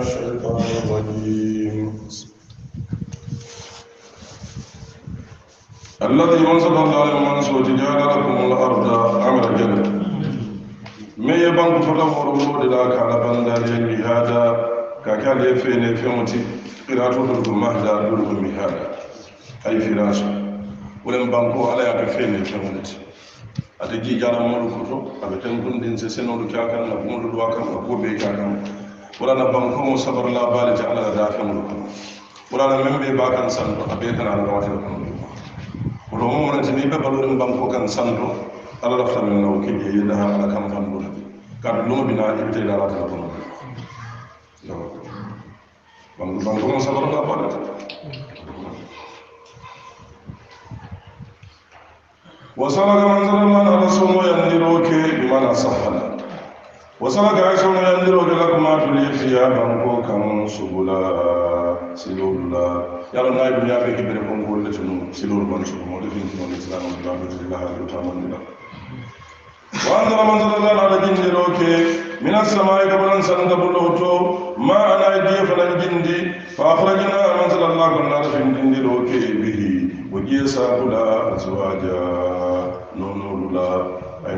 الشيطان الرجيم الذي ينصب الله من جعل لكم الأرض عمل جنة ما يبان فلا مرور إلى كان بندر هذا ككال يفين في متي إلى تدرك مهدا درك مهدا أي فراش ولم بانكو على يكفين في متي أتجي جعل مرور كتو أبتن كن دين سسنو لكاكا نبمو لدواكا نبو بيكاكا ولنا بنكم صبر لا بال جعل ذاك ولنا من بي باكن سن ابيتنا على رواه الكون ولهم من جميع بلورن بنكم كن سن الله رفتم انه كي يدها لكم فن بول كان لو بنا ابتدى على رواه الكون بنكم صبر لا بال وصلى الله على رسوله ينيروك بما صح لك وسلك سبلا يندرك ما تلي فيها بانكو كان سبلا سلول الله يلا نايب يا في كبر بانكو لتنو سلول بان شو مولد في كون الاسلام والدعوه الى الله وتعالى الله وانزل منزل الله على دين روكي من السماء قبلا سند بلوتو ما انا يدي فلن جندي فاخرجنا منزل الله كنا في دين روكي به وجيسا بلا ازواجا نونو الله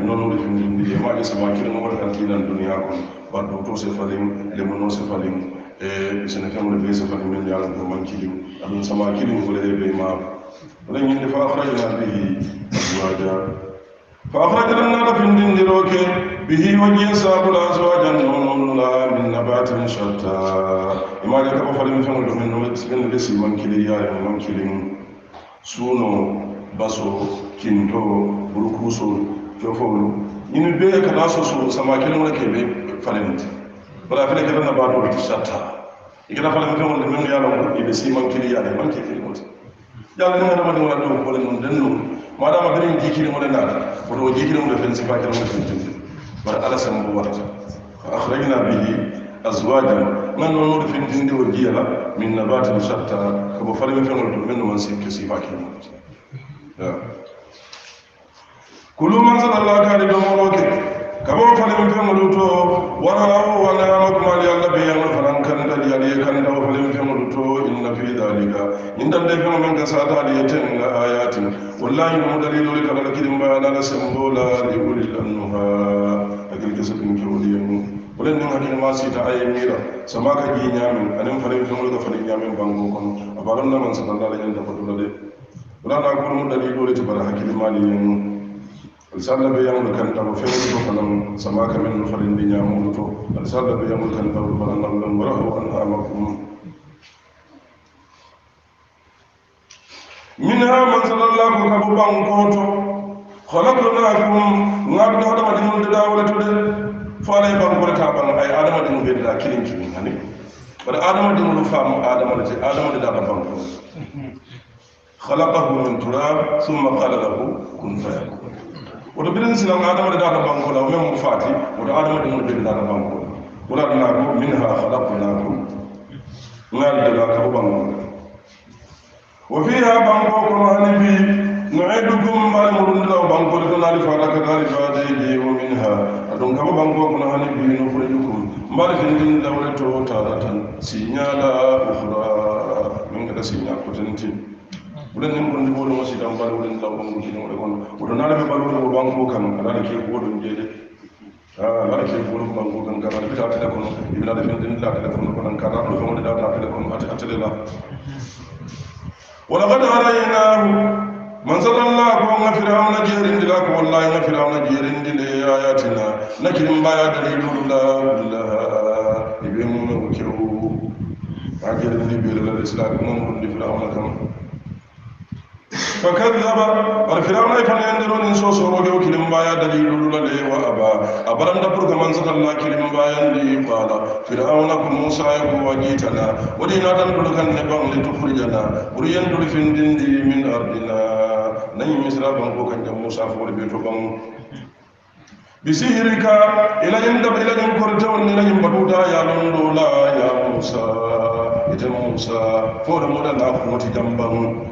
noonu defin ɗum ɗiɗi maaje sama kirmo waɗatan tinan duniya kon baɗɗo to se falim lemo no se falim e sene femre fe se falim men yalan to man kilim aɗum sama kilim fole e ɓe maaro oɗen yinde fa ahrajna bihi azwaja fa ahrajna nara findindiroke bihi wajien sabula azwajan nononla min nabatin shatta e maaje kaɓa falim femre ɗumen no sene de si man kilim yaaren man kilim suuno baso kinto burkuusol jofowlu ñini bee kana sosu sama kiliŋo le ke be falinti bari a fele kele na ba le ti satta i kana ne feŋo le meŋ ya a ne i be siimaŋ kili yaala i ke kiliŋo ti yaala ne hadamadiŋo la ko kole nuŋ den nuŋ maadama beniŋ jii kiliŋo le ko woto wo jii kiliŋo le feŋ ba kiliŋo le feŋ tinti ala sembo warata fa akhrajna bihi azwajan man noonoo le feŋ tindi wo min nabati satta ka bo ne feŋo le to meŋ nu maŋ ba siifaa kiliŋo ti kulu man sadalla kaali domoro ke kamo falen feŋolu to Wala walaama kumali alla be yaŋo fanaŋ kanta di ali ye kanta wo falen feŋolu to inna fi dalika ñiŋ dante feŋo meŋ ka saataali ye teŋ la ayatin wallahi nomo dalilolu kala la kirimbayana la sembo la li ulil annuha hakili kesotin kewolu ye mu wulen nin hakili ma sita a ye miira sama ka jii ñaamin aniŋ falen feŋolu ka falen ñaamin bango kono a baalon na man sadalla la ñanta fatula de wala naa kulumu dalilolu ti bara hakili maali ye mu السالة بيامل كان تام فيرتو فلم سماك من نفرين بيامل تو السالة بيامل كان تام فلم لم رأوا أنعامكم منها من صلى الله أبو بانكوتو خلقناكم نعبد هذا ما دين الله ولا تود فلا يبان بركة بان أي آدم دين بيد لا كلين كلين هني بل آدم دين لفام آدم دين آدم دين لا بانكوتو خلقه من تراب ثم قال له كن فيكون woto birini sinan adamade daata bankola o meme mo faati woto adamade mo jogi daata bankola ɓuratnako min ha halaknakum ngaldega kabo bankola wo fiha banko kono hani mbi no eddugum mbaɗe moɗumdila o bankole to naali faata ka naali faade je o min ha aɗum kabo banko kono hani mbi no foreƴukum mbaɗe findin dawle to taɗa tan signala ohra min gata signal potentin wulen nin kondi ko ɗon sidan mbare wulen law on gujino oɗe gonɗo oto naalaɓe ɓallude o wanko kam alaɗa ke goɗon jeede alaɗa ke goɗon wanko kam kam aɗa wita télé kono ibinaɗa fenɗen la télé kono konan kata ɗo fewde data télé kono a télé la walakad haraynahu man sallallah ko ga firawna jeerindila ko wallahi ga firawna jeerindile ayatina nakirin mbaya dalilullah iɓe mum kew a jeerindi ɓeelala l'islam mum ɗundi firawna kam ko kadi aba bar firawna fana yande ɗon in sosoroge o kilim mbaya dalilululale wa aba a baranda pour que mansatalla kilim mbayandi qala firawna ko moussa yeko wajitana woɗi natan ɗol kanne bangle tufurjana ɓuur yendol findindi min ardina nayi misra banko kanjam moussa fore ɓe to ɓan bisihirika ila yendab ila yen korte on ila yim baɗuta yalonɗola ya moussa ete moussa fore moɗana kooti jambang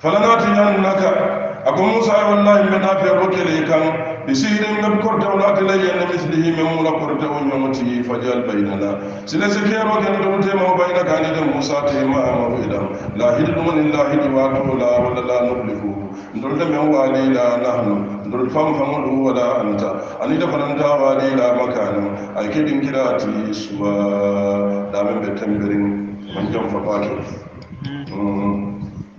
فلناتينك أكو موسى والله من أبي بكري كان بسير من كرت ولا تلي أن مثله من مولا كرت ونمتي فجال بيننا سلسكير وكان دوتي ما بينك عن موسى تيما مفيدا لا هدد من الله جواته لا ولا لا نبلغه ndolde men waali la nahnu ndol fam famudu wala anta ani da fananta waali la makanu ay kedin kirati suwa da men be tambirin man jam fa pato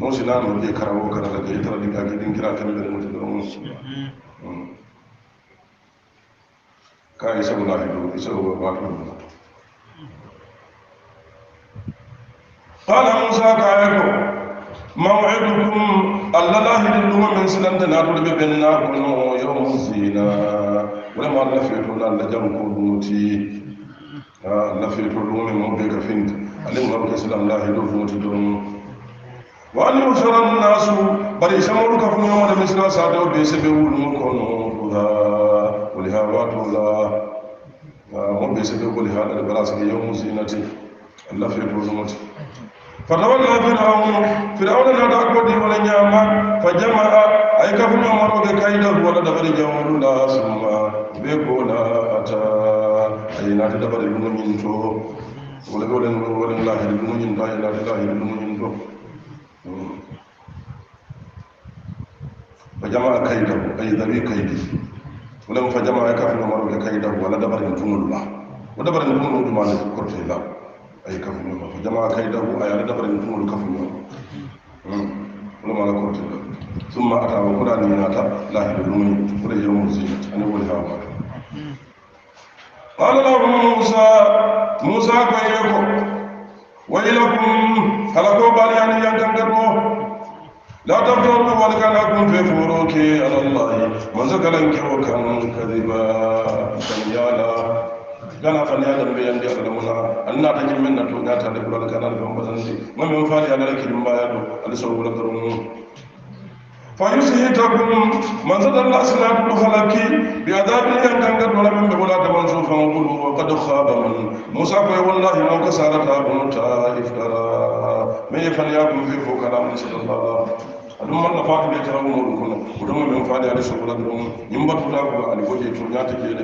non si laano je karawo kala la je tara diga ga din kira kan da mutu da mun su ka yi sabu lafi do isa ba ba ku qala musa ka ayko maw'idukum allallahi dillu min silanta na to be benna ko no yawmun zina wala ma la fi to la jam ko muti la fi to do mo be ka finta alim rabbil islam la hidu muti don wa an yuhshara annasu bari samaru ka funa ma da misra sa da be se be wulu mo ko no la wali ha wa to la mo be se be wali ha da bala sa yawm zinati allah fi ko no mati fa tawalla fir'aun fir'aun la da ko di wala nyama fa jamaa ay ka funa ma roge kayda wala da bari jamu la summa be ko na ata ay na da bari mo min to wala wala wala la hidu mo min to ay la da hidu mo min to fajama kaida ayi zabi kaidi wala fajama ka fi mamaru da kaida wala da barin tunul ba wala barin tunul du ma ko ta ayi ka fi mamaru fajama kaida hu ayi wala da barin tunul ka fi mamaru wala ma ko ta ila thumma ata wa qurani na ta lahi dun mu kure yo mu zin ani wala ha wa qala la musa musa ko ile ko ويلكم خلقوا باليان يندمدمو لا تفتروا ولكنكم في فروك على الله وزكلن كوكم كذبا فنيالا gana fa ya dambe yandi a kalamu na anna ta kin minna to gata da kula da kana da ban bazan sai fadi baya do alisawu فيسهي تكون من زاد الله سلا كل بأداب بعذاب ينتهي ولا من بولا تبان سوف نقول وقد خاب من موسى والله ما كسر تابون تائف ما يفعل في فوق من صلى الله عليه وسلم ɗum malla faatu ɓe tawa moɗum kono ko ɗum min faade ala sokola ɗum yimbattuɗa ko ali foje to ñaata jeeɗe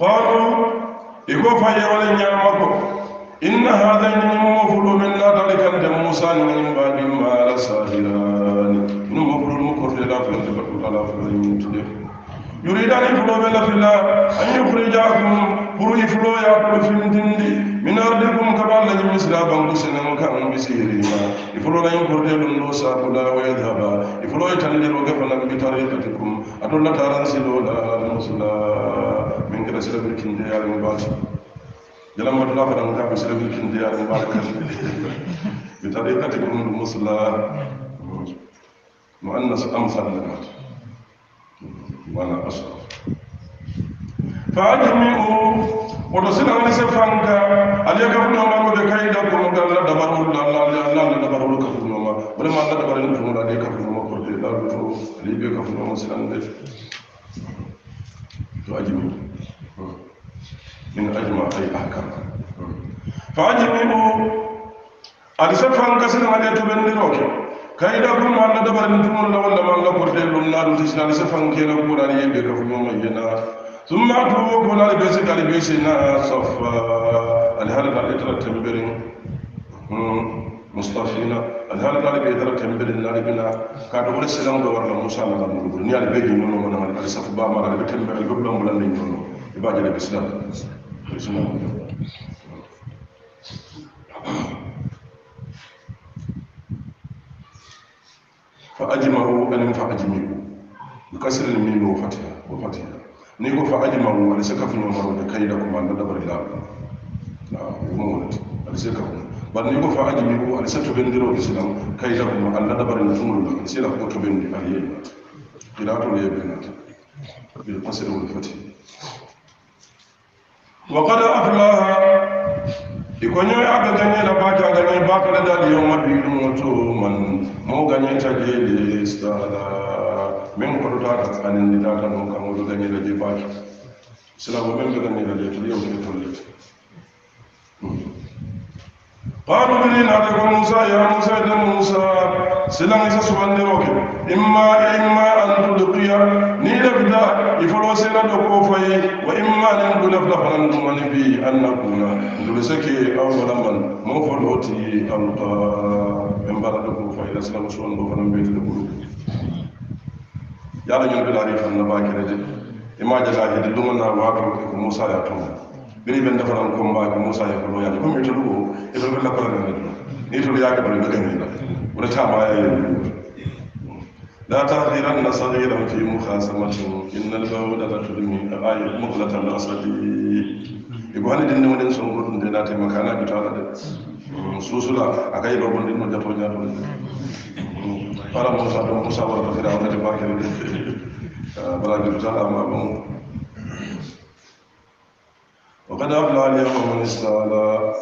قالوا يقول فجر لنعمكم إن هذا المفروض من ذلك أنت موسى من بعد ما لساهران إن مفروض مكر في الأفل تبقى الأفل من تلك يريد أن يفلو بلا في الله أن يخرجاكم برو يفلو يأكل في الدين من أرضكم كبال لجم مثل أبان قسنا وكان بسيرهما يفلو لا ينفر ديل نوسا كلا ويذهبا يفلو يتنجل وقفنا بطريقتكم أدولة ترنسلوا لا المسلا kela silamir kindeyar ni baati jalam wadu lafa dan kama silamir kindeyar ni baati kan bi tariqatikum al musla muannas amsal lakat wala asraf فأجمعوا ودسنا على سفانكا عليك فنو ما مدى كايدا كنو قال لا دبر الله لا لا لا لا دبر الله كفنو ما بل ما لا دبر الله كفنو عليك فنو ما قلت لا بفنو عليك فنو مسلم بيت فأجمعوا من أجمع أي أحكام فأجل فأجمعوا أرسل فانكسر على تبن لروكي كايدا كل ما الله دبر نتم الله ولا ما الله قرد لهم نار تسنا أرسل فانكينا قرآن يبقى في يوم ينا ثم أتوا قرآن بيسك على بيسنا صفا الهرد على إطرة تنبرين مصطفينا الهرد على بيترة تنبرين نار بنا كادو ولا سلام دور الله موسى على الله نيال بيجي نونو من الأرسل فبامر على بيتنبرين قبل مولان نونو يبقى جل بسنا Mheshimiwa Mwenyekiti, faajmahu anin faajmihu bikasri lmimi wo fatiha wo fatiha ni ko faajmahu ala sika fuño marode kayida kuma na dabari laɓe na wumowonati ala sika fuño bar ni ko faajmihu ala sa toɓendirode silam kayida kuma alla dabari na tumulula ala sila ko toɓendi ala yeynata qiratul yeɓenata bilkasri wol fatiha وقد أفلح ikonyo ya ga ganye da ba ka ganye ba ka da da yau mafi mutu man mu ganye ta gele sala min ko ta ka tsanin da ta mu kan mu ganye da ba ka sala mu men ganye da da yau ke tolle qaalu birin ate ko musa ya musa ede musa silaŋi sa sugandiroke imma imma an tudqiya ni lefta ifolo sena dokko faye wa imma nin du lefta fanan dumani bi an nakuna ndule seke aw walaman mo folo ti alqa en bala dokko faye la silaŋi sugando fanan beti de kulu yala ñun bilari fanna bakere de ima jata hede dumana wato ko musa ya tumna biri ben dafaran combat bi musa ya kulo yaade comme itolu ko itolu be lakkora nana ɗum ni itolu yaake bari ɓe gañina wona tamaya yeɗum لا تحقرن صغيرا في مخاصمة إن البودة ترمي أغاية مغلة الأسد ibo hani dinde mo den son goɗum de naate makana bi tawala de suusula aka yiɗo bon ɗin no jato ñato de wala musa ɗo moussa wala to fira onete bakere de bala bi tutala ma bon وقد أفلح اليوم من استعلى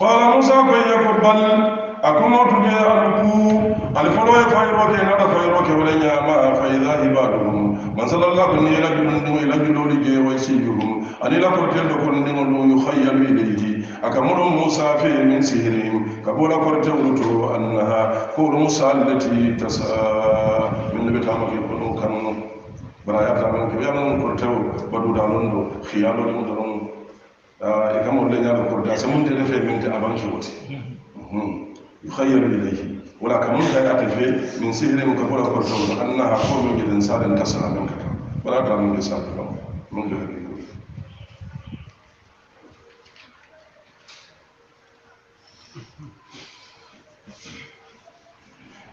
قال موسى كن يقول بل أكون أتبع أنكو الفلو يفيروك إن أفيروك ولن يعمى فإذا عبادهم من صلى الله كن يلجلون يلجلون ويسيهم أن يلقوا تلقون نمون يخيل إليه أكمل موسى في من سهرهم كبول قرتهم أنها قول موسى التي تسعى من نبتها مكيبون bara ya ta man kibiya mun kurtawo badu da non do khiyalo mun do non e kam le nyaa ko da samun tele fe min ta aban ki woti yukhayyaru ilayhi wala kam mun ta ta fe min sihri mun ka bora kurtawo annaha qawmun gidan sadan kasala min ka bara ta mun sa ta mun ga ni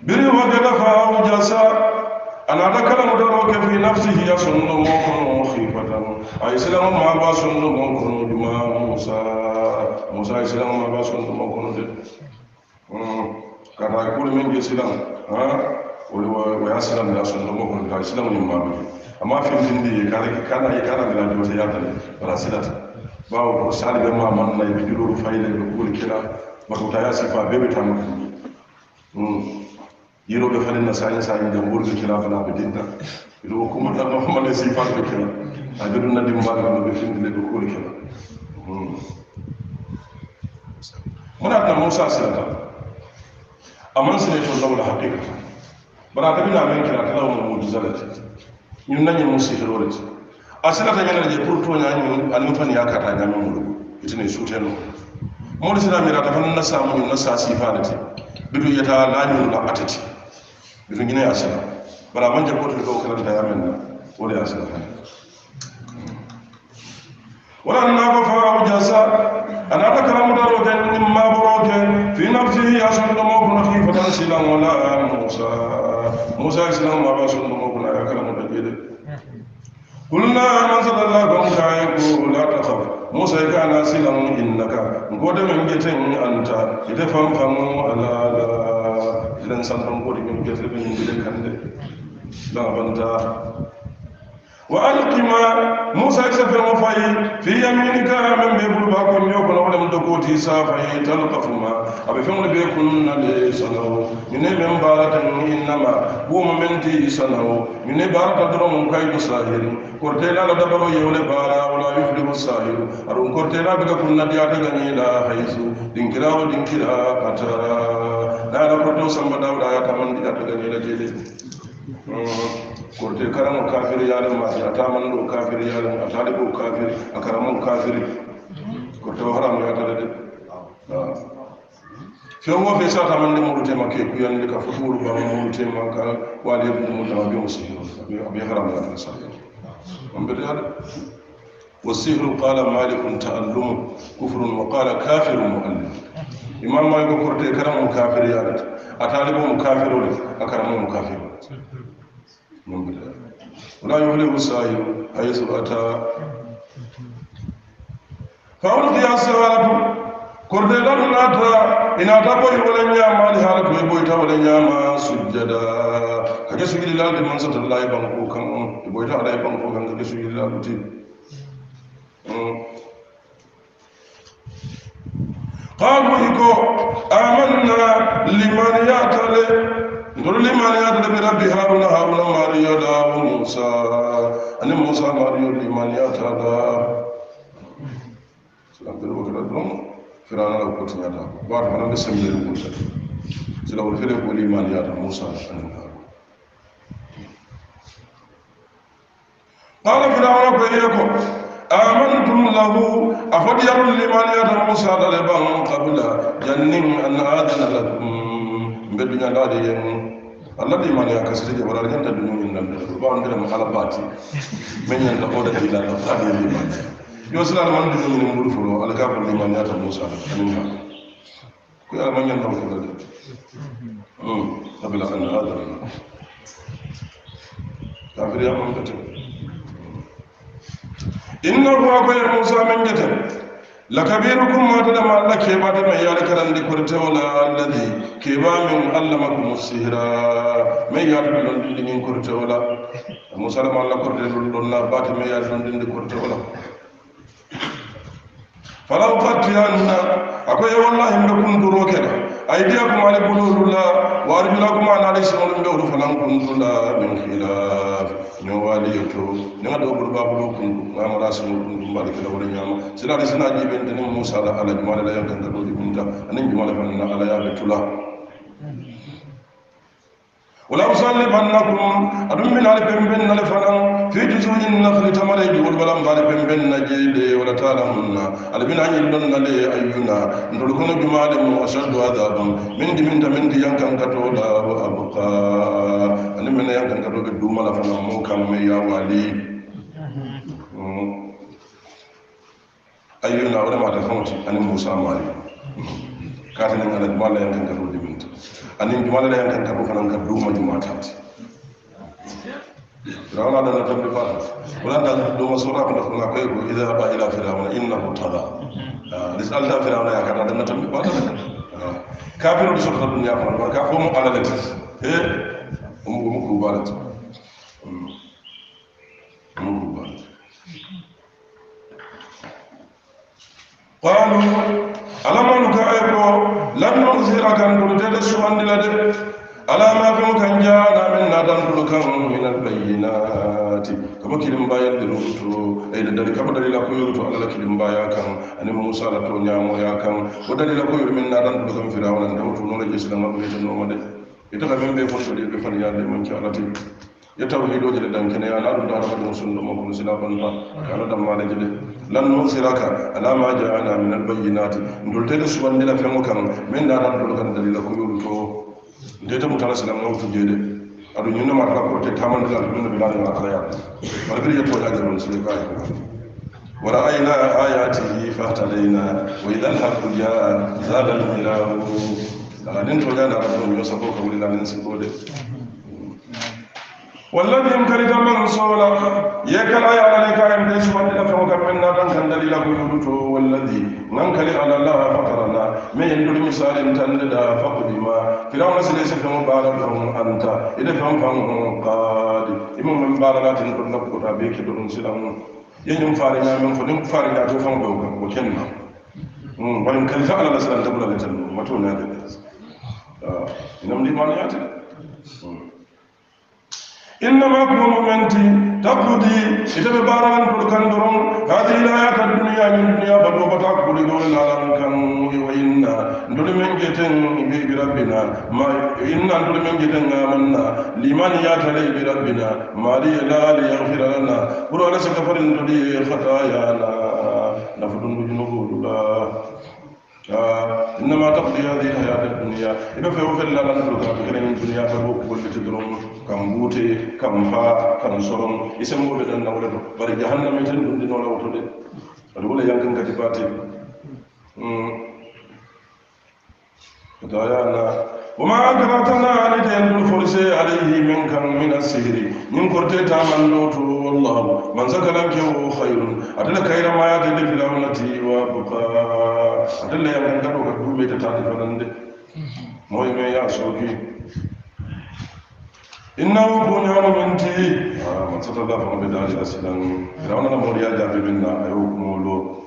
biri wa gada fa awjasa anata kalamu doroke fi nafsihi ya sunno mo kono khifatan ay silamu ma ba sunno mo kono juma musa musa ay ma ba sunno mo kono de kata kuli min je silamu ha wali wa ya silamu ya sunno mo kono ay silamu ni mabu amma fi dindi kana kana kana bila jose ya tan bara silata bawo ko sali be ma man na be juro fayde be kuli kila ba ko ta ya sifa be be tamu hmm. yiro ɓe fanin na saña sañi jam wurgo kila fana ɓe dinta iɗo kumaɗano mane sifaɓe kira a na joɗu nadi mbalano ɓe findile ɓe kira kela hmm. munatna musa silata aman sine to lawla haqiqa bara bina men kira ta lawna mujisalati ñun nañi mum sihirolete a silata ñanata je pour toñañu anim fan yakata ñamemulu itene suuteno moɗo sinamirata fan nassa muñum nassa sifanete bidu yeta lañum la atati bizin gine asila bara man jago to ko kala da yamen ya asila wala na ko fa abu jasa ana ta kalamu da roke nin ma ke. fi ya yasun da mawdu na khifa dan silan wala musa musa islam ma ba sun mawdu na kalamu da jede kulna man sallallahu alaihi wa sallam la takhaf musa ya kana silan innaka ngode men geten anta ita fam fam ala ɗen santan wodi ñom gerte ɓe ñom gide kande laɓanta wa alkima moussa ki safirmo fayi fi yaminika men ɓe ɓuru bako ñokono waɗem dogoti safayi talkafu ma aɓe fewne ɓe kunnale sanao mine men barata innama ɓuma men ti sanao mine barata dorom kaydo sahir kortelala dabaro yewle bara wala yuflihu sahiru aɗum kortelaɓe ka kunnadiyata gañila hayso ɗinkirawo ɗinkira atara dara kwato samba dawda ya taman mm, ya daga ne na jele kurte karamin kafir yaron ma ya ta mando kafir yaron a talibu kafir a karamin kafir kurte haramun ya ta dade fen wo fe sa tamande mulu tema ke kuyande ka futuuru bama mulu tema ka waali yebude mu tama be mo sihiro abe haram ya ta sa on bede hada والسحر قال مالك تألم kala وقال كافر imam ma go korte karam mu kafir ya rat a talibu mu kafir wala a karam mu kafir mun bi wala yuhli musayi haythu ata faul qiyas salatu korte da dun ata ina ta boy wala nyama ni halatu e boy ta wala nyama sujjada kaje su gidi lalde man sata lai ban ko kan e boy ta lai ban ko kan kaje su gidi lalde قالوا هيكو آمنا لمن يعتلي نقول لمن يعتلي بربي هارون هارون ماريو دا موسى أنا موسى ماريو لمن يعتلي سلام بلو كلا دلوم فرانا لو كنت بار بعد بسم الله موسى سلام الفرق لمن يعتلي موسى أنا قال فرعون بينكم amantu lahu afadyarun liman musa sadale ban qabla jannin an adana lakum mbedu nyangade yen allah di man ya kasiti de wala nyanda dunu min nan do ba on dum kala bati men nyanda ko da ila fadi liman yo man fulo al ka bul liman yata musa amin ha ko ya man nyanda ko da hmm an adana kafir ya man ko akoye musa kabirukum ma da ma allah ke ba keɓatama yaali karandi koto kurta wala alladhi ke ba min Allah mai yaali ɗo londinɗigin musa da ma allah don ɗon ba baate mai yaali londinde koto tewla falaw fatti anna akoye wallahi mbe kun duro kenan أيديكم على بلورلا وأرجلكم على لسان بلور فلم كنتلا من خلاف نواليتو نعدو بربا بلوكم نعم راسم بلوكم بارك الله ولي نعم سلا رسنا جيبين تنم موسى على جمال لا يمكن تقول جبنتا أنين جمال فننا على يابتلا ولو ولا أصلبنكم أدم من على بمبن لفنا في جزوع النخل تمر يقول بلا مغال بمبن جيد ولا تعلمون على بنا يلون لي أينا نقولكم جمال مؤشد عذابا من دي من دي من دي ينكم كتولا وأبقى أنا من ينكم كتولا دوما لفنا موكا ميا ولي أمم. أينا ولا ما تفهمت أنا موسى مالي kata ni ngala jumala yang kan kabu diminta ani jumala yang kan karu kan ngab duma jumata rawala da na tabbi fa wala da duma sura ko ko ko idza ba ila firawna innahu tala risal da firawna ya kada da na tabbi fa kafiru da sura dunya fa barka ko mu ala lati eh mu mu ku balati mu ku balati قالوا alamanu kaaye ko lamnu sira kandun tede suwandila de alamafen kan janamin nadandulu kan minal bayinati kamo kilimbayal e de nuto eyde dari kamo dalila koyoru to allah kilimbaya kan ani musa la to ñamoya kan o dalila koyoru min nadandulu kan firawna dawto noona jesilamaɓeyde nooma de ita ka min ɓe fotoɗe ɓe fan yalde manki alati ye tawhidoje de dankene ya na ɗum daaraka ɗum sunnɗo makom sila banba kaala dammaɗeje de lan nusira ka ala ma ja'ana min albayyinati ndol tede subandila fengo kan min da ran dol kan dalila ko yulu to ndete mutala sala mawtu jede adu nyuna ma ka ko te taman dal min bila na akaya barbi ya to ya ga musulmi ka ورأينا آياته فاهتدينا وإذا الحق جاء زاد الميراه لقد انتهينا ربهم يوسف وكبر الله من سبوله والذي يمكن ان يكون يكل أي على لك أن ان يكون من نادن كان دليل ان والذي ننكل على الله فقر الله من يدل مثال تندد فقدم ان سليس في مبارك أنت إذا فهم فهم قاد إمام من بارك ان لك أبيك دون سلام ينجم فارنا من فلم فارنا توفن بوك وكنا يكون كان فعل الله سلام ان يكون ما تونا ذلك نملي مانياتي إنما كون منتي تقضي إذا باران كل دورون هذه الآية الدنيا من الدنيا بدو بتاع كل دور لا كان وإنا ندل من جتن بربنا ما إنا ندل من جتن آمنا لمن يتلي بربنا ما لي لا ليغفر لنا قل أنا سكفر ندل خطايانا نفر بجنوب الله إنما تقضي هذه الحياة الدنيا إذا في وفر لا نفر كان غير من الدنيا فلو قلت تدرون كم بوتي كم فا كم صرم يسمو بدن ولا بري جهنم يتن دون ولا وتد الأولى يمكن كتباتي ودايا أنا woma ankaratana alita en ɗum forcé alayhi min kan min alsihri min korte tamannoto wallahu man sakalanke o hayrun atala kayramayata nde filawnati wa baka atalla yamen gaɗo kad duɓeytatade fanande moye men ya sooki innahu koñano menti man satallah fano ɓe daali asilan filawnana moriya jaɓe minna ayo kumolo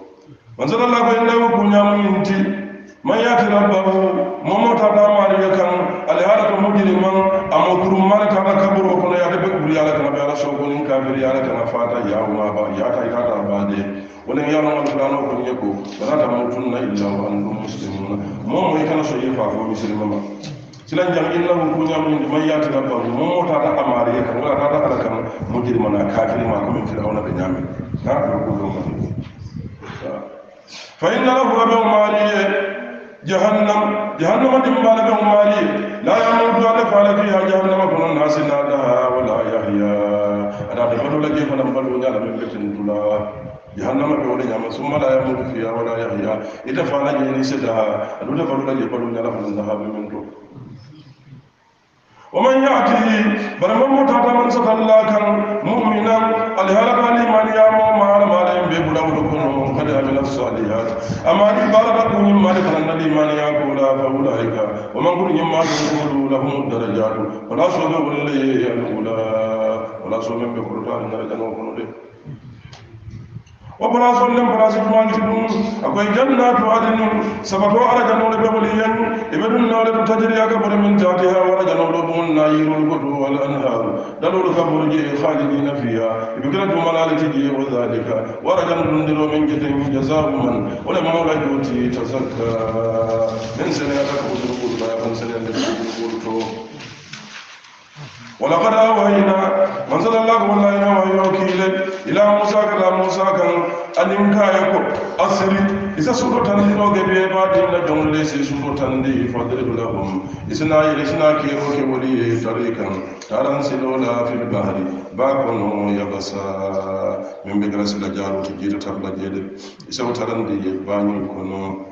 man satallah ko innahu koñano menti man yati rabbahu momota damari be kan alhaala to mujriman amo durum mane tala kaburo kono yaade be ɓuri ala kana ɓe ala sogonin kafiri ala kana fata yawma ba yata ikata bade wolen yalongal fulano kon yekko walata mutunna illa wa antum muslimuna momo kana so yefa fo misilimama silan jam innahum kuñamuinde man yati rabbahu momotata amari ye kan wala tata ala kan mujrimana kafirima komin firawna ɓe ñamin ha ɗo kuɗo ma fa inna lahu rabew maliye jahannam jahannama dimbala be umari la yamutu ala fala fiha jahannama kono nasina da wala yahya ada da fadu lagi fana fadu ngala be ketin tula jahannama be wala nyama summa la yamutu fiha wala yahya ita fala je ni sada adu da fadu lagi fadu ngala fana ومن يأته برمان متاتا من سفى الله كان مؤمنا الهلك علي من يامو ما علم عليهم بيبولا ولكون قد عمل الصالحات أما إن بارك من مالك الذي من يقول فأولئك ومن كل يما يقول لهم الدرجات ولا صبر لي الأولى ولا صبر بقرطان الدرجة وكنوا operation ɗen pratique manti ɗum a koye jannatu adinum saba to ara janoɗo ɓewoli hen eɓe ɗum nawleɗo tajiriya kabore min jati ha wara janoɗo ɗumon na yirol goɗɗo al anhar ɗaɗoɗo kaboreji e halidina fiya eɓe gila dumalale tigi wa dalika wara jano ɗum ndero min jeten jasahu man wala mawla joti tazakka min sene ataka usurkulla kon sene andeurkulto ولقد أوهينا من صلى الله عليه وسلم وهي وكيله ila musa da musa kan alim kaya ko asiri isa suro tan diro ge be ba din na don le sai suro tan di fadri lahum isna isna ke ro ke wali e tarikan taran la fil bahri ba kono ya basa min be grasa la jaro ti jita tabla jede isa taran di ba ni kono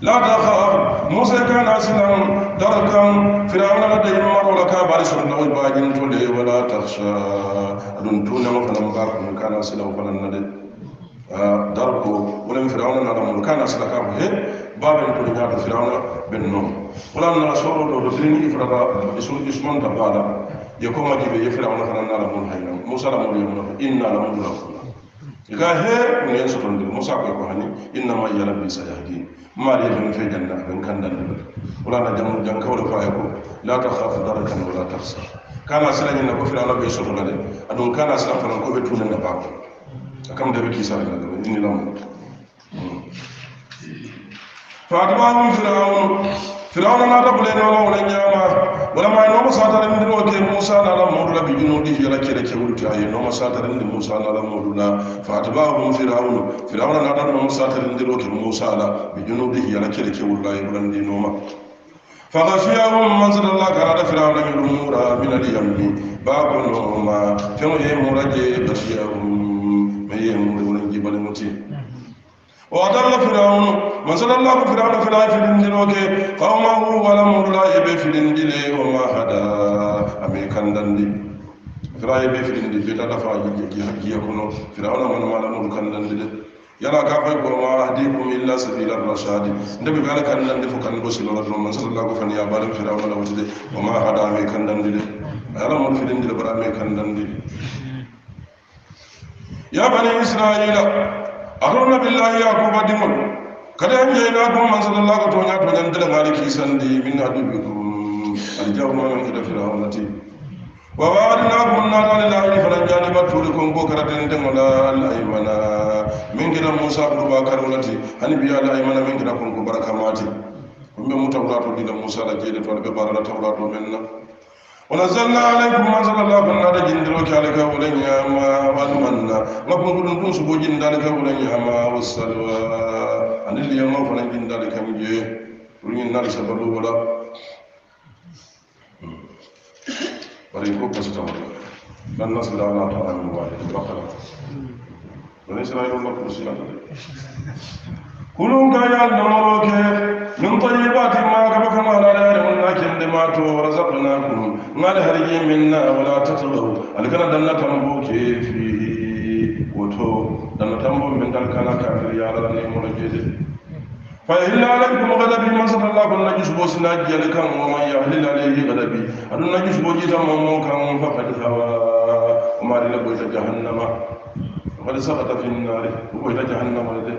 لا دخل موسى كان أسلم دركا فرعون لدي مر ولا كابر سند والباجن تولي ولا تخشى أدون تونا مفنا مقارن كان أسلم فلا ندي آه، دركو ولم فرعون نرم كان أسلم كابر هي بابن تولي جاب فرعون بالنوم ولا من أسوار لو تدريني إفرا اسم اسم تبالا يكون مجيب يفرعون فلا نرم هينا موسى لم يمر إنا لم نرم كاهر من ينسو تندل موسى كوهاني إنما يلبي سيهدين ما لي فين في جنة فين كان دلبل ولا نجم جن كول فايكو لا تخاف درجة ولا تخسر كان سلا ينكو في العرب يسوع لنا أدون كان سلا فرنكو بتون لنا بعض كم ده بكي سلا لنا إني لم فأتبعهم فرعون firawna naata bulene wala wala ñaama walama ye nooma saatarendiroo ke musa nala modu la bi junudi yala kere kewolu ti aye nooma saatarendi musa nala modu la fatabahum firawnu firawna naata nooma saatarendiroo ke musa la bi junudi yala kere kewolu la ye bulandi nooma fagafiyahum mansatalla karata firawna ñolu mura min al yammi baako nooma feŋo ye mura je gafiyahum ma ye mure wolen jibalimo ti وأضل فرعون مثل الله فرعون في العيف الانجلوك قومه ولم الله يبي في الانجل وما هدا أمي كان دندي فرعون يبي في الانجل في تلا يكون فرعون من ما مر كان دندي يلا كافي وما أهديكم إلا سبيل الرشاد نبي قال كان دندي فكان بوسي لرجل من صلى الله عليه وسلم فرعون لو وما هدا أمي كان دندي ألا مر في الانجل برا أمي كان دندي يا بني إسرائيل atorna billahi ya kuma dimon kada yake yana kuma man sallallahu alaihi wa sallam tonya da maliki sandi min adubikum aljawma min ila ti wa na wa'adnakum nara lillahi farajani batulukum ko karatin da mala alaymana min gidan musa kurba karunati hanbiya alaymana min gida kun barkamati kun be mutawrato da musa da ke da to da barata tawrato minna ونزلنا عليكم ما انزل الله كنا جندلوك عليك ولن ياما والمنا لكم كل كن سبو جندلك ولن ياما والسلوى ان اليوم فلن جندلك مجي ولن النار سبلو ولا بريكو كستمر لن نصل على طعام واحد بقرة وليس لا يوم الكرسي كلهم كايا نمروك من طيبات ما كبكم على دارهم لكن لما ورزقناكم ما لهرج منا ولا تطغوا الكنا دنا تنبوك فيه وتو دنا تنبو من ذلك أنا كافر يا رب نيم فإلا لكم غضبي ما صلى الله عليه نجس بوس ناجي لكم ومن يعلل عليه غضبي أدو نجس بوجي تمامو كم فقد هوا وما لنبوش جهنم وقد سقط في النار وقد جهنم لديه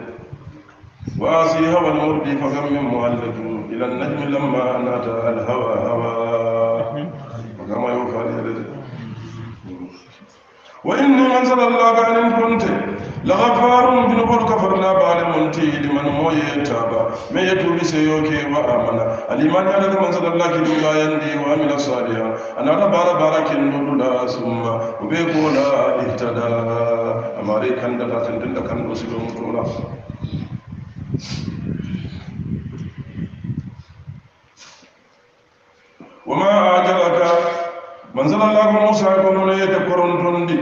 وآسي هوى المرد فكم من مهلك إلى النجم لما نادى الهوى هوى وكما يقال وإن من صلى الله عليه كنت لغفار من بنبوت كفرنا بعد منتي لمن موي تاب ما يتوب سيوكي وآمنا الإيمان على من صلى الله عليه لا يندي وعمل صالحا أنا أنا بارا بارا كنون لا ثم وبيكونا اهتدى أماري كندا تندن كندوسي كنون wama ajalaka ko musa ko kono ne ta korontondi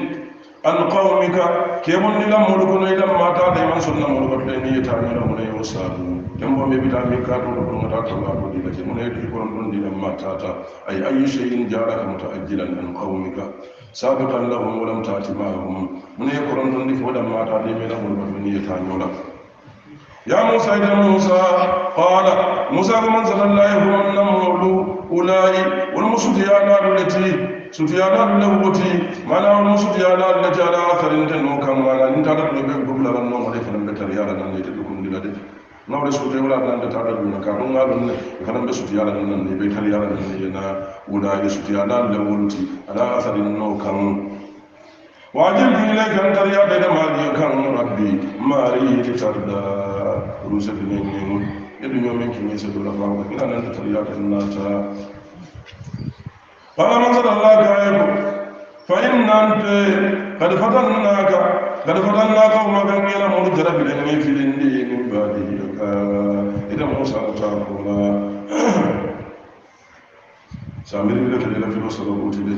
an qawmika kemon ni lamul kono idan mata da man sunna mul ko ne ya ta da mun yau sabu dan bo me bidan me ka do do mata ta ba ko dina kemon ne ta korontondi dan mata ta ay jara shay'in jaraka ajiyar an Sabu qawmika sabatan lahum wa lam ta'ti ma'ahum mun ya korontondi fo dan mata da me lamul ko ne ya ta da Ya Musa ya da ni Musa faɗa Musa kamar zanna na yi horonnan mako ko na yi Wani mu sutiya a da alinati sutiya a da alinati ma'ana wani mu sutiya da alinati a da asalin ta na yi, ina da kuma yi nan nan? O de fana bai nan ne ita ce kun gina da yi, n'o de sotarai da ta da juna kan, ko ina doni ne? I fana nan ne bai ta da nan ne, na wuɗa a yi a yi a n'o kama. Waje ne gantar ya daidai ma kan abdi mari ta da. رؤوس الجبال يبني منك من يسد الأفعال من أن أنت ترياك النار فلما صلى الله عليه فإن أنت قد فتناك قد فتنا قومك إلى مرجرة بالعلم في الإندي من بعده إلى موسى تعالى سامري لك إلى في الوصل وقتله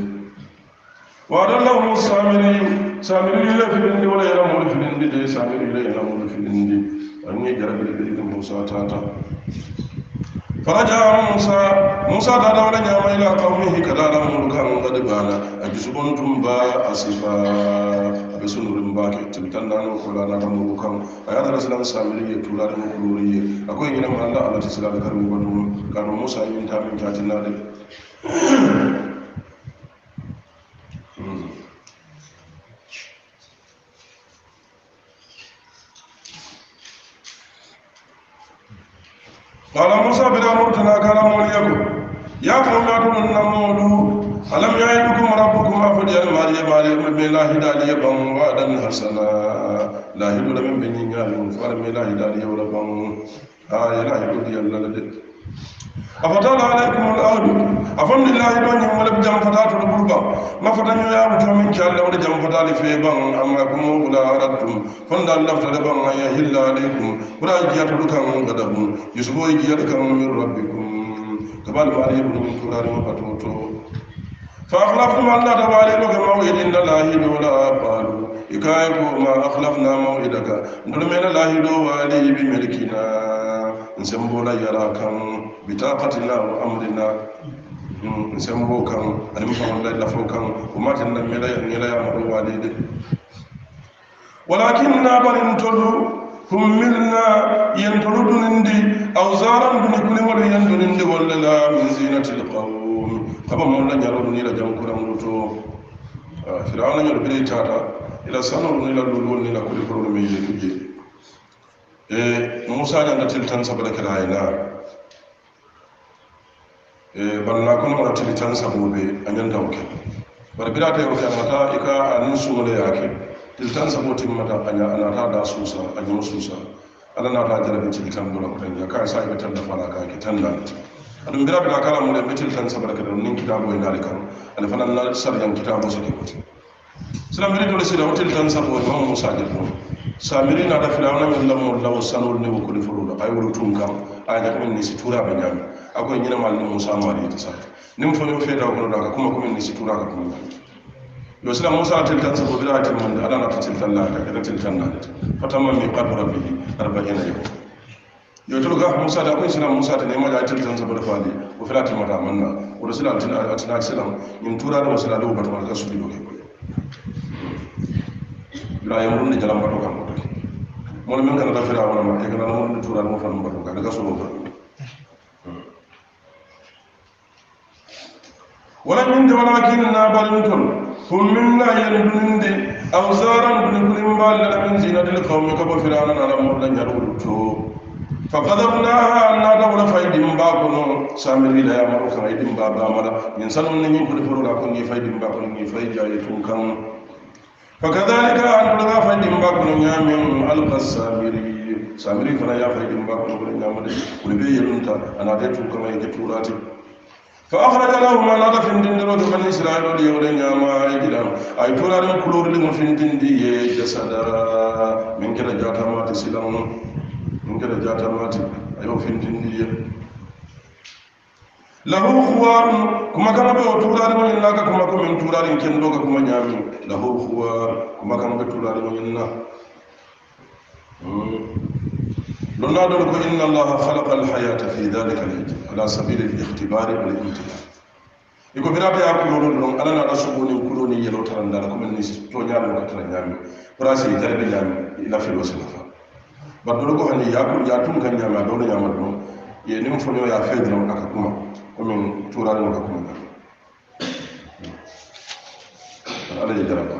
وأدلهم السامري سامري لك في الإندي ولا إلى مرجرة في الإندي سامري لك إلى مرجرة في الإندي wani ya jarabi da musa ta ta faja musa musa ta da wani yamma ila kawai ka dara mulka mun gadi bana a bisu tun ba a sifa a bisu nurin ba ke tiltan da na kula na ta mulkan a yadda da silan samiri ya tura da makulori akwai gina ma'anda a lati sila da karin wani karin musa yin tamin kyatin na dai قال موسى بلا مرتنا قال موليكم يا قوم يا قوم النمول ألم يعدكم ربكم أفضل يا المالي مالي من بلا هدالي بم وعدا حسنا لا هدول من بنيها من فرم لا هدالي ولا بم آية لا هدول يا الله أفضل عليكم الآن أفضل الله يبني يوم بجام جم فتاة القربى ما فتن يا مكم إن شاء الله ولجم فتاة في بان أما كم ولا أردتم فند الله فتلبان يا هلا عليكم ولا جيات لكم غدهم يسبوا جيات لكم من ربكم كبال مالي بن من كرار وقتوتو فأخلفتم الله تبالي لك موعد إن الله دولا أبالو إكايكو ما أخلفنا موعدك نرمينا الله دوالي بملكنا نسمبولا يراكم bitaqati llahi wa amrina mm, sembo kan anim faŋolla lafo kan o matenna milayamaro walide walakinna barin tolu hummirna yen tolu dunindi awsaran duni kuniŋolu yen dunindi wolle la min zinati lqawm kaba molla ñalolu ni la jankuraŋolu to ah, firawna ñolu bire tata ila sanolu ni la luluwolu ni la kulikololu min yenu eh, je musa balla kono mara tili tan saboɓe a ñandaw ke bara birata ta ke a nata i ka anin sumoleya ke tili tan sabo timmata a nata da susa a ñoo suusa ala nata jarabin tili tan dola ko ya kai sa iɓe da fara ka ke tan a aɗum bira ka kala mule ɓe tili tan sabara da nin kitabo e ndaali kam ane fana na sarjan kitabo soke kote sila mbiri dole sila o tili tan sabo e musa musaje samiri nata firawuna min lamol lawo sanol ne wo koli folo la ay wolu tun kam a ñaka min nisi tuura be ñaami a koye ñinamal ni moussa mariyete sa nim fo ñoo feetaw kono da ka kuma komin nisi tuura ka kuma yo sila moussa tiltan sabo bira tilmande ala nata tiltan naata keta tiltan naata fatama mi qatu rabbihi arbaina yawma yo tolu ga moussa da koye sila moussa tene maƴa tiltan sabo defaali o fela timata manna woto sila atina silam ñin tuuraɗo o sila lewo batamata ka suɗiɗo ke koye bila yawru ni jalam bato kan moto mo men kan ta fira wala ma e kan mo ni tura mo fan bato kan daga solo ba wala min de wala kin na balun ton hum min la yalun de aw zaran bin bin bal la min zinatil qawmi ka ba fira na na mo la nyaru to فقدرناها أن دولة فايدين باكونو سامري لا يمر كان يدين بابا مالا إنسان من يكون فرلا كون يفايدين باكون يفايد جاي تون كان fakadalika anɗoga fa jimba kono ñamen alkasamiri samiri fana yafa jimba kono kono ñamade kono ɓe yelunta anaade tukama yeke turati fa akhraja lahuma nata findindiroto bani israil ol yewde ñama ejidan ay turaren kulor ɗimo findindi ye jasada min keɗa jatamati silan non min keɗa jatamati ayo findindi ye lahu khuwarum kuma kamaɓe o turarimo hinnaka kuma ko min turarin kendoga kuma ñamin lahor fuwa kumakan be tulali mo ñinna لنا درك إن الله خلق الحياة في ذلك الهجر على سبيل الاختبار والامتحان iko bira be akulolo non ala na sugo ni ni yelo taranda ko men ni to nyaalo ka tan nyaami prasi tarbe nyaami ila fi wasna fa baddo ko hani ya kul ya tun kan nyaama do nyaama do ye nim fonyo ya fedro aka kuma ko men turalo ka kuma عليه درجة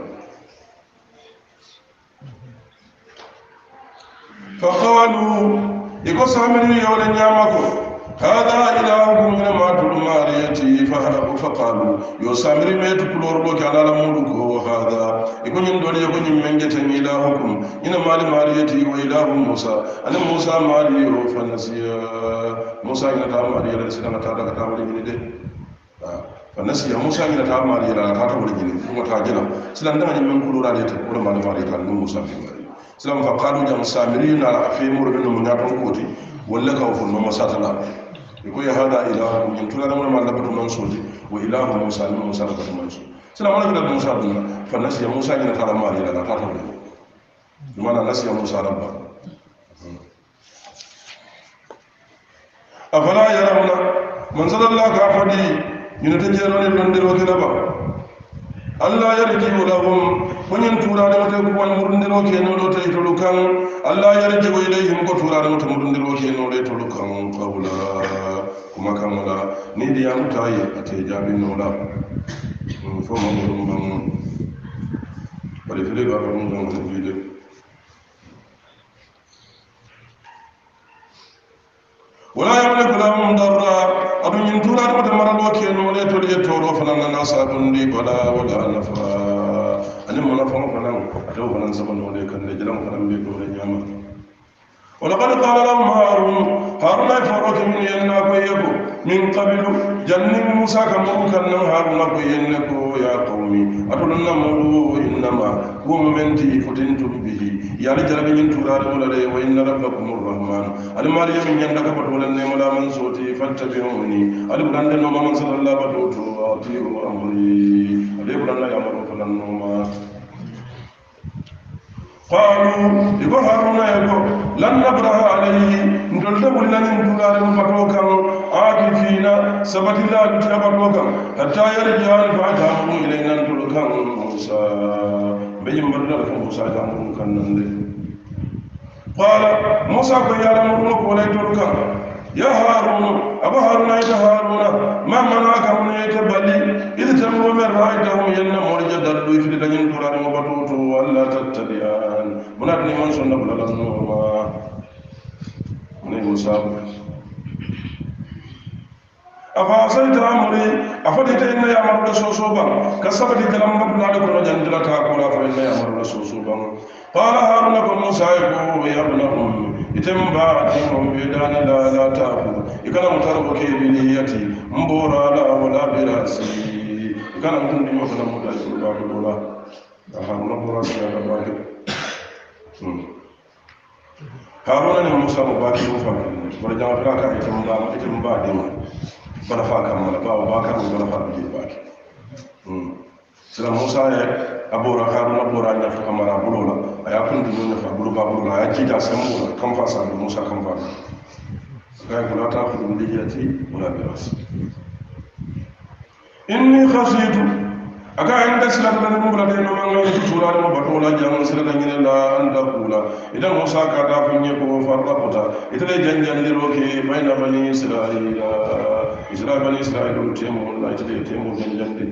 فقالوا يقص من يولن يامكو هذا إلهكم من ما تلماريتي فهربوا فقالوا يسامر ميت كلور بوك على الملك وهذا يكون يندولي يكون يمنجت إلهكم إن مال ماريتي وإله موسى أنا موسى ماريو فنسي موسى إن تعمل ماريو لنسي لما تعالى كتابة من دي فالناس يا موسى من تعب ما لي لا تعب ولا جني ثم تعجنا سلام دعني من كل رأي تقول ما نفعل كان نو موسى في مالي سلام فقالوا جم سامرين على في مر من من يعرفون كوتي ولا كوف نو موسى تلا يقول هذا إله من تلا نمر ما لبته منصور وإله موسى من موسى لبته منصور سلام عليك لبته موسى دنا فالناس يا موسى من تعب ما لي لا تعب ولا جني بمعنى الناس يا موسى ربه أفلا يرون من صلى الله عليه وسلم ñinata jeeroonin nandirootina ba alla yarjiu lahum foñin tuuraadamate kuwan murundiroo keenoo ta itolu kan alla yarjiu ilayhim ko tuuraadamate murundiroo keenoo ta kan qawla kuma kan ni diyamutaa ye ate jaabinoo la fo mamurum ban bari fili baa ka mun kan I don't know maraloo I'm tolu to tooroo fanaŋ na naa saabundi bala wala nafa ani mo kan ولقد قال لهم هارون هارون فرق من ينا كيكو من قبل جن موسى كمو كن هارون كينكو يا قومي أتلنا مولو إنما قوم من تي فتنتم به يعني جلب من ترار ولا وإن ربكم الرحمن ألم علي من يندك بطول النعم لا من صوتي فاتبعوني ألم بلند نوما من صلى الله بطوتو أطيعوا أمري ألم بلند يأمر فلن نوما قالوا يقول هارونا يقول لن نبره عليه ندل تقول لن ندل المبروكا عاكفين سبت الله لتنا تبروكا حتى يرجع الفاتحة إلينا ندلكا موسى بيم بدلك موسى كان كان قال موسى قال يا مرنك ولا يدلكا يا هارون أبا هارون يا هارون ما منعك من يتبلي إذ تمر من رأيتهم ينمر جدل في دنين قرار مبروك ولا تتبعان bulat ni man sonna bulalan no wa ne musa afa asal tramuri afa dite inna ya marda so so ba kasaba dite lamba bulale ko nyan dira ta ko afa inna ya marda so so ba qala haruna ko musa ko ya bulahum item ba tim bi dana la la ta ko ikala mutar ko ke bi ni yati mbora la wala birasi ikala mutum ni mo kala mutar ko ba ko la haruna ko ra ya ba ke haruna ne musa mu ba ki mu fa bar jama fi kaka ita mun ba ma ita mun ba da ma bar fa ka mu ba ba ka mu bar fa bi ba ki hmm. sira musa ya abora haruna bora na kamar kamara bulo a ya kun dunu na fa bulo ba bulo ya ji da san mu kan fa san musa kan fa kai kula ta ku dun dijati mun bi ras inni khashitu aka anta silamna nu bla deno manga ko tura no ba tola jam sira na ngina la anda kula ida mo sa ka da ko nye ko fa ta pota ida le jan jan le ro ke mai na bani israila israila bani israila no temo la ida le temo jan jan de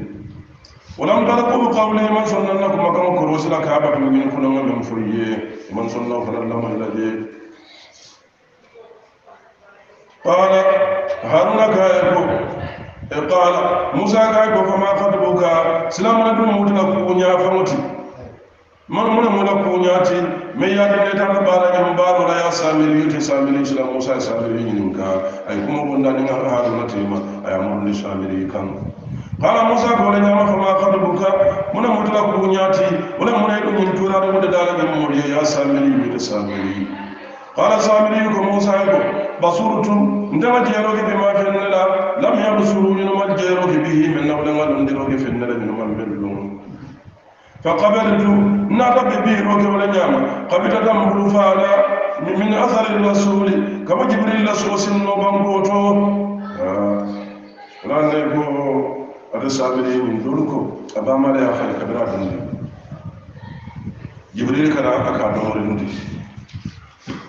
walam tala ko ko qawle man sunna na ko makam ko rosila ka ba ko ngin ko no ngam furiye man sunna ko la ma la de qala hanaka ya ko qala musa ka ko fa ma khatabuka salamana dum mutala ko nya fa muti man mun mun ko nya ti me ya de ta ba la nyam ba la ya samiri yuti samiri sala musa samiri ka ay ha ma ay kan musa ko la ma mun ko wala mun ay dum ya samiri yuti samiri qala ko basuru tun ndema jeeroge ɓe ma fennere la lam yabsuru ñinoma jeeroge bihi ɓe nablenga ɗondiroge fennere ñinoma mbellum fa kabertu nata ɓe biroge wala ñama kabita dambulu faala min asari rasuli kamo jibrilla soo sinno bangoto lanne ko ada sabiri min dolu ko a bamale a fay kabira dunde jibril kana aka domorendi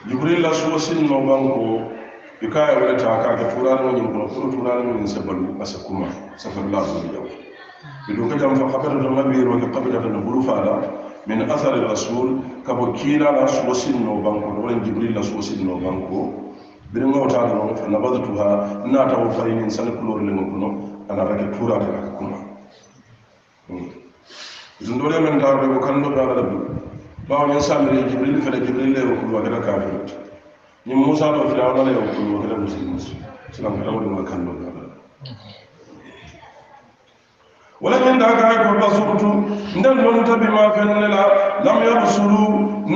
jibrilla soo sinno bangoo yukaya wala taka ka turano nyum ko furu turano min sabal asakuma sallallahu alaihi wasallam bidu ka jam fa khabar da nabi wa ka qabila da nabulu fala min athar rasul ka bokira la suwasin no banko wala jibril la suwasin no banko bidu ngo ta no fa nabadatuha na ta wa fayin sal kulur le ngo no ala rake tura ta kuma zundore men da ko kan do da da bawo nyasamire jibril fa da jibril le ko wa da kafirut ñiŋ musa ma fila wala le ko ñoo kela musilima su silam kela wala ma kando wala min da ka basurtu ndan lon tabi ma fen ne la lam yabsuru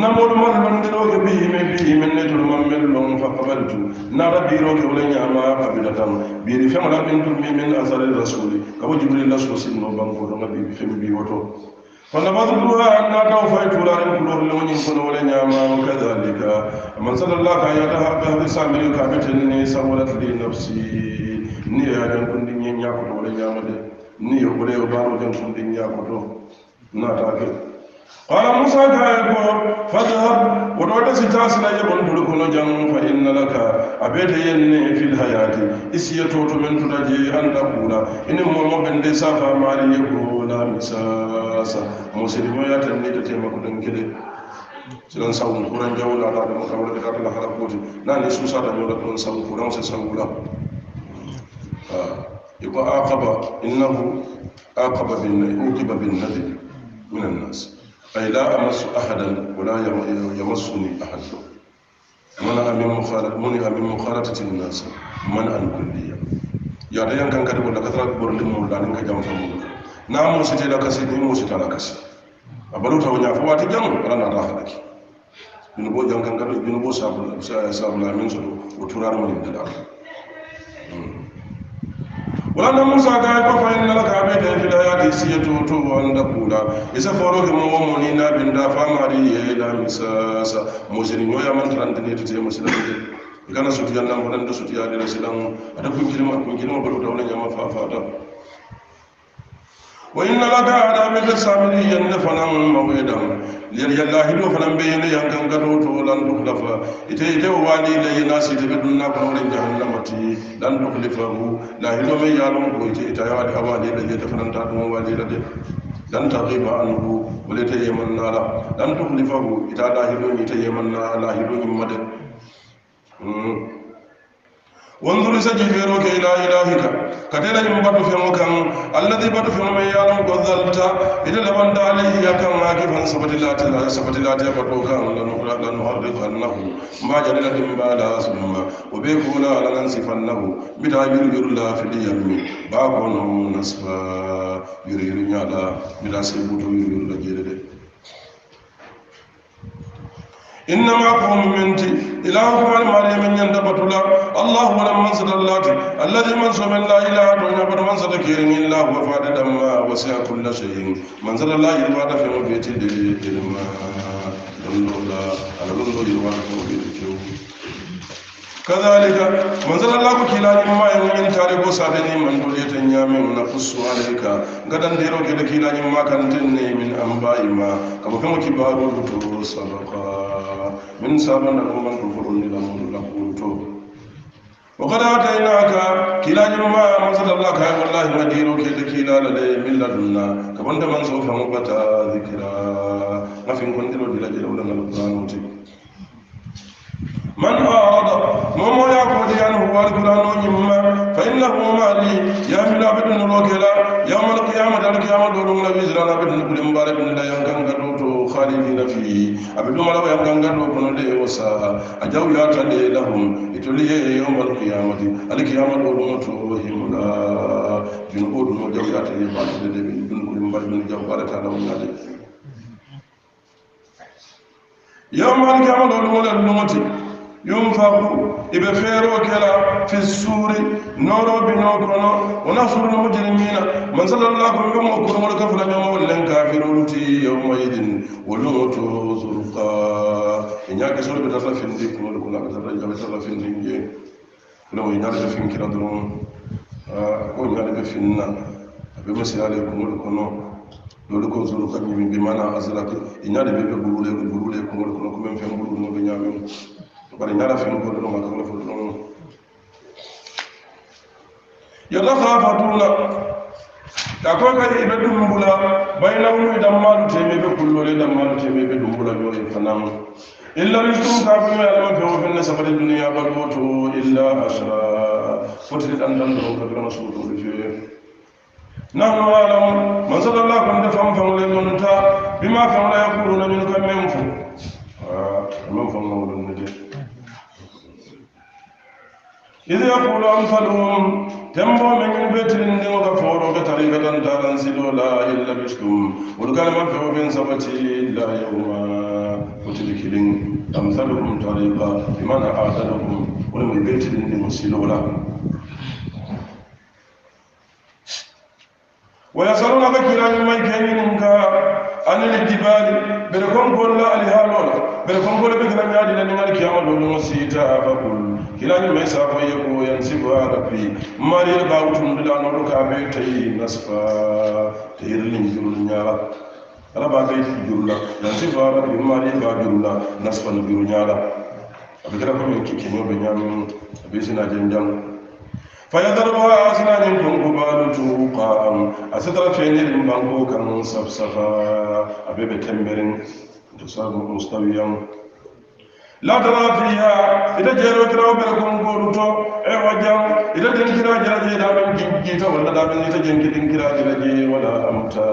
namol man lon de do bi me bi men ne tul man men lon fa qabaltu na rabbi ro ko nyama qabila tam bi ri la min tul mi rasuli ka jibril la so sin no bango do ngabi fem bi woto فلمدلوها أنك وفيت لان كلور لمن يكون ولا نعما وكذلك من صلى الله عليه وسلم بهذا سامي كابتني سولت لي نفسي نيا جن كن دنيا كلور ولا نعما نيا ولا يبارو جن كن دنيا كلور ناتاكي qala musa gayanko fadhab woto ɗasi tasinaje ɓon huɗo kono jang fa inna laka a ɓeete yenne fil hayati isiyatoto men tuta je anda ɓuura ine momo ɓende safa mari yegola misasa musidimo yata nide temako ɗen kele siɗan sawu kuran jawla ala ɗum kawla ɓe tatala hala koti nani susada ñoɗa ɗon sawu kuran se sawula iko aqaba innahu aqaba binnai uqiba binnabi minannas ay la amasu ahadan wala yamasu ni ahad man a min mukharat mun ya min mukharatati nnas man an kulliya ya da yankan kadi wala kasara bor din mun dalin ka jamfa mun na mu sita da kasi din mu sita kasi a balu ta wanya fa wata jamu wala na da hadaki din bo jankan kadi din bo sabu sabu la min so o turar mun din da wala musa ka ko fa inna laka bi da ya hidayati siya to wanda kula isa foro ke mo mo ni na bin da fa mari ya da misasa musini no ya man tan ne to musini kana su tiyan nan da su tiyan da silan ada kun kirma kun kirma baro da wannan ya ma fa fa wa inna laka ala min da samin yanda fanan mawidan liyar yalla hido fanan bai yanda yan gangado to lan duklafa ita ita wa wali da yi nasi da bidun na kawarin jahannama ti lan duklafa mu la hido mai yaron ko ita ita ya wali abali da zai tafi nan ta kuma wali da dai dan ta zai ba an hu wale ta yi manna la dan duklafa mu ita la hido ni ta yi manna la hido ni madad wanzuri sanji fero ke katela jimu batu fiamu kamu alladhi batu fiamu meyalam kwa zalta ila labanda alihi ya kamu akifan sabati lati la sabati lati ya batu kamu timba ala asumba ubekula ala nansifannahu bita yuru yuru la fili yami babu na unasfa yuru yuru nyala bila la jirede إنما قوم منتي إلهكم المريم من يندبتلا الله ولا من صد الله الذي من لا إله إلا هو من صد كيرين الله وفاد دما وسع كل شيء من صد الله يفاد في مبيت دلما دلما على لندو يفاد في مبيت kazalika manzon Allah ku kila ni ma yau in tare ko sabe ni man dole tan ya min na kusu alika gadan da yaro ke da kila ni ma kan tin ne min an bai ma kamar kuma ki ba ru to sabaka min saban da kuma ku furu ni da mun da ku to wa kada ta ina ka kila ni ma manzon Allah ka wallahi ma dino ke da kila da dai milladuna kaban da so kan bata zikira nafin kun dilo dilo da wannan alquranu take man aado momo yakode yani huwalikuranoñimma fa innahu mali yamilo abedene lokela yawmal qiyamati alqiyama ɗoɗonla wisrana abedene kulim mbare ɓenda yangannga ɗo to halidina fi aɓe ɗumalawa yangannga ɗo kono nde o saha a jaw yata ɗe lahum e toliye yawmal qiyamati alqiyama ɗoɗuma to himla jun oɗuno jaw yata e baɗeɗe ɓeɗen kulim mbare ɓen jaw ɓaɗata lawnade yawmal qiyama ɗoɗumola ɗumote yunfaku ibe feero kela fi suuri nooro binoo kono wona suruna mujirimina man salallahu mbe mo kurumol kafula ñoma wallen kafirolu ti yawma idin woluŋo to surka e ñaake soro be tarta findi kunol kuna be jabe tarta findi je lowo ñaade be fin doron ko ñaade be finna abe masirale kunol kono lolu ko surka ñimi bi mana asrak e ñaade be be burule burule kunol kono ko men fen buru no be ñamen bari ñara fil ko do ma ko fo do ya da fa fa tuna da ko ka ibe dum bula bayna mu dam ma te be kullu le dam ma te be dum bula yo e fanam illa mistum ka bi ma alma fi wa na sabar dunya bal mutu illa asra futri an dan do ka rasul do fi نحن أعلم من صلى الله عليه وسلم فهم لمن بما فهم لا يقولون منكم من فهم آه من فهم لا يقولون إذا يقول أنفلهم تمبو من بيترين دي وغفور كتاري كتان تاران سيلو لا إلا بشتم ولقال ما فيه وفين سبتي لا يوما وتلكلين أمثلهم طريقا بمن لهم ولم بيترين دي مسيلو لا ويسألون ويسألونك كلا الميكين كينك عن الاتبال بلكم كل لولا mbele fonkole ɓe gina miyaadina ndigani kiyama ɗo ɗoo siita fabul kilani may safo yego yan sibo a rabbi mariya baawu tumdiɗa noɗo ka ɓe tawi nasfa teyirlin jurl ñaala ala ba ɓe jurla yan sibo a rabbi mariya ba jurla nasfa no juru ñaala aɓe gara ko ɓen kikkeñoɓe ñam aɓe sina jen jan fayadaruha asinañin konko baalu tuuqa a sitara feenirin banko kan safsafa aɓe ɓe temberin sano ɗo stawiyan latara fiha ita jeerotira obere kon goɗu to e wa jam ita jenkiraajira jeeɗaɓen jiggiita walla ɗaɓen ita jenki ɗinkiraajira jee wala amta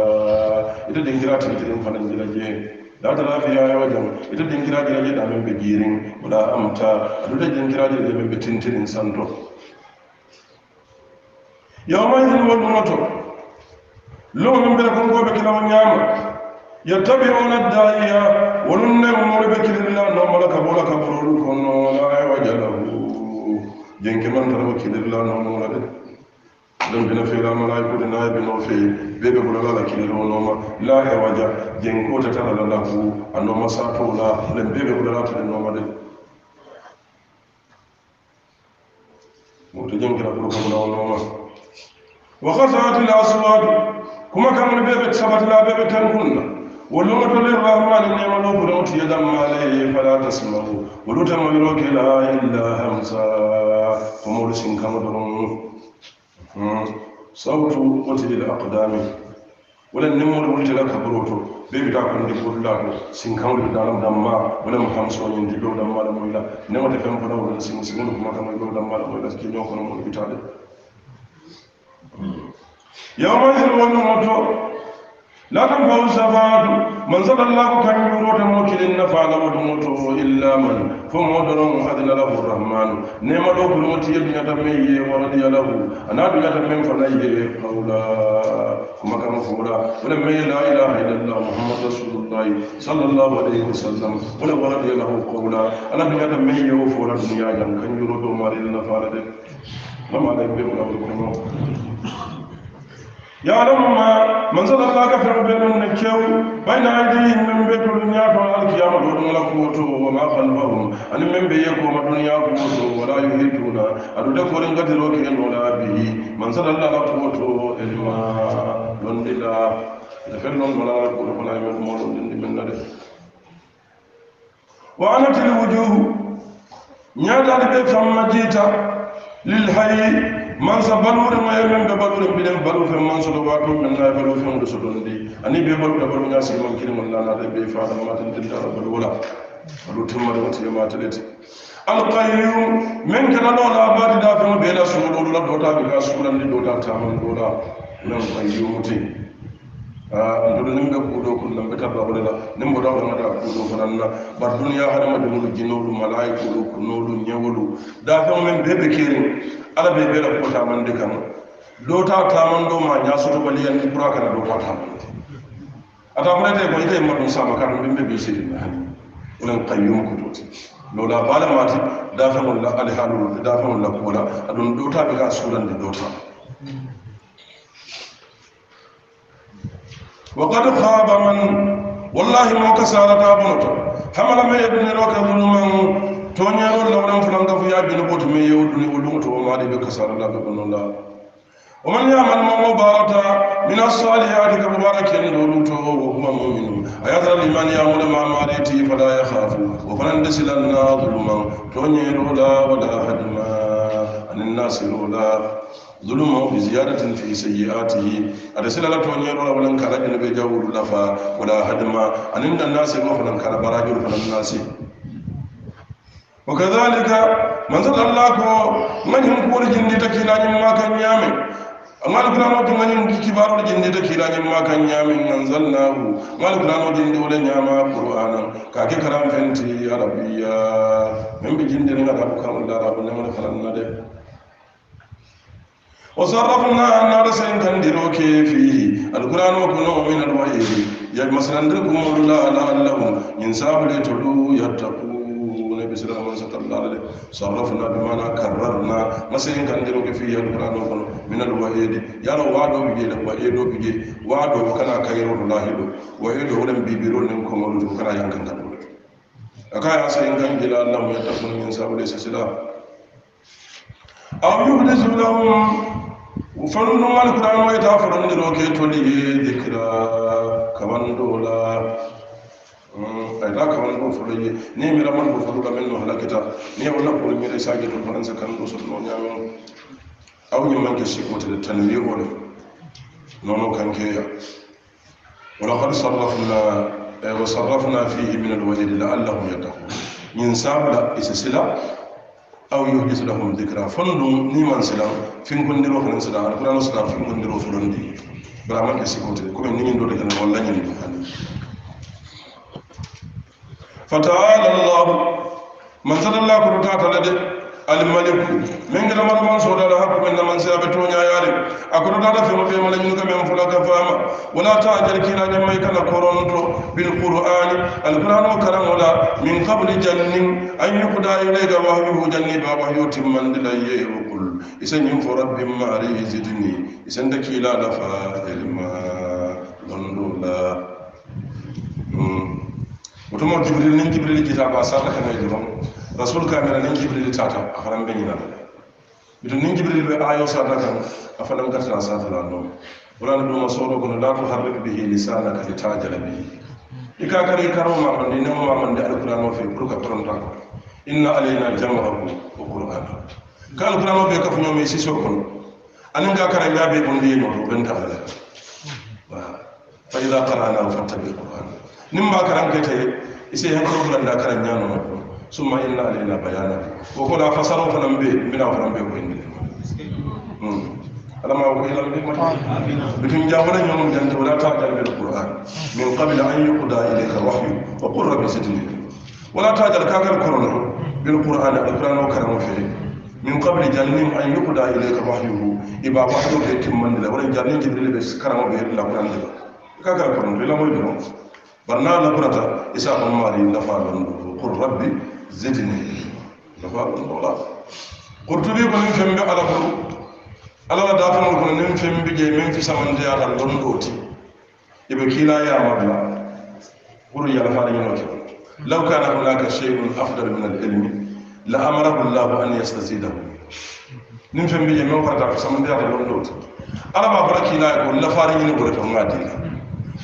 ita jenkira tentirin fananjira jee latara fiha e wa jam ita jenkiraajira jeeɗaɓen ɓe jiirin wala amta aɗuta jenkiraajira jeeɓen ɓe tintirin santo yawmahin wonnoto lomo min mbere kon goɓe kilawo ñaama يتبعون الداعية ولن يمر بكلنا نملك بولك برولك لا عوج له جنك من ترى كلنا نمر دم بنا في لا ملايك لنا بنا في بيبي بولا لا كلنا نمر لا عوج جنك وتتلا لا هو أنما ساتو لا لم بيبي بولا لا تلا نمر وتجنك لا بولك بولا نمر وخسرت الأصوات كما كان بيبي سبت لا بيبي تنكنا ولوت للرحمن نعم نبرت يدم عليه فلا تسمعوا ولوت مبروك لا إلا همزا فمر سنكم درم صوت قتل الأقدام ولن نمر ولت لك بروتو بيبي تاكل دي بول لاك سنكم دي دالم دما ولا مكان سو ين دي دو دما لا مولا نما تفهم فدا ولا سن سن كما كما دو دما لا مولا سكي نو كون مول بيتاد يوم يهلون موتو لا تنفع الشفاعة من سبب الله كان يروت موكل النفع لمدمته إلا من فمدر أذن له الرحمن نعمة برمتي يدنا تمي ورضي له أنا بنا تمي فنيه قولا كما كما قولا ولم لا إله إلا الله محمد رسول الله صلى الله عليه وسلم ولا ورضي له قولا أنا بنا تمي وفور الدنيا كان يروت ماري النفع لده لما لا يبين له الرحمن yaalomoma mansalallah ka fewɓe ɗon ne kew bayna aydi min ɓe to duniyato alkiyama ɗo ɗum lakkoto wama kalbahum ani min ɓe yekkoma duniyakoto wala yuhituna aɗude koɗen gadiro keno laabi mansalallah lakkoto elima ɗon ɗila ne fen noon wala lakkoto fonay men moɗon ɗinɗi minna de wa anatil wujuhu ñaɗade ɓe famma jiita lil hayi mansa baluure ma yemen be baluure mbiɗen balu fen man soto wato men nayi balu fenɗo sotondi ani be baluɗe balu ñasiman kirimol nanade be fadamaten dentara balu wala balu timmade watiɓe matelete alqayyum men kala ɗola abadi da fen ɓeeɗa suno ɗoɗola dota ɓeka surandi dota taman ɗola men qayyumuti ah, ndoɗo nin ɓe kuuɗo kunna mbe tarda olela nin mboɗa oɗangata kuuɗo fananna bar duniya hadama demolu jinnoɗum malayi kuuɗo kunnoɗum ñewolu da fen men ɓe ɓe kerin ala be bela ko tamande kama dota tamando ma ñasuto baliyanni pour akana do ma tamande ata fana ko ite maɗum sama kan ɗum ɓe ɓe seydina onen qayyum ko toti lowla baala mati dafeol alhaaluu dafeol lakkola aɗum ɗowtaɓe ka suulande ɗowta wa qad khaba man wallahi mo ka sarata bonoto hamala ma yeɗunero ka zuluman toñarol lawran fulan ka fo ya belogoto to yewɗuni o lungoto o maɗi ɓe kasaralaɓe gonnola oman yamal mamo barata min asalihati ka bobara kendo luto wo huma muminu a ma liman yamule mamariti fala yahafu o fanan desilanna zuluman la wala hadima anin nasirola ظلما بزيادة في سيئاته أرسل الله توني رولا ولن كرجل بجاور لفا ولا هدما أن الناس روح لن كربراجل فلن ناسي وكذلك من صلى الله من يمكور جندي تكيلا مما كان يامي مالك لا نوت من يمكي كبار جندي تكيلا مما كان يامي يامن مالك لا نوت جندي ولا نعم قرآنا كاكي كرام فنتي يا ربي يا من بجندي نعرف كلام الله رب نعم فلنا ده وصرفنا أن رسل كندروك فيه القرآن وكنا من الوحي يا مثلا لكم الله لعلهم ينساب لتلو يتقون misira wa sallallahu alaihi sarrafna bimana karrarna masayin kan diro ke fiye qur'an do kono min al wahid ya ro do bije da do bije wa do kana do wahid do ran bibiro nin ko mo do kana yankan da aka ya sayin kan gila Allah mu ya tafun min sabu da sisila aw ta ke Mm, ay la ka wala ko folo ye ni mi ramon ko folo men no halakita ni wala ko mi re saje faransa kan do so no nyaamo aw ni man shi ko te tanwi wala nono kan ke ya wala qad sarrafna wa sarrafna fihi min alwajh la'allahum yattaqun min sabla isisila aw yuhdithu lahum dhikra fondum ni man sila fin gondiro fon sila alquran sila fin gondiro fon di bra man ke shi ko te ni do de kan wala ni فتعالى الله من صلى الله عليه وسلم الملك من قد من بان سودا لا حق من من سابت ونيا ياري اكو دا في مبي مال من كم فلا ولا تاجر كلا نما كلا كورونتو بالقران القران كلام ولا من قبل جن ان يقدا اليك وحيه جن باب يتم من دلي وكل اسن فرب ما عليه زدني اسن دكيلا دفا علما لندولا وتمر جبريل نين جبريل جيتا با سارة كنا يجرون رسول كامل نين جبريل تاتا أخرم بيننا بدون نين جبريل بآيو سارة كنا أفلم كتنا سارة لانوم ولا نبلو مسؤول كنا لا تحرك به لسانك لتعجل به إكا كان يكرو ما من دين ما من دين القرآن في كل كترون تاكو إن علينا جمعه وقرآنه كان القرآن في كفن يوم يسيسو كنا أنا كاكرا يابي بندي نوتو بنتهلا فإذا قرأناه فاتبع القرآن نمبا كرام كتير ise hakkilo fana da kara ñano ma summa inna alayna bayana wo kola fasaro fana be mbina fana be koyndi alama ko ilam be mata bitum jawara ñomo jante wala ta jalbe alquran min qabl an yuqda ilayka wahyu wa qur rabbi zidni wala ta jal kakar korona bil qur'an alquran o karamo fere min qabl jalnim an yuqda ilayka wahyuhu iba wahyu be timmandila wala jalnin jibril be karamo be la qur'an de kakar korona ila moy do barna na burata isa ban mari na faɗin dubu kun rabbi zidni na faɗin dola kurtubi ko nin fembe ala ko ala la kun ko nin fembe ge min fi da ya tan don doti ibe kila ya mabla buru ya faɗin yana ke law kana hunaka shay'un afdal min al ilm la amarahu Allah an yastazida nin fembe ge min farata fi da ya tan don doti ala ba baraki ya ko la faɗin ni buru kan ma dina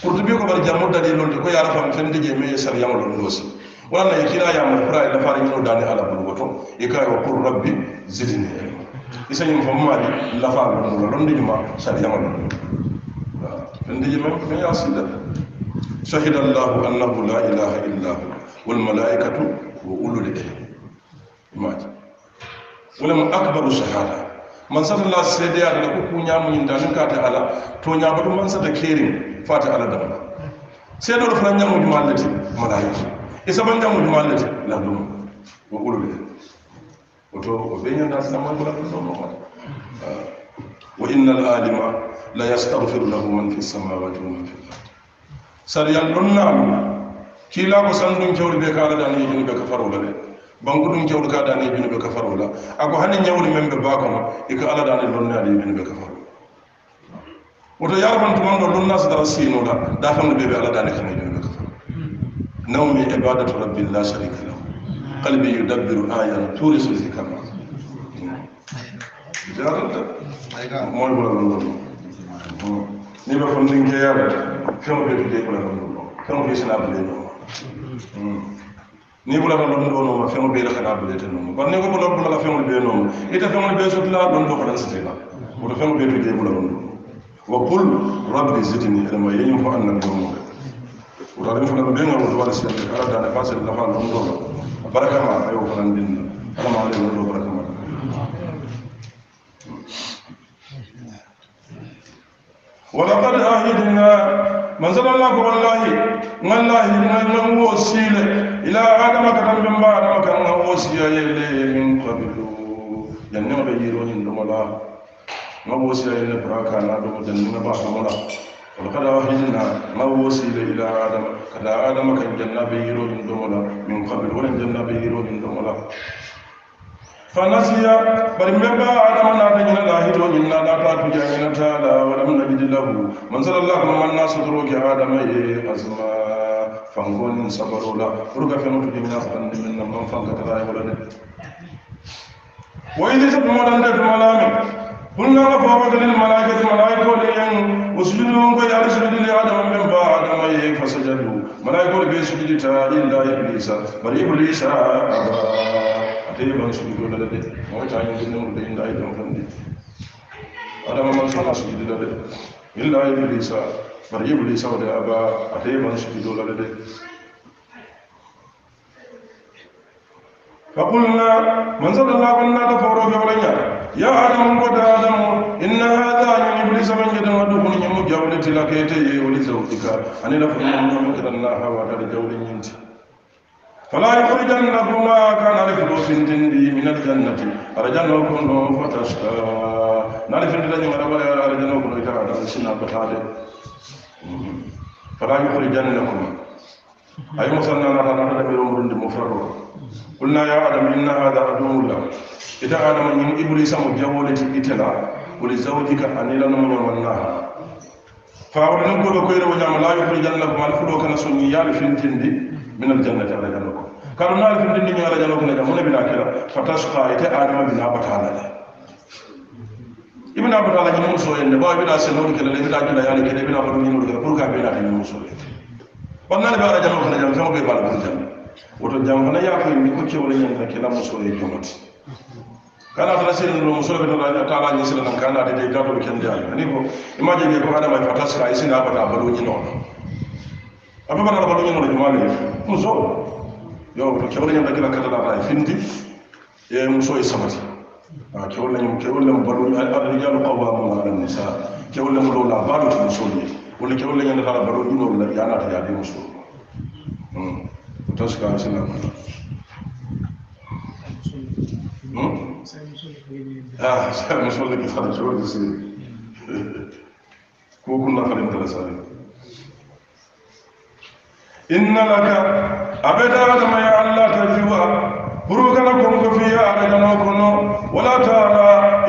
kurtubi ko bar jamu dalilundi ko yara fam fendi je me sariyamo ɗon loosi walla e kila yamar pra e lafare da ni ala bulu woto e kayi wa pour rabbi zidini ilma isañum fo maari lafare londuga londijuma sariyamo ɗon fendiji men me yasida shahida allahu annahu la ilaha illa hu walmalaikatu wa ulul ilm imaji wolemo akbaru shahada man sata la seedeyaade la ko kuñamuñin ka ta ala to nya ñabaɗu man sata keerin fata ala dama sai dole fana nyamu jumal lati malaika isa e ban nyamu jumal lati la dum wa ulul wato obenyo da sama bula ko sama ah. wa innal alima la yastaghfiru lahu man fis samawati wa man fil ard sariyal dunnam kila ko sandum jawri be kala dan yidin e be kafaro la bangu dum jawri ka dan yidin e be kafaro la ako hanin nyawri membe ba kono iko ala dan donna yidin be kafaro woto yaraban tuman ɗo ɗum nasdara sinoɗa da famde ɓeɓe ala dane kama yimɓe ka fam nawmi ibadatu rabbil la sharika lahu qalbi yudabbiru ayan turisu zikama jarata moy ɓura ɗon ɗon ni ɓe fam ndin keyara fewo ɓe tude ɓura ɗon ɗon ɗon fewo ɓe sinaɓude ɗoma ni bula ka lon dono ma fengo be la kana bule te nomo bar ne ko bula bula ka fengo be nomo ita fengo be sotla don do ko dan sitela o to fengo be to je bula don وقل رب زدني علما ينفع ان نكون وتعالى ينفع بركة ما أيوه فلان عليه بركة ما ولقد عهدنا من زال الله والله والله من هو وسيلة إلى آدم كتم من بعد ما كان هو وسيلة من قبل ينبغي يرون الله ما وصل إلى براك أنا دوم جنة بعضنا ولقد أوحينا ما وصل إلى آدم كذا آدم كان جنة بيرو من دوملا من قبل ولا جنة بيرو من دوملا فنسيا برمبا آدم نادجنا لاهيرو إننا لا تجعلنا تالا ولم نجد له من صلى الله من الناس تروك آدم إيه أزمان fangonin sabarola ruga fenu to dimina fande min من man fanga kala wala ne wa idza tabmadan da malami bunga ko fama ko lil malaikati malaiko le yang usjudu ko ya usjudu li adam min ba adam ay fasajadu malaiko be sujudi ta illa iblis bari iblis aba ate ban sujudu la de mo ta ni dum de inda ay dum fandi adam man sama sujudu la de illa iblis bari iblis wa aba ate ban sujudu la de فقلنا من صلى الله عليه وسلم فورو في ولنيا ya adamu ko da adamu inna hadha min iblis man jada madu kun yimu jawle tilakete ye wali zawdika ani la fumu no mo kada na hawa da jawle nyinti fala yukhrijan nakum ma kana alifu sintindi min aljannati arjan lakum no fatashka nari fin dinan yimara wala arjan lakum no itara da sinna ba hade mm-hmm. fala yukhrijan nakum أي مثلا نحن نحن بيوم برند مفرد قلنا يا آدم إن هذا عدو لك إذا آدم إن إبليس مجاولة إتلا ولزوجك أن لا نمر منها فأولا نقول كوير وجام لا يخرجن لكم الفلو كان سني يال فنتندي من الجنة على جنكم كانوا نال فنتندي على جنكم نجمون بنا كلا فتشقى إتى آدم بنا بتعالى ibina bata la ñimu so yende ba ibina se non kele le ila kele yali kele ibina bata ñimu kele pour ka bina ñimu so yende kon be wara jama fana jama feŋo be bala bulu jama woto jama fana ye a koyi ni ko kewole ñanta kela muso ye jomati ah, kana tara sila nulo muso be tara taala ñe sila nan kana de de gato kende ay ani ko imaje be ko adama fa tasra ay sina bata balu ñi ah, ah, non apa bana balu ñi non juma be muso yo ko kewole ñanta kela kala la ay findi e muso e samati a kewole ñum kewole balu al rijalu qawwamuna ala nisa kewole mulo la balu muso ñi wala ke wala ngana kala balo dino wala ya na ta ya de musu mm to ska sala mm ah sa musu le ke fara so de se ko kun na fara ta sala inna laka abada da ya allah ta jiwa burukana kon ko fiya ada na kono wala ta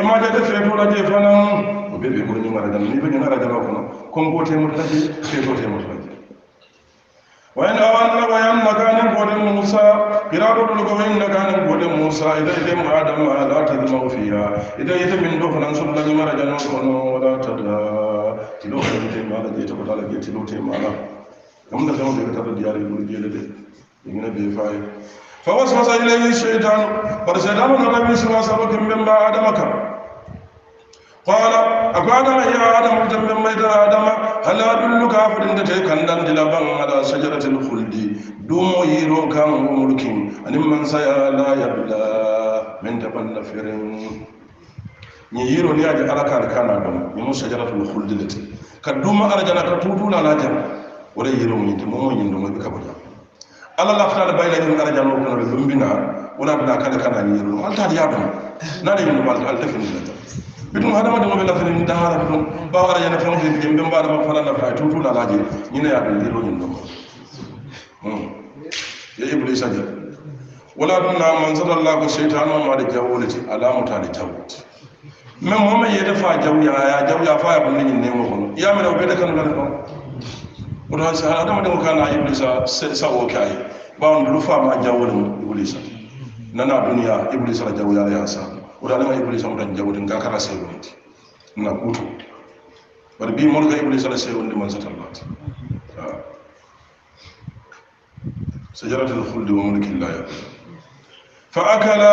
ima jade fe to la je fanan ko be ko ni mara da ni be ni mara da kono kongo te mutlaji te do te mutlaji wa in awanna wa yanna ganin godin musa kiraro dul go in na ganin godin musa idan idan adam ala ta zama fiya idan ita min do fanan sun lagi mara janon kono wala ta da tilo ka te mala je ta kala je tilo te mala kam da zama da ta da yare guri je da ingina be fa'i fa waswasa ilayhi shaytan bar shaytanu nabi sallallahu alaihi wasallam kan ban ba adamaka قال أقعد يا آدم جنب ميت آدم هل أدلك أفرين تجي كندن دلبان على شجرة الخلد دوم يرو كان ملك أن من سيا لا يبلا من تبن فرين ييرو ني أجي على كان كان آدم يمو شجرة الخلد لتي كدوم أرجع كتوتو لا نجا ولا يرو ني تمو يندم بكبر على الله فتار بايلا يرو أرجع لو كنا بذنبنا ولا بنا كان كان يرو هل تاري أدم نادي يندم هل تفهم bitu hadama dama be lafani min tahara bitum ba ala yana fɛn fɛn tigɛ n bɛ ba adama fa lafi a ye tutu na lajɛ ɲinɛ y'a da, yɛrɛ nin dɔn ya yi bulisa ji wala dun na mansala la ko seitan ma da jawo ne ti ala mu ta da jawo mɛ mɔgɔ min yɛrɛ fa jawo ya ya jawo ya fa ya ni ne mo mɔ i y'a minɛ da be da kan la ko kɔnɔ da sa sisan adamadenw kan na ye bulisa sa o kɛ ba ye bawo fa ma jawo le mu Na na duniya ibulisa jawo ya y'a sa wota na iblis on tan jawdi nga kara sewoniti nga kuuto bari bi moɗo ka iblis ala sewonde man satallati ah. sajaratul khuldi wa mulkin la fa akala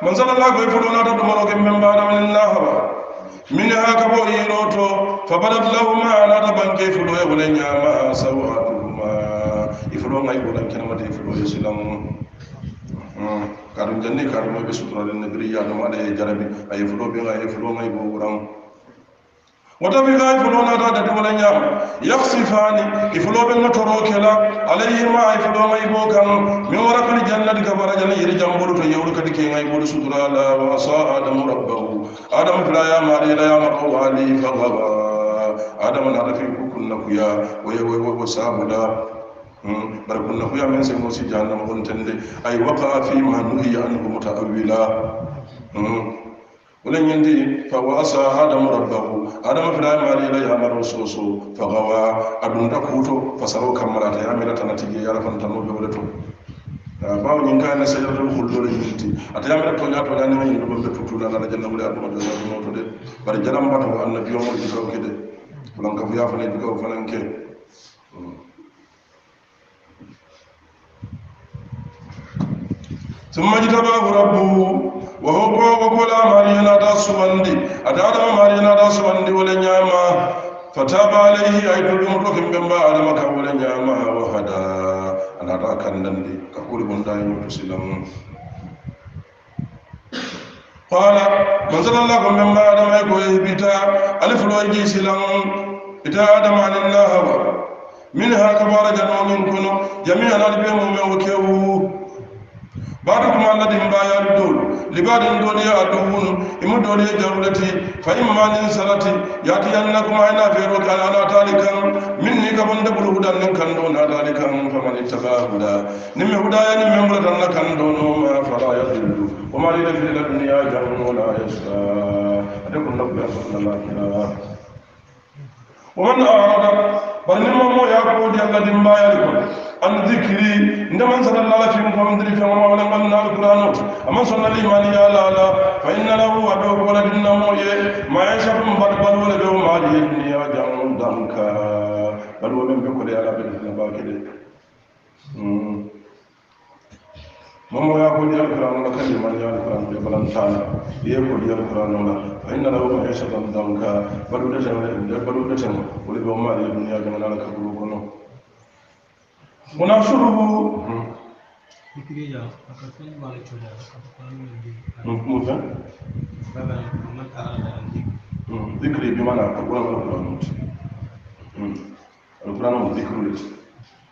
man sallallahu alaihi wa sallam nata dumaro ke men ba min lahaba min ha ka bo yiro to fa badat lahuma nata banke fulo ya bulen ya ma sawatuhuma ifulo ngai bulan kana mate fulo ya silamu karum janni karum be sutura den nagri ya no ala e jarabi ay fulo be ay fulo may bo buram wata bi ga fulo na da da wala nya yakhsifani ki fulo be no toro kala alayhi ma ay fulo may bo kan wara warqal jannati ka bara janni yiri jambulu to yawru kadi ke ngay bo sutura la wa asa adamu rabbahu adam fila ya ma la ya ma ko ali fa adamu na da fi kunna kuya wa wa sabuda Hmm. bari kunna huya men sen mosi jahannama kon ay waqa fi ma nuhiya anhu mutaawila hmm. wala ñindi fa wa adamu rabbahu adama fila mari la yamaro soso fa gawa adunda kuto fa saro kamarata ya mira tanatije yara fantano be wala to bawo ñin kana sayyatul khulul ñinti ata yamira to ya to ya ñin do be tutula la janna wala adama do no to de bari jaram bato annabi yo mo de lan ka fu ya fa fanan ke hmm. summa jitabahu rabbuhu wa hokkoko kola mariyana ta sumandi adaadama mariyana ta sumandi wole ñaama fataba alayhi ay tudum to himɓemba adama ka wole ñaama wa hada anata kandandi ka kuri gondayimoto silam qala man salalla ko memba adama koye bita alifuloy ji silam ita adama aninlahawa min ha kabara janoomin kono jamiana ali ɓe mumen wo kewu بعضكم الذين لا يردون لبعض دولي عدوون إما دولي جرولتي فإما لنسرتي يأتي أنكم أين أفيروك على ذلك مني كبن دبر هدى لنكن دون ذلك فمن اتبع هدى نم هدى نم مرد لنكن دون فلا يضل وما لنفر لدنيا جر ولا يسرى أدكم نبي صلى الله ومن أعرض bari ni ma moya ko di alla din bayari ko an zikiri ndaman sanan ala fi ko ndiri fi ma wala man na alquran amma sanan li mani ya la la fa inna lahu wa dawu wala din na moye ma yashafum badbal wala dawu ma di dunya jamu danka bal wala be ko ya la be na ba ke de mo moya ko di alquran wala kan di man ya alquran be balantana ye ko di alquran wala a inna lahu ma'ishatan danka balu da tan balu da tan wali ba ma da duniya ga nan ka bulu kono munashuruhu ikirija akasan ba da choda mm, muta baba amma ta da mm, dhikri bi maana kwa kwa kwa mtu القرآن ذكر لك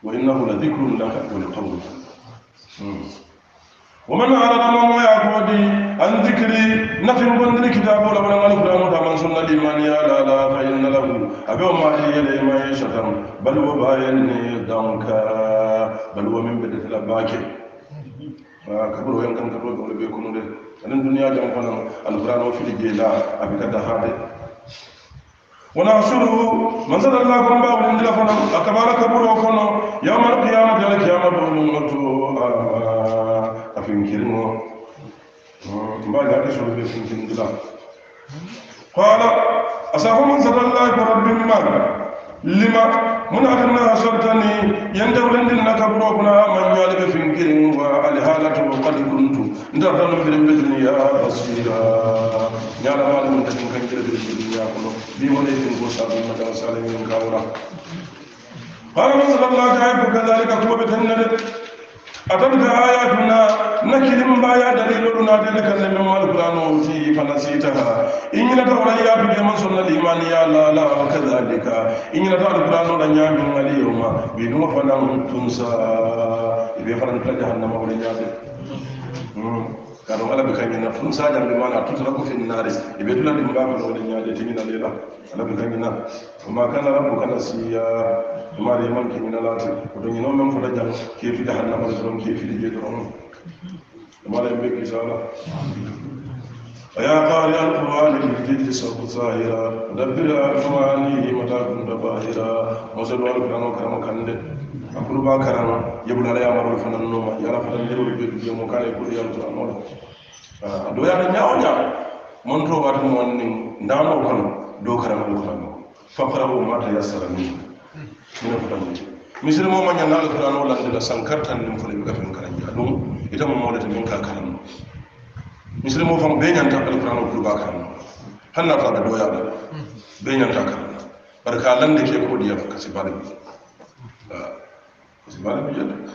وإنه لذكر لك ولقومك ومن أعرض عن يعبودي عن ذكري نفي بندري كتابه لمن القرآن تمن سنة إيمان يا لا لا فإن له أبي وما هي لما يشتم بل وبايني دمك بل ومن بدت لباكي kaburo yan kan kaburo dole be kunu de anan duniya jan fili gela abika wana shuru man allah kun ba wani dila fana akabara kaburo kono yawmal qiyamah dal qiyamah فيمكنه آه، من هذا قال أصحاب من صلى الله رب المال لما من أكلنا سلطاني يندب لندن كبروكنا من يالك وعلى والهالة وقد كنت ندرنا في المثل يا بصيرا يا لما لم تكن كنجر في الدنيا كله بي وليكن بوسابي مدى سالمين كاورا قال من صلى الله عليه وسلم كذلك كما بتنلت atam ka ayatuna na kilim baya dalilolu na dele kan le mal qur'ano fi kana sita inna ta wala ya bi man sunna limani ya la la wa kadhalika inna ta qur'ano da nyami ngali yoma bi dum fa na tunsa ibe faran ta jahannama wala nyabe kato ala be kañina tun sajan be maga tutara ko fen naaris e ɓe tula ɗim mbaa kono woni ñaaɗe tiñina leela ala be kañina ma kana rabbu kana siya maari man keñinalaati oto ñino men fota jam keefiɗe hannamata toon keefiɗe jee toon mala en ɓe kisala ويا قارئ القرآن اهدد لصوت ظاهرا دبر أفواني متى كنت باهرا وصلوا القرآن وكرم كندت akuluba karama yebulala yamalo fana noma yala fana ndero be duje mo kala ko yalla to amol do yalla nyaaw nyaaw mon to bat mo ni ndano kan do karama do kan faqrahu ma tayassara min min fatan misir mo man nyalla ko ndano lan da sankartan nim fule be kafen kan ya dum ita mo mawlata min ka kan misir mo fam be nyanta alquran ko ba kan hanna fa do yalla be nyanta kan barka lan da ke ko diya ka sibali ah, زمان بجد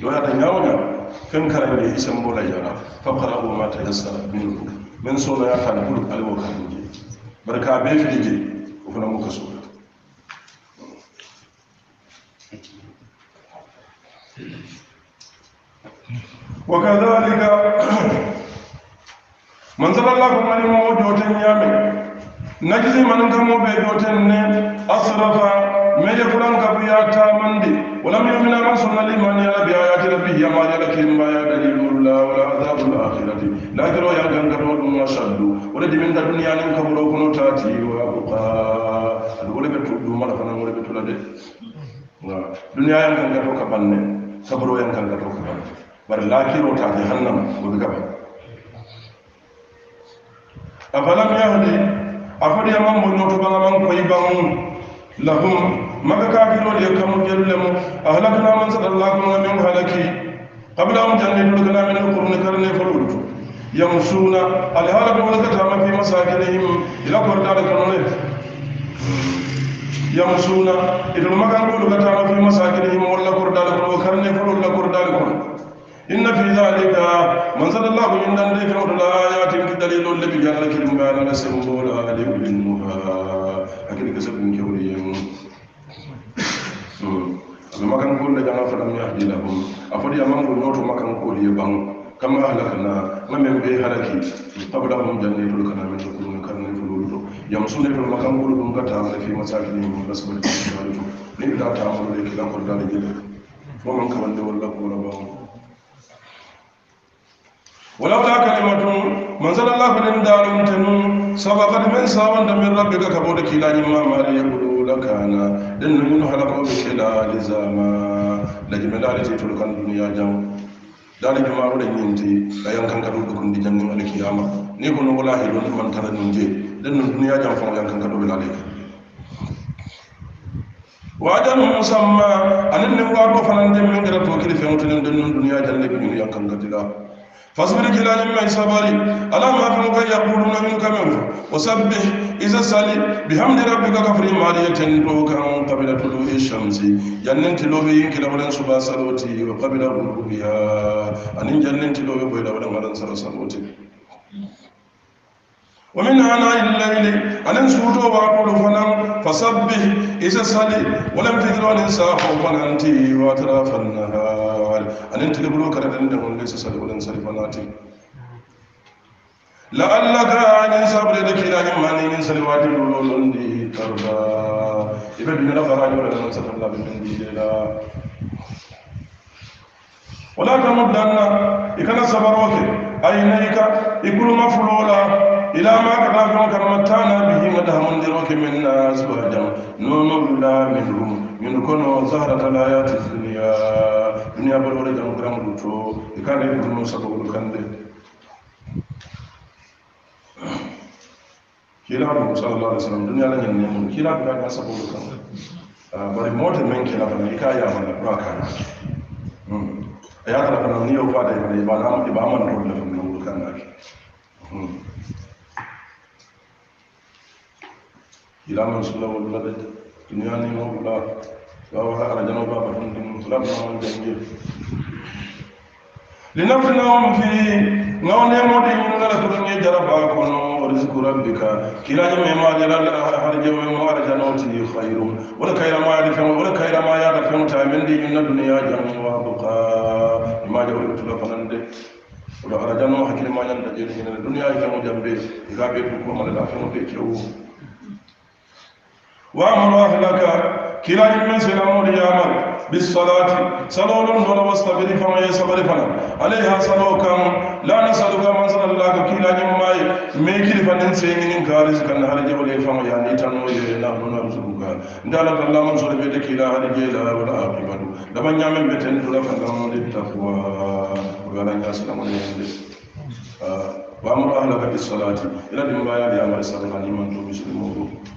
دولا تنجاونا كن كرم يسمى مولا جانا فقرأوا ما تيسر منه من سولا يفعل كل قلب وكهنجي بركة بيف لجي وفنا مكسولة وكذلك من صلى الله عليه وسلم جوتين يامي نجزي من كمو بي جوتين أصرف من يكلام كفي أكتامن دي ولم يؤمن من صلى لمن يلا بآيات ربه ما يلا كلمة يا دليل الله ولا عذاب الآخرة لكن يا كان كبر ما شدوا ولا دي من الدنيا نم كبر كنوا تاتي وابقى ولا بتو ما فنا ولا بتو لا دي دنيا يا كان كبر كبن كبر يا كان كبر كبن بل لكن وتاتي جهنم وبكبر أفلم يهدي أفضل يمام بنوت بنام كويبان لهم مكا كيلو لي كم جلم اهلكنا من صدر الله من يوم هلكي قبل ان جل لكنا من القرون كرن فلوج يمشون على هلك ولك تام في مساكنهم الى قرطان كنون يمشون الى المكان ولك تام في مساكنهم ولا قرطان كرن فلوج قرطان كرن ان في ذلك من صدر الله من ذلك الايات كدليل لبيان لكم بان نسمو لا لولي النهار اكيد كسبن كوريهم so makan ko da jama fana mi ahdi a afadi amam ko noto makan ko liye bang kama halakna ngamen be halaki tabda hum jannatul kana min tukulun kana fululu yamsuna fil makan ko dum ka ta ma fi masakini min basbal tawalitu ni da ta amru le kilan ko dal jida ko man ka wanda walla ko la bawo walau ta kalimatun manzal Allah fa din dalun tanu sabaqat min sawan da min rabbika kabo da kilani ma ma ya kudu لكان للمن خلق بكلا لزاما لجمع دارتي تلقان دنيا جام دار جماع لنينتي لا ينكن كدو دكن دي لن الدنيا ينكن ne wa do fanan gara to kili duniya فاصبر كلا لما يسابالي على ما في مكان يقولون من كمم وسبح إذا سالي بحمد ربك كفر مارية روكا قبل طلوع الشمس جنن تلوبي كلا ولن سبا سلوتي وقبل غروبها أن جنن تلوبي بيلا ولن مرن سبا سلوتي ومن أنا الليل أن سوتو وأقول فنم فسبح إذا سالي ولم تجر أن ساحو فنانتي وأطراف النهار anin tilibulu kare dan da mun lesa salulun salfanati la'allaka anin sabri da kila yin mani yin salwati lulun di tarda ibe bin da fara yau da nan sallallahu alaihi wa sallam wala tamuddanna ikana sabaroke aynaika ikuru mafulula ila ma kana kan karmatana bihi madahamun diroke min nas bajan nunu la minhum min kono zahrata al-hayati ad-dunya duniya balo wala jamu kiramu du to i ka ne bulu sababu du kande kila bu sallallahu alaihi wasallam duniya la nyanne mun kila bu ka sababu du kande ah, bari mota men kila bana i ka ya mana bra ka a ya kala bana ni o fa da bana ba na ba man do la fun du kan na kila man sallallahu alaihi wasallam duniya ni mo bula بابها أرجعنا بابا هند مطلبنا من جنجل لنفنهم في نون مودي من الله كرني جربا كونو ورزق ربك كلا جمع ما جلال هرج من وارج نوتي خير ولا خير ما يعرفون ولا خير ما يعرفون تعمل دي من الدنيا جمع وابقى ما جرب تلفنند ولا أرجع نوم حكيم ما يندجل من الدنيا جمع جنبه إذا بيتكم على الأفنى بيتشوه وأمر أهلك kila yimɓe silamol yaman bisolati salolon hola wastabiri fama ye sabari fana alayha salo kam la nasaluka mansanallaka kila yimmayi mekili fanin seŋinin karis kan hara jabal ye fama yani tanoye nahmanu arzukuka ndala kallaman sore bede kila hara jela wala aqibatu laban ñamen beten dula kankamode taqwa ogala ñasilamol yande وأمر أهلك بالصلاة إلى دمبايا لأمر صلى لمن تو مسلمون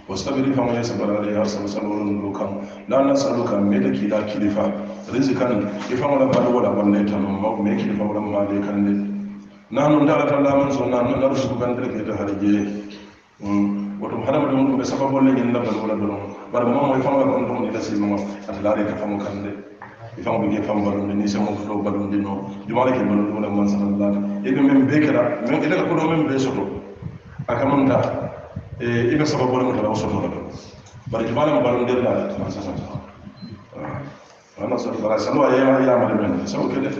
واستبر كما يسبر عليه أرسل صلون لكم لا نسألك ملك إلى كلفة رزقا إفهم ولا بعد ولا بنيتا نمو ميك إفهم ولا مالك نحن ندارة الله من صنع نرزق بندرك يتحرجي wotum hadamadenw ɗum ɓe sababolle ñin labdal wala dolon bara mamo e fanga kon ɗum ila simaga ata laare ka famo kande fɛnw bɛ kɛ fɛn balo ni nisɛn mun filɛ o balo di nɔ jumɛn kɛ balo dɔw la man sara la i bɛ min bɛɛ kɛra i bɛ ka ko dɔ min bɛɛ sɔrɔ a ka mun ta i bɛ sababu min kɛra o sɔrɔ la bari jumɛn ni balo de la tuma sisan ana sɔrɔ bara sanu a y'a y'a mali mɛn sabu kɛlɛ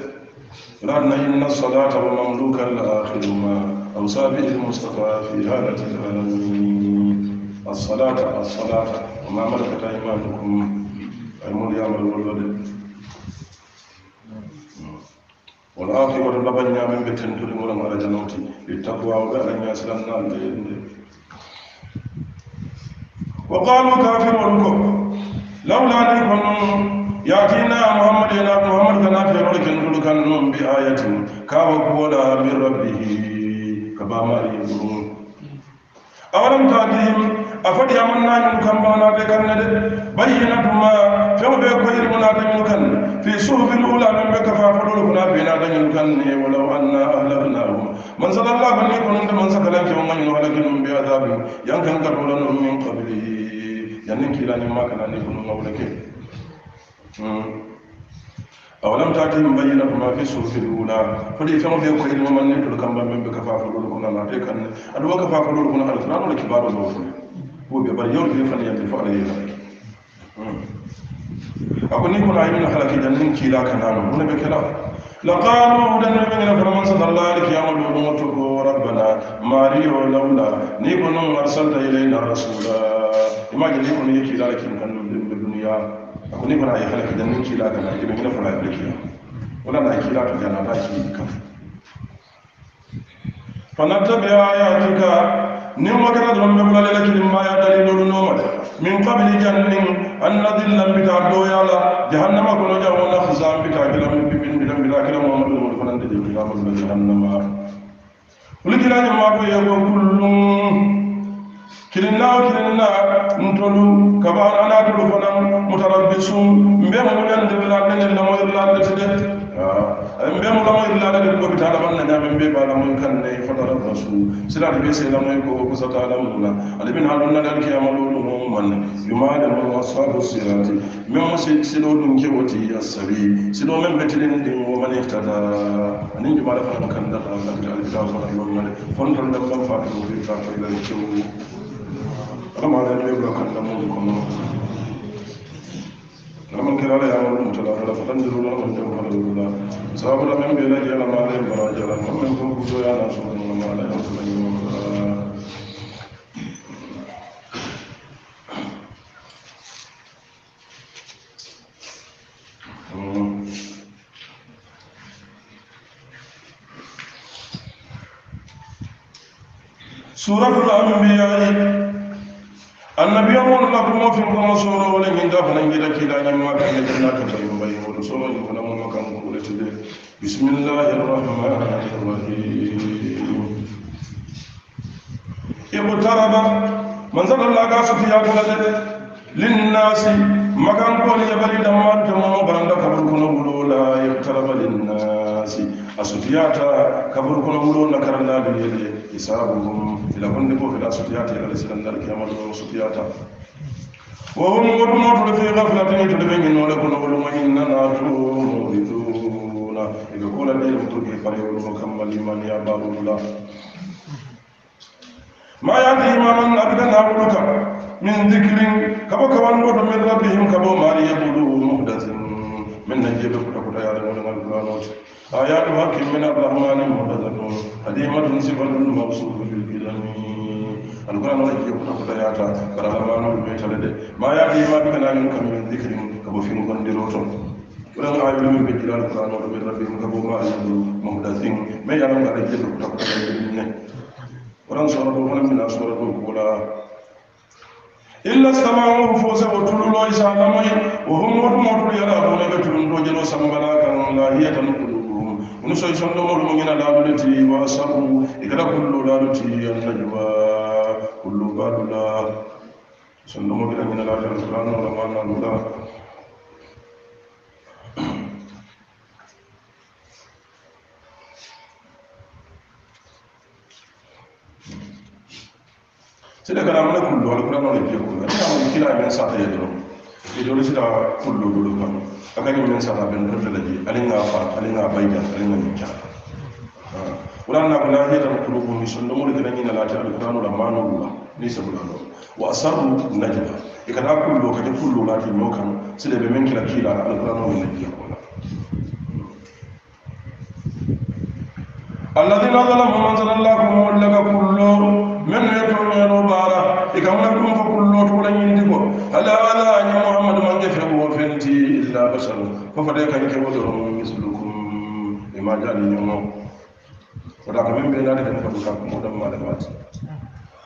la na inna salata wa mamluka al-akhiruma awsabi al-mustafa fi halati al-alamin الصلاة الصلاة وما ملكت أيمانكم المولى يعمل والولد wala a ti wata laban ya min bitin turin wurin a rajin nauti bi ta kuwa wuga an ya sulan nan da yin da kafin wani ko laula ne kwanu ya ki na muhammadu ya na muhammadu kana fiye warkin dukkan nun bi ayatin kawo kuwa da min rabbi ka ba ma yi wurin a wani ta afati amannanum kam bawnaɓe kamne de bayinatuma fewo ɓe koyirmona dañol kan fi suhufil ula ɗum ɓe kafa foɗol kona bena dañol kanne walaw anna ahlaknahum man salallah banni konunde man sakalan fewo gañol halakinum ɓe adabum yankan gatolanum min qablihi yannin kiilanimma kanani kono gawlake awalam tatihim bayyinatu ma fi sufi lula fodi fɛn fɛn ko ilmu man ne tulu kan ban bɛ kafa fɔlɔ kɔnɔ la a kan ne kafa fɔlɔ kɔnɔ alifilan o kibaru dɔw kuwa bai bari yau da zai fara yadda ya fara abu ni kuna yi nuna halakki don ninki ka nanu wani bai kira laƙaru don nan bai nufin man sanar lari ki yamma lori mutu ko rabbana mariyo launa ni kunun marsan da ni kuna yi kira da kin kan da duniya abu ni kuna yi halakki don ninki ka nanu wani bai kira da kira wani na kira da yana ba ki kan fanatta ya tuka niŋ makata doroŋ be bula le la kiliŋ maaya daliloolu nooma le min kabili janniŋ an na dillan bita dooyaa la jahannama kono jaŋo na fusaan bita kila bibin bita bita kila muhamadu wolu fanaŋ de jee kila mulla jahannama wolu kila ñammaa ko ye ko kulluŋ kiliŋ naa wo kiliŋ naa ntolu kabaana anaatolu fanaŋ mutarabbisuŋ mbe mu ñandirilaal ne ne lamoyirilaal ne ti de mbe mo lamoy laala la be se la moy ko ko sata la mun la de se be tilin de mo man iftada da da da da நம்ம ಕಿರಾಳ ಯಾವಾಗ ಮುಟ್ಟಲ್ಲ ಅವಳ ಫಲಂದಿರುಳ ಮಂತ್ರ ಫಲವಿರುಳ ಸಾಬರ ಮೇಲೆ ಬೇರೆ ಜಲ ಮಾಲೆ ಬರಾಜಲ ನಮ್ಮ ಕುಟುಂಬ ನಾಶವನ್ನು ಮಾಲೆ سورة الأنبياء annabi yomon lato mo fi kono soro wole min da fana ngila kila nyamma ka ne jina ka bayi bayi wolo soro ni kono mo kam ko le tide bismillahir rahmanir rahim e bo taraba man zala la ga su tiya ko le de lin nasi makan ko le bari da man to mo baranda ko ko no wolo la e taraba lin nasi asufiyata kabur ko no wolo na karanda de yele hisabuhum ila kunni ko fila sutiyati ala silandar kiyamatu ko sutiyata wa hum qurmatu fi ghaflatin tudbin no le kuno wal mahinna na turiduna ibe kola de to ke pare wal mukammal iman ya babula ma yati imaman abdan abuka min dhikrin kabo kawan ko to min rabbihim kabo mari yabulu muhdathin من نجيب كل كل يعلمون من القانون آيات حق من الرحمن مهتدون قديمة صفة الموصوف بالكلام القرآن يجيب كل كل يعلم كرهمان البيت لدي ما يأتي ما بكنا منكم من ذكر كبفين قندروتون ولم أعلم من بجل القرآن ومن ربهم كبوما أجل مهدثين ما يعلم على يجيب كل كل يعلم ولن صورة ولم من أصورة ولا illa samahu fo sego tululo isalamoy wo homoto motolo yala bone ɓe tulunto jelo sambala kan lahiyatan kulukurum ono soy do mo ngina gina laadude ti wa sabu ikata kullo laadu ti annajwa kullu so do do mo ngina baadula sondomo gina gina laafiyal qur'an wala mannaluda sila kana mana kun do alkura mana je kun ni amma kila men sa ta yedo e do sila kun do do kan aka ni men sa ta ben rafa laji alinga fa alinga bayda alinga mikya wala na kana ne da kulubu ni sun mu da ni na lati alkuranu da manullah ni sabulano wa asarru najwa e kana kun do kada kun do lati no kan sila be men kila kila alkuranu ne je kun الذين ظلموا من ظلم الله كل لك كله meno bara e kam na dum fa kullo to la ko ala ala ni muhammad man ke fe bo fenti illa basharu fa fa de kan ke wo do mislukum e ma jani ni ko da ko men be na de ko ka mo ma da ma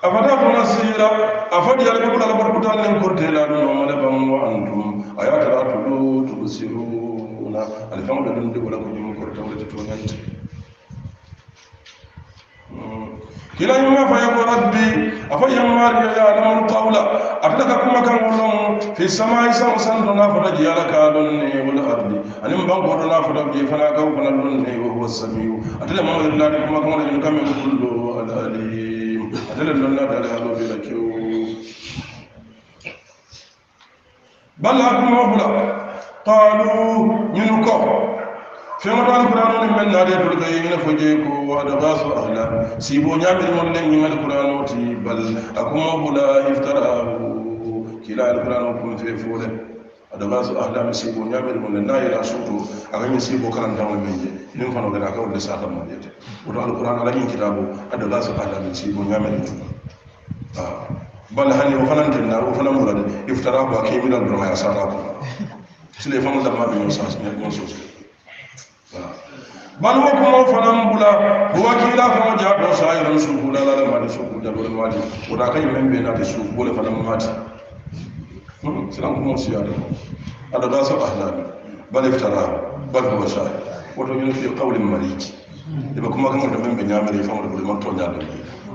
afata ko nasira afadi yalla ko la barku tan len korte la no ma da bam wa antum ayata ra to alfamu dum de wala ko jum korte wala to nanti kila yuma fa yako rabbi afa yamar ya ya lam qawla ataka kuma kan wallon fi samai sam san dona fa ji ala ka don ne wal ardi anim ban ko dona fa rabbi fa na ka fa don ne wa huwa samiu atala ma wala kuma kan wallon kam ya kullu al alim atala don na da halu bi lakiu balla kuma wala qalu yunuko fema tan qur'anu ni men naade to kay ina fo ko wa basu ahla si bo nyaami mon len ni mal qur'anu ti bal akuma bula iftarahu kila al qur'anu kun fe fo ada basu ahla mi si bo nyaami mon len nayi rasuto aga mi si bo kan tan men je ni fa no ka wala sa tan mon je to al qur'an ala ni kitabu ada basu ahla mi si bo nyaami mon ah bal hani o fanan tinna o fanan murade iftarahu akimi dal do ma ya sa ta ko sile famu da ma bi mo sa ne ko so baluwo kuma fana bula huwa kila ko ja ko sai ran su bula la la ma su kula la mali ko da kai men be na ta su bole fana mati hmm, salam ko su yaro ada da sa ahla ahlabi bal iftara bal huwa sha to yin fi qawlin maliki da kuma kan da men be nyamare fa da bole man to nyalo ne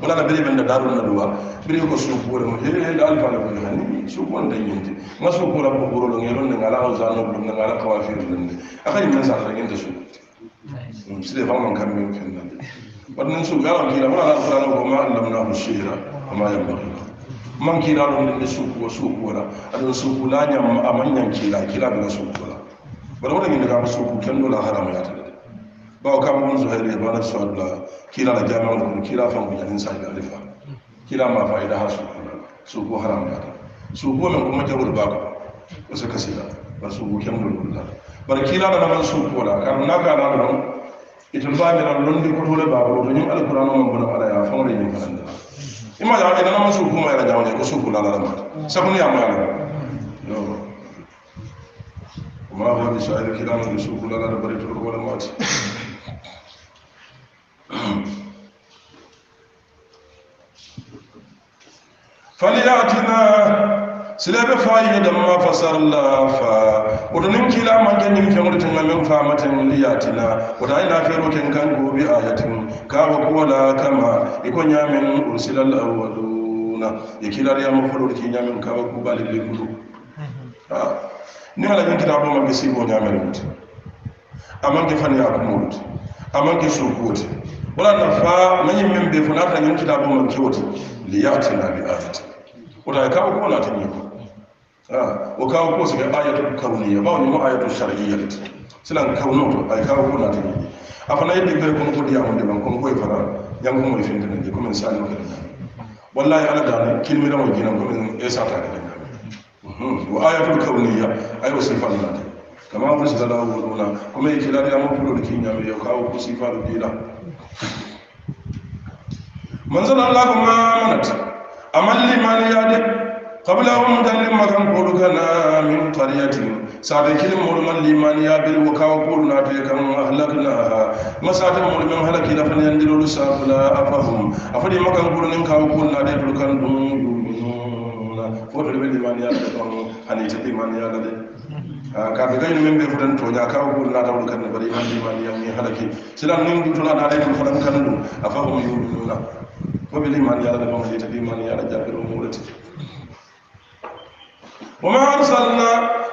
wala na bere benda darun na duwa bere ko su ko mo hele hele alfa la ko hani su ko nda yinte ma su ko rabbu ko lo ngelo ne ngala o zano ko ne ngala ko afir ne akay men sa ta yinti su sile fa man kam men fen nan wannan su ga wani la wala alquran ko ma na ko shira ma ya ba man kira don ne su ko su ko la adan su ko la nyam amanyan kira kira da su ko la bar wannan ne ga su ko kan dola haram ya ta bawo kam mun zuhairi ba na sallala kila la jama'a ko kila fa mu yanin sai da alifa kila ma fa ida hasu su ko haram da ta su ko men kuma jawur ba ko wasu kasila ba su ko kyan mun da bar kila da man su ko da na ka da don itin ba mi ran londi ko dole ba ko don alqur'ani mun bana ala ya fa mu yin kan da ima ya ida na man su ko ma ya jama'a ko su la la ma sabun ya ma no ma ba ni sai kila man su ko la la bari to ko la faliyatina silebe fayi da ma fasarla fa wato nin kila man kan yin fiyan rutun na min famatin liyatina wato ina fero kin kan gobe ayatin ka wa kola kama ikon mm-hmm. ah. ya min ursilal awwaluna ya kila ya mu furo kin ya min ka wa ku balil kudu ni wala nafa nanyi min be fana ta nyin kitabo man kyoti li na bi ayati wala ka ko na ta nyin ah o ka ko su ga ayatu kauniyya ba ni mu ayatu shar'iyya silan kauno to ay ka ko na ta nyin afana yedde be ko ko diamo de ban ko ko fara yam ko mo fin tan kuma ko men sanu ko wallahi ala da kilmi da mo ginan ko men esa ta da mhm, wa ayatu kauniyya ay wasifan na ta kama musala wa kuma yake da ya mu fulo da kinya me ya kawo ku sifa da dila manzon Allah kuma manat amalli man yadi qabla um dalle makan kodu kana min qaryatin sada kilim mul man liman ya bil wakaw qulna fi kam ahlakna masata mul min halaki da fan yandilu sabla afahum afadi makan kodu nin kaw qulna da dul kan dum dum na fodo be liman ya da kan hanita liman ya da Ah, kafirai min be fudan to ya kawo gol na dawun kan bari man di man yan halake silan min du tuna dare ko fudan kan du afa hum yuluna ko bi liman ya rabu man tafi man ya rabbi jabiru murati wa ma arsalna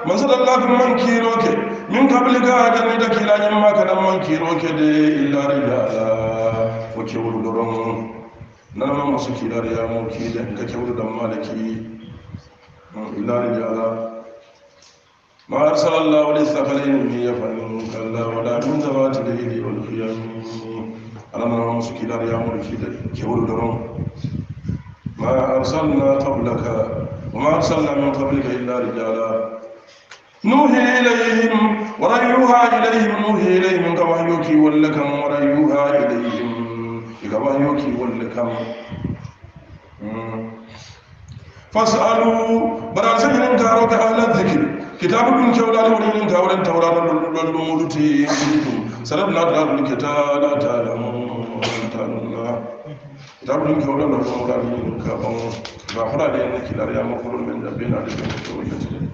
man sallallahu man kiroke min qabli ga da ni da kila yin maka dan man kiroke de illa rijala wa kewul doron nan ma masu kidar ya mu da ka kewul dan malaki hmm, illa ala. ما أرسل الله للثقلين هي يفعلون كلا ولا من ذوات الليل والقيام على ما هو سكيل اليوم درون ما أرسلنا قبلك وما أرسلنا من قبلك إلا رجالا نوحي إليهم ورأيوها إليهم نوحي إليهم كوحيوك ولكم ورأيوها إليهم كوحيوك ولكم فاسألوا برأسهم كاروك أهل الذكر kitabukum kewlani woni nen tawren tawrano ɗolɗuɗon ɗum muɗuti ɗum sarabna tala ɗum ketala talamtanulla kitabu ɗum kewɗo no fomrani ɗum ka ɓan ba hurade en kilar yama kolol a ɗabbenaɗe ɗum kewlati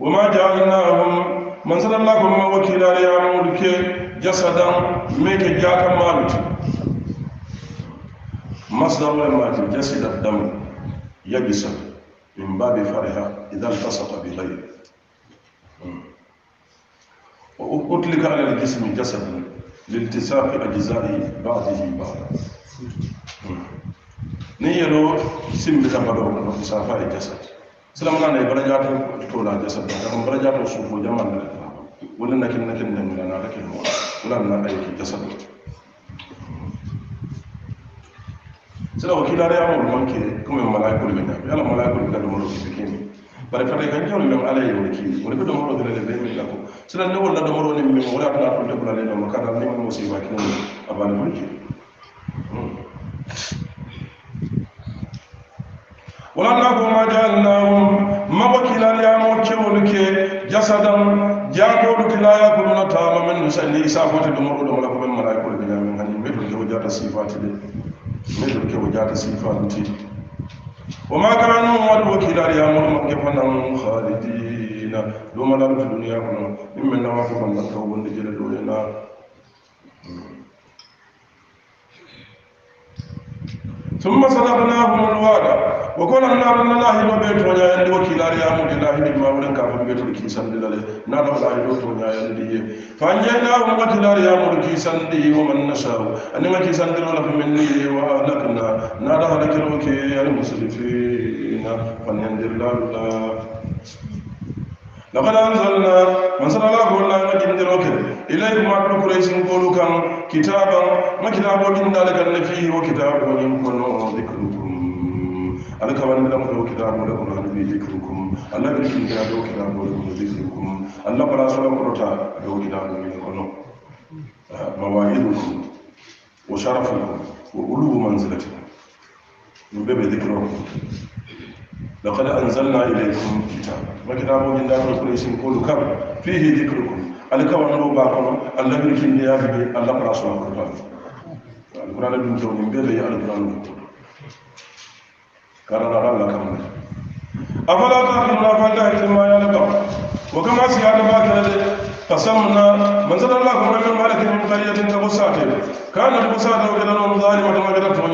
وما جعلناهم من صلى الله وكيلا يا مولك جسدا ميك جاكا مالتي مصدر لما تنكسر الدم يجسد من باب فرها إذا التصق بغيره وأطلق على الجسم جسد لالتصاق أجزاء بعضه بعضا نيلو سم بتمرو مسافة الجسد سلام عليه برجعت تقول جسد لكن برجعت وصوفه جمال ولا كنا نكن نكن نكن ولا نكن جسد sila ko kiilaade ala wol man kee comme en malaykol men ñaami ala malaykol ka domoro kiisi kemi bare fata kan ñawle mem ala yewle kiisi wona ko domoro dele be min la ko sila ne wolla domoro ni min wala tana to de bulale no makana ni mo si ba kino abal man kee wala na ko ma jaalnahum mago kiilal yaamo kewol ke jasadan jaakoolu kilaaya kuluna taama men no sanni isa fote domoro domola ko men malaykol be ñaami hani mbetul kewo jaata sifaati de mejor da wajata sifanti wa ma kanu wal wakila ya murma ke fanan khalidina do ma da duniya kuma in min nawafu man tawbun dijira do yana ثم صدقناهم الوعد وقال ان ان الله لو بيت ونيا يندي وكيلار يا مول الله لي ما ولن كافم بيت الكي سند لا نا لو لا يدو ونيا يندي فانجيناهم وكيلار يا مول كي سند ومن نشاء ان ما كي سند ولا مني واهلكنا نا لا هلك الوكيل المسلمين فنندر الله لقد أنزلنا من صلى الله عليه وسلم جندروك إليكم عبد قريش قولكم كتابا ما كتابه جند لك فيه وكتابه يمكن ذكركم ألك من لم يكن كتابه لكم عن ذكركم الله بلكم كتابه كتابه لكم ذكركم الله بلا سلام قرطا لو كتابه لكم مواعيدكم وشرفكم وعلو منزلتكم من باب ذكركم لقد أنزلنا إليكم كتابا مكتاب من دار قريش نقول كم فيه ذكركم الكون هو باقون الذي في النياب الله برسول القرآن القرآن من جو من بيد القرآن كرر الله كم أفلا تعقلون أفلا تعقلون ما يلقى وكما سيادة باكرة فسمنا من زد الله كبر من مالك من قرية تبسات كان تبسات وكذا كذا ظالمة وكذا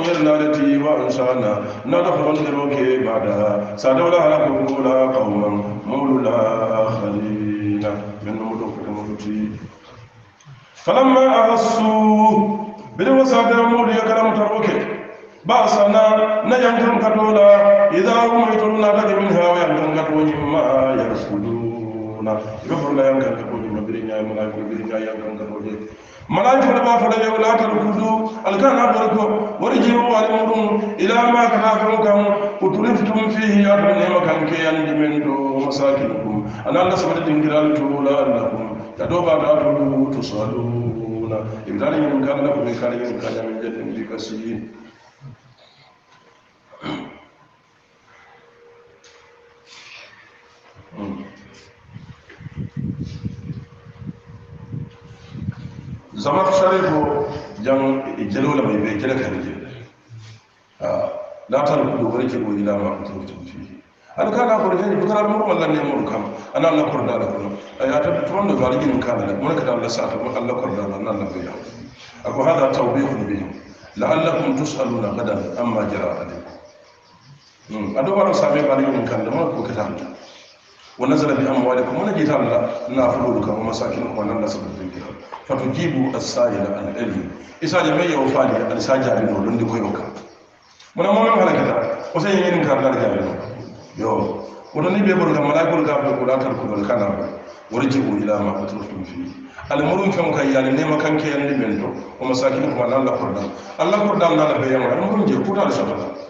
وان شاء الله ندخل الدروك بعدها سادولا على قبولا قوما مولا خلينا من مدوك المدوكي فلما أحسوا بالوسادة مولي كلام تروكي بأسنا نجمتم كتولا إذا هم يتلون لك منها ويحكم كتوهم ما يرسلون يفرنا لا يمكن كتوهم birinya mala ko birinya ya don da roje mala ko da ba fa da ya wala ta rukudu alkana da ko warji wa almurum ila ma kana kan kan utuliftum fihi ya ban ne makan ke yan dimen do masakinukum an Allah sabata dingiral to la annakum ta do ba da to to saluna ibdalin kan da ko kan yin kan da min jaddi kasiyin Zama sare ko jan jalola mai bai kira ah, ta la tarku dogara ke goyi la ma to fi an kana furhani bukara mu wallan ne mu kam an Allah kurda da kurda ya ta tuwan da zaligin ka da mun ka da Allah sa ta mun Allah kurda da na Allah ya abu hada bi la la'allakum tusaluna gadan amma jira alaikum ado wala sabe bari mun kan da mun ko ka ta ونزل في اموالكم ولا جيت الله نافلوكم ومساكنكم ولا الناس بالذكر فتجيبوا السائل عن العلم isa da mai yawon fadi a lissa jari ne wadanda kai baka muna mawa mawa kita kusa yin yin karna da jari ne yau wadanda bai burga malakul ga bai kula tarku da kana wuri jibu ila ma a tsofin fi almurin fi muka yi yanin neman kanke yan limento kuma sakin kuma nan da allah kurdan na da bayan almurin je kuta da sabata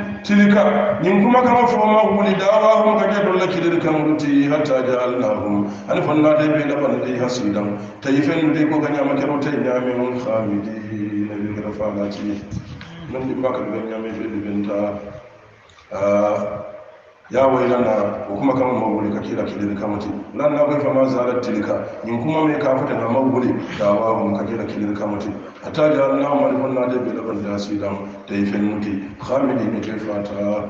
tilika nin kuma kama fo ma wuli wa hum ka jadon la kilir kan ruti hatta ja'alnahum alfan na dai be laban dai hasidan tayifen dai ko ganya ma kero tay nyame on khamidi na bi rafa na ci nan di bakar ganya me fe di benta ah, yawa ila na hukuma kama mawuli ka kila kilili kama ti lan na bai fama zara tilika yin kuma mai ka fita na mawuli da wa mun ka kila kilili kama ti hatta ja na malikun na da bi laban da su dan da yi fin nuti khamili ne kai fata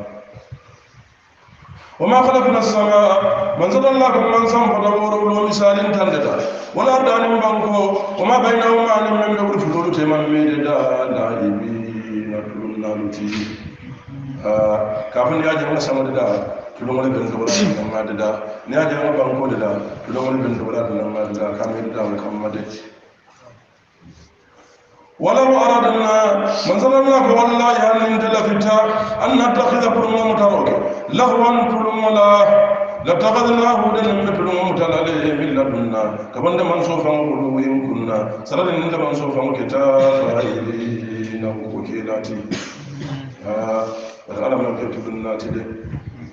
وما خلقنا السماء من زل الله كما سم فدور ولو مثال تندتا ولا دان بانكو وما بينهما من من بفلول تمام ميدا لا يبين كلنا لتي kafin ya ji wani sama da da tulon wani bin dubara da nan madu da ne ya ji wani banko da da tulon wani bin dubara da nan madu da kama yadda da wani kama madu wala mu aradanna man zalama fa wallahi an min dalafita an natakhidha furman mutawakkil lahwan tulum wala la taqadna hudan min tulum mutawakkil alayhi billahunna kaman da man sofan kuluyin kunna saradan da man sofan kita sarayina ku kelati ala mana ke tudun na tide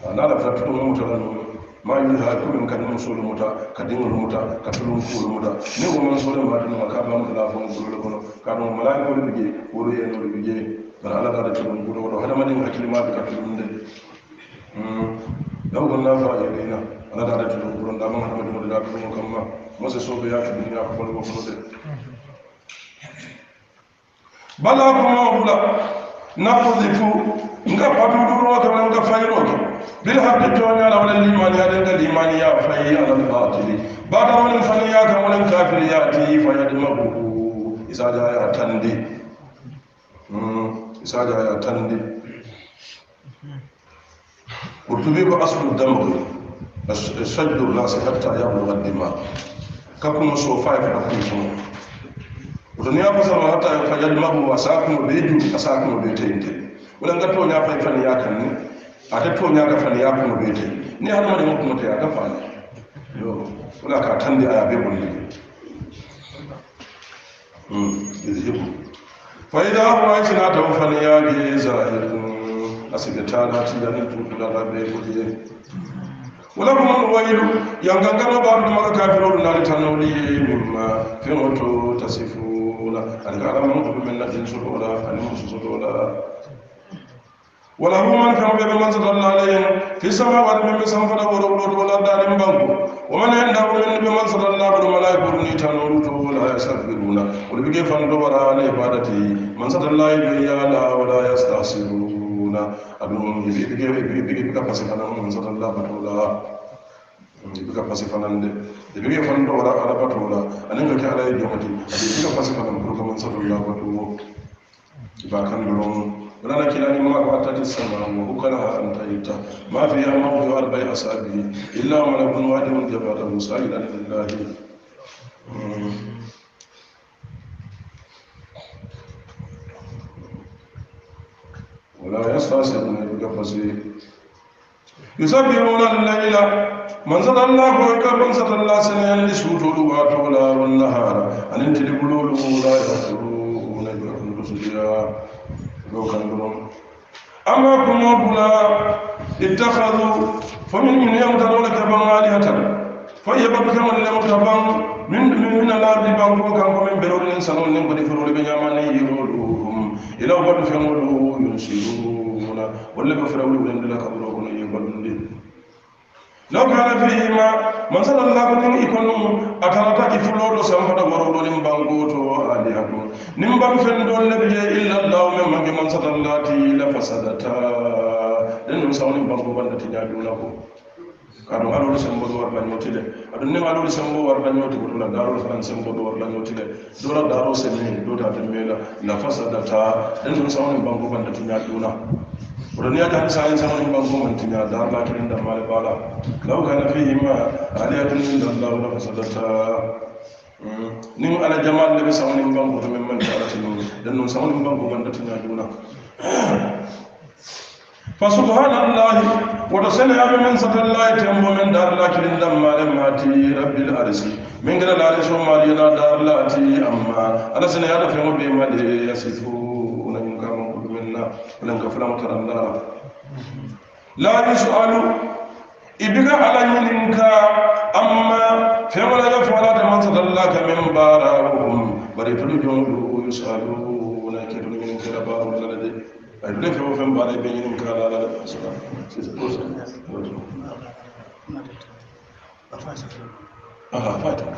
ah, na ala fata tudun mu tara no ma yi ha kulun ka mun so muta ka din mun muta ka tudun ku muta ne ko man so da ma dun ka ba mun da fon gulu ko ka no malaiko ne bije woro ye no bije bar ala ka da tudun gulu woro hada ma din hakili ma ka tudun de mm dan gon na fara yana ala ka da tudun gulu da man hada ma da tudun kan ma masa so be ya tudun ya ko ko de bala kuma hula نقذف نقف بدورو كما نقف فايروك بالحق توني على ولا الإيمان هذا الإيمان يا فاي على الباطل بعد ولا فنيا كما ولا كافر ياتي فيدمغه إذا جاء تندي إذا جاء تندي وتبيب أصل الدمغ الشد الراس حتى يبلغ الدماغ ككم سوفايف أقيكم utonyako sama hata wa fajalimahu wasakumo be juuti asakumo be teyinte wala nga toña fay faniya kan ni ate toña ka faniya kumo be tey ni hadamadiŋo kumo teya ka faani yo wala ka tandi aya be bondi yuzhibu fa idha huwa sinatahu ya bihi zahirun asibitala tindani tukulala be kuliye ولكم الويل ينغنغن بعض ما كافرون نار تنولي مما فيرتو tasifu la ani alamankulu min nafin soto la ani muso soto la وله من كان بما من صلى الله عليه في السماوات من بسم فلا ورب ولا دار بانكو ومن عنده من بما صلى الله عليه ولا يكون يتنور ولا يستغفرون ولبك فندور على عبادته من صلى الله عليه ولا يستعصرون أدوم بك بك بك بك بك بك بك بك بك بك بك da bi ko ndo wala ala batu wala anan ka ala yi jomati bi ka fasa kan ko kuma sa do ya ba do ba kan do non wala kila ni ma ba ta ta sama wa ukala an ta yita ma fi ya ma fi arba'i asabi illa ma la kun wajibun jabara musailan lillahi ولا يستعصي من يقفز يسبحون الليل من صلى الله أكبر من صلى الله عليه اللي لسوت الوقت ولا والنهار أن أنت لبلول لا يخبرون برحمة رسولها لو كان برون أما كما بلا اتخذوا فمن من يمتلون كبان آلهة فيبقى كما لمتبان من من الأرض بانكو كانوا من برور الإنسان ومن ولنقل فرور بنيامان يرولوهم إلى وقت فمولوه ينسلون ولا بفرور بندلك أبروكنا يبقى law kana fihima man sallallahu nin ikonum atarata ki fuloɗo sanfata waroɗo nin bangoto aliyakum nin ban fen ɗon leɓe je illa llahu men manke man satallati la fasadata ɗen ɗum sawnin bango ballati ñaduna ko kaɗum alolu sembo ɗo warla ñotide aɗum nin alolu sembo warla ñoti kotola darol fanan sembo ɗo warla ñotide dora daro semmin dota temmela la fasadata ɗen ɗum sawnin bango ballati ñaduna Wadanniya ta fi sa'ayin samun ban kuma tuniya da Allah ta rinda mali bala. Lauka na fi hima aliyar tun yin da Allah wadda fasa da ta mm. nin ala jama'a da bi samun ban kuma min manta ala tunu don nun samun ban kuma da juna. Fasu ta hana Allah wadda sai na yafi min sata Allah ya tambo min da Allah ta rinda mati rabbi da arisi. Min gina lalishin mali yana da Allah ta yi amma, Allah sai na yafi mabe mali ya sifu. لن كفلا مكرا من نرى لا يسأل إبقى على ينكا أما فيما لا يفعل كما تدلك من بارهم بل يفعل جمعه يسألون كبير من كلابار لدي أجل فيما فيما بارهم بين ينكا لا لا لا أفاتك أفاتك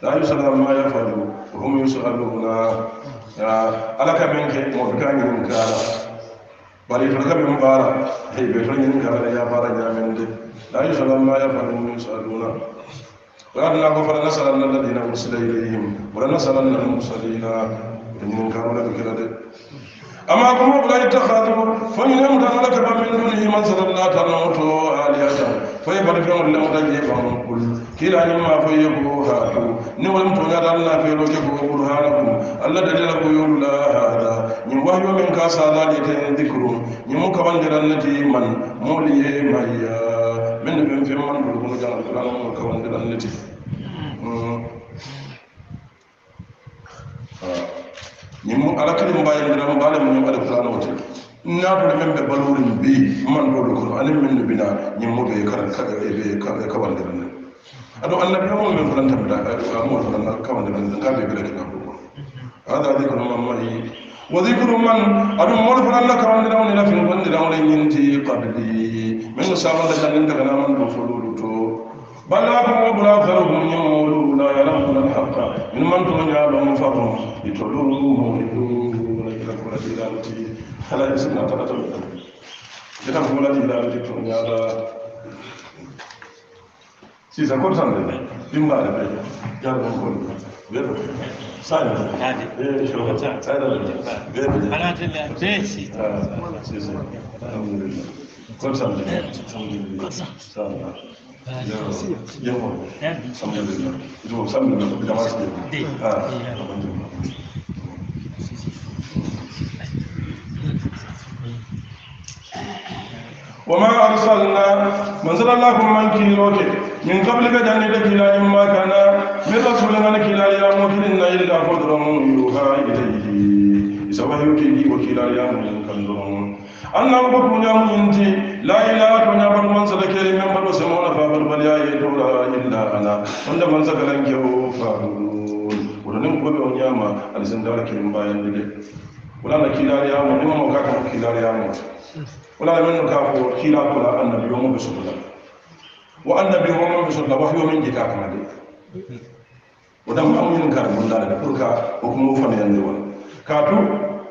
la yusallam ma yafalu hum yusaluna ala ka men ke mo ka ni mun kala bari to ka men bara hey be to ni kala ya bara ja men de la yusallam ma yafalu hum yusaluna وقال الله فلا نسألن الذين أرسل إليهم ولا na المرسلين إن كانوا kira كلا Amaa kun wa bulaayi tahaatu fa nama taa nama taa taa taa naanuu taa naanuu taa taa naamuutoo haaliya jang fayyabalee fiya nama taa jee faamuutu kellaanii maa fayyabu haatu ni walamutuu na taa naafee lojja bu'u ruhanakun ala dajja laakubyooluhaala nima waayomuun gasaaraa liitee dikkuu muka waa njirraan neti mani mooliyee maayi bineefi nfimaani bulu kun jangaatu naanuu wakaban njirraan neti. ñim ala kadi mbayandira mbaale mu ñim alquran o te naatole men ɓe balurin bi mantoɗo kono anin min no bina ñimmuɓe ɓe e kawandira nen aɗo annabi amol men fotantamitaamol e, fotan kawandira nen ngaɓe ɓelake naɓo kon hada dicre man mahi wa dicre man aɗum mol fotan la kawandira on ila fin gondira on e ñinti qabli min no saballa jannintaganaman ɗo foluɗu to بل أبرم أكثرهم يقولون يلقون الحق من من تنجى لهم فهم يتلوه هلا يسمع ثلاثة منهم جنا فولا تيلا تنجى سيسا كل سنة جمعة لبيع جالب كل بيرو سالم هذه شو سالم بيرو أنا تلا بيسي سيسا الحمد لله كل سنة الحمد لله سالم وما أرسلنا من صلى الله من كيروك من قبل بدن لكلا إما كان من رسول من كلا يامك إلا إلا قدر يوها إليه إذا سوى يكيدي وكلا يامك كنظر allah ba ku ga mun ti la ilaha illa nya bar man sada kere men bar sama mona fa bal ya yi to la illa ana wanda man saka lan ke fa wannan ko be onya ma alisan da kirin bayan dide wala na kilari ya mu dimo ka ka kilari ya mu wala na mun ka ko kila ko la annabi yo mu bi sokala wa annabi yo mu bi sokala wa yo min ka kana de wadan ma mun ka mun da da furka ko kuma mu fa ne yanzu wa ka tu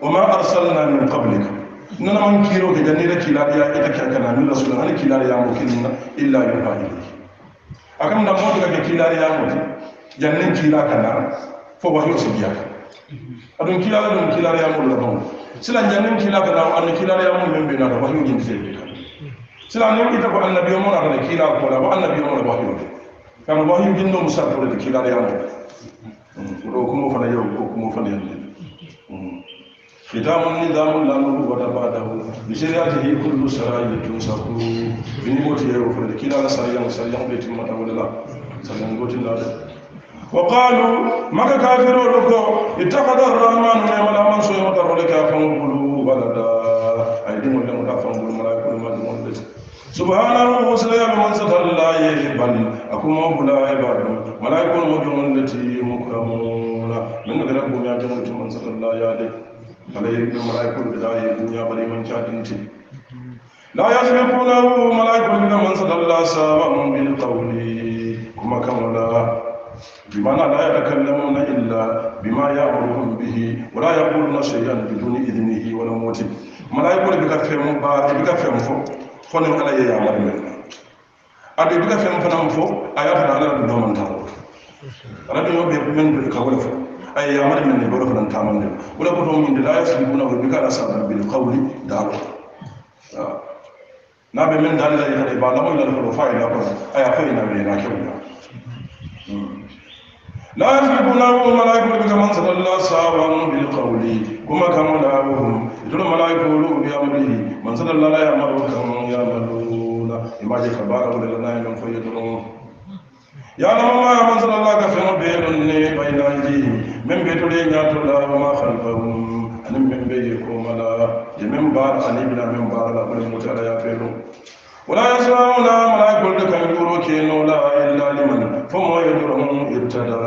wa ma arsalna min qablika nana man kiro ke ganne da kilari ya ita ka kana nuna sunan ani kilari ya mu kinna illa yuha ilayhi akan da mota ke kilari ya mu jannin kila kana fo wahyu sibiya adon kila adon kilari ya mu la don sila jannin kila kana an kilari ya mu men be na da wahyu jin sai be sila ne ita ko annabi mu na da kila ko la ba annabi mu da wahyu kan wahyu jin no musa to da kilari ya mu ko kuma fa da yau ko kuma fa da yau idan nidamun lamuru wa dafa da hu nigeria ya ta yi kullu sarayi tun sabu bini mota ya rufu da kila na sarayen sarayen bai tun mata wadala sarayen gotun da wa kalu maka kafiro da ko ita ka zara ma nuna ya mana man so ya mata rola ka kan bulu ba da da a yi dimon da mu kafin bulu mara kuma ma dimon da ce subhanahu wa sallam ya man sata allah ya yi ban a kuma bula ya ba da mala kuma mu dimon da ti mu kuma mu na min da rabbu ya ji mutum man sata allah ya malaikun malaikun da za a yi duniya bare man cadin ce la ya shi ko na hu malaikun da man sadalla saman bil qawli kuma kamala bima na la yatakallamuna illa bima ya'muruhum bihi wa la yaquluna shay'an biduni idnihi wa la mawti malaikun bi ka mu ba bi ka mu fo fo ne ala ya yamar men a bi ka fem fana fo aya fana ala do ala tawo radio be men do ka wala fa. ay yamar min ne bor fana taman ne wala ko min de la yasbuna wa bika la sabr bil qawli da'wa na be min dan la ya de ba la mo la ko fa ila ko ay fa ina be na ko la yasbuna wa malaikatu bika man sallallahu sawan bil qawli kuma kama la hum itul malaikatu bi amrihi man sallallahu ya maru kan ya maru la imaje kabara wala la na yan fa yadrun يعلم ما ينزل الله كفر بيرني بين أيديهم من بيت لينات الله وما خلفهم أن من بيكم لا يمن بار أني بلا من بار لا بل متلا يفعلون ولا يسمعون ما كل كان يروك نولا إلا لمن فما يدرهم ابتدى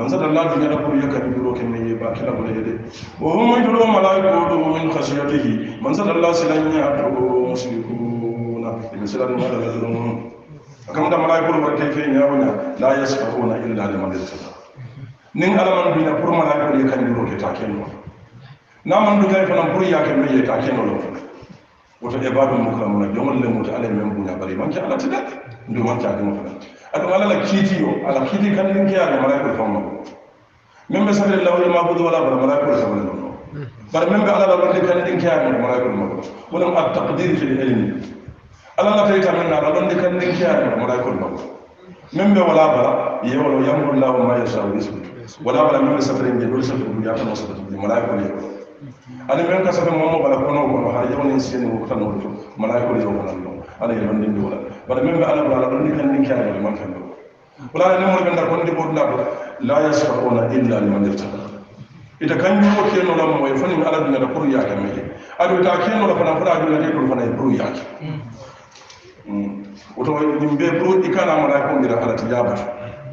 من زاد الله في يدكم يكن يروك من يباكل ولا يدي وهم يدرون ملائكته من خشيته من زاد الله سلني عبده مسلمون إن سلم الله كم دا ملائكة مركفين يونا لا يسمعون إلا لمن ارتضى نين على من بينا بور ملائكة يكن يروك تاكينو نامن دوكاي فنان بور ياكن مي تاكينو لو وتا عباد مكرمون جمل لموت على من بونا بري من جعل تدك ندو من جعل مكرم أدو على الكيتيو على كيتي كان لين كيا ملائكة فما من بسم الله ولا معبود ولا بر ملائكة فما بر من بعد الله كان لين كيا ملائكة فما ولم التقدير في العلم ala e la tay kamen na balon de kan nin kiyar mo la ko no men be wala ba ye wala yamru allah ma yasha wa wala bala men be safare be do safare duniya ta mosata be mo la ko ne ani men ka safare mo mo e e bala ko no ko ha ye woni sen ko tan no mo la ko ne ko no ala ye din do wala bala men be ala bala don de kan nin kiyar mo man kan do wala ne mo be ndar ko ndi bodna ko la yasfauna illa liman irtada ita kan yi ko keno la mo ye fani ala dunya da kuru ga mai ado ta keno la fana fara dunya ne kuru fana ya woto mm. ɗum mbiye pro ɗi kalama ɗa ko mbiɗa kala ti jaabata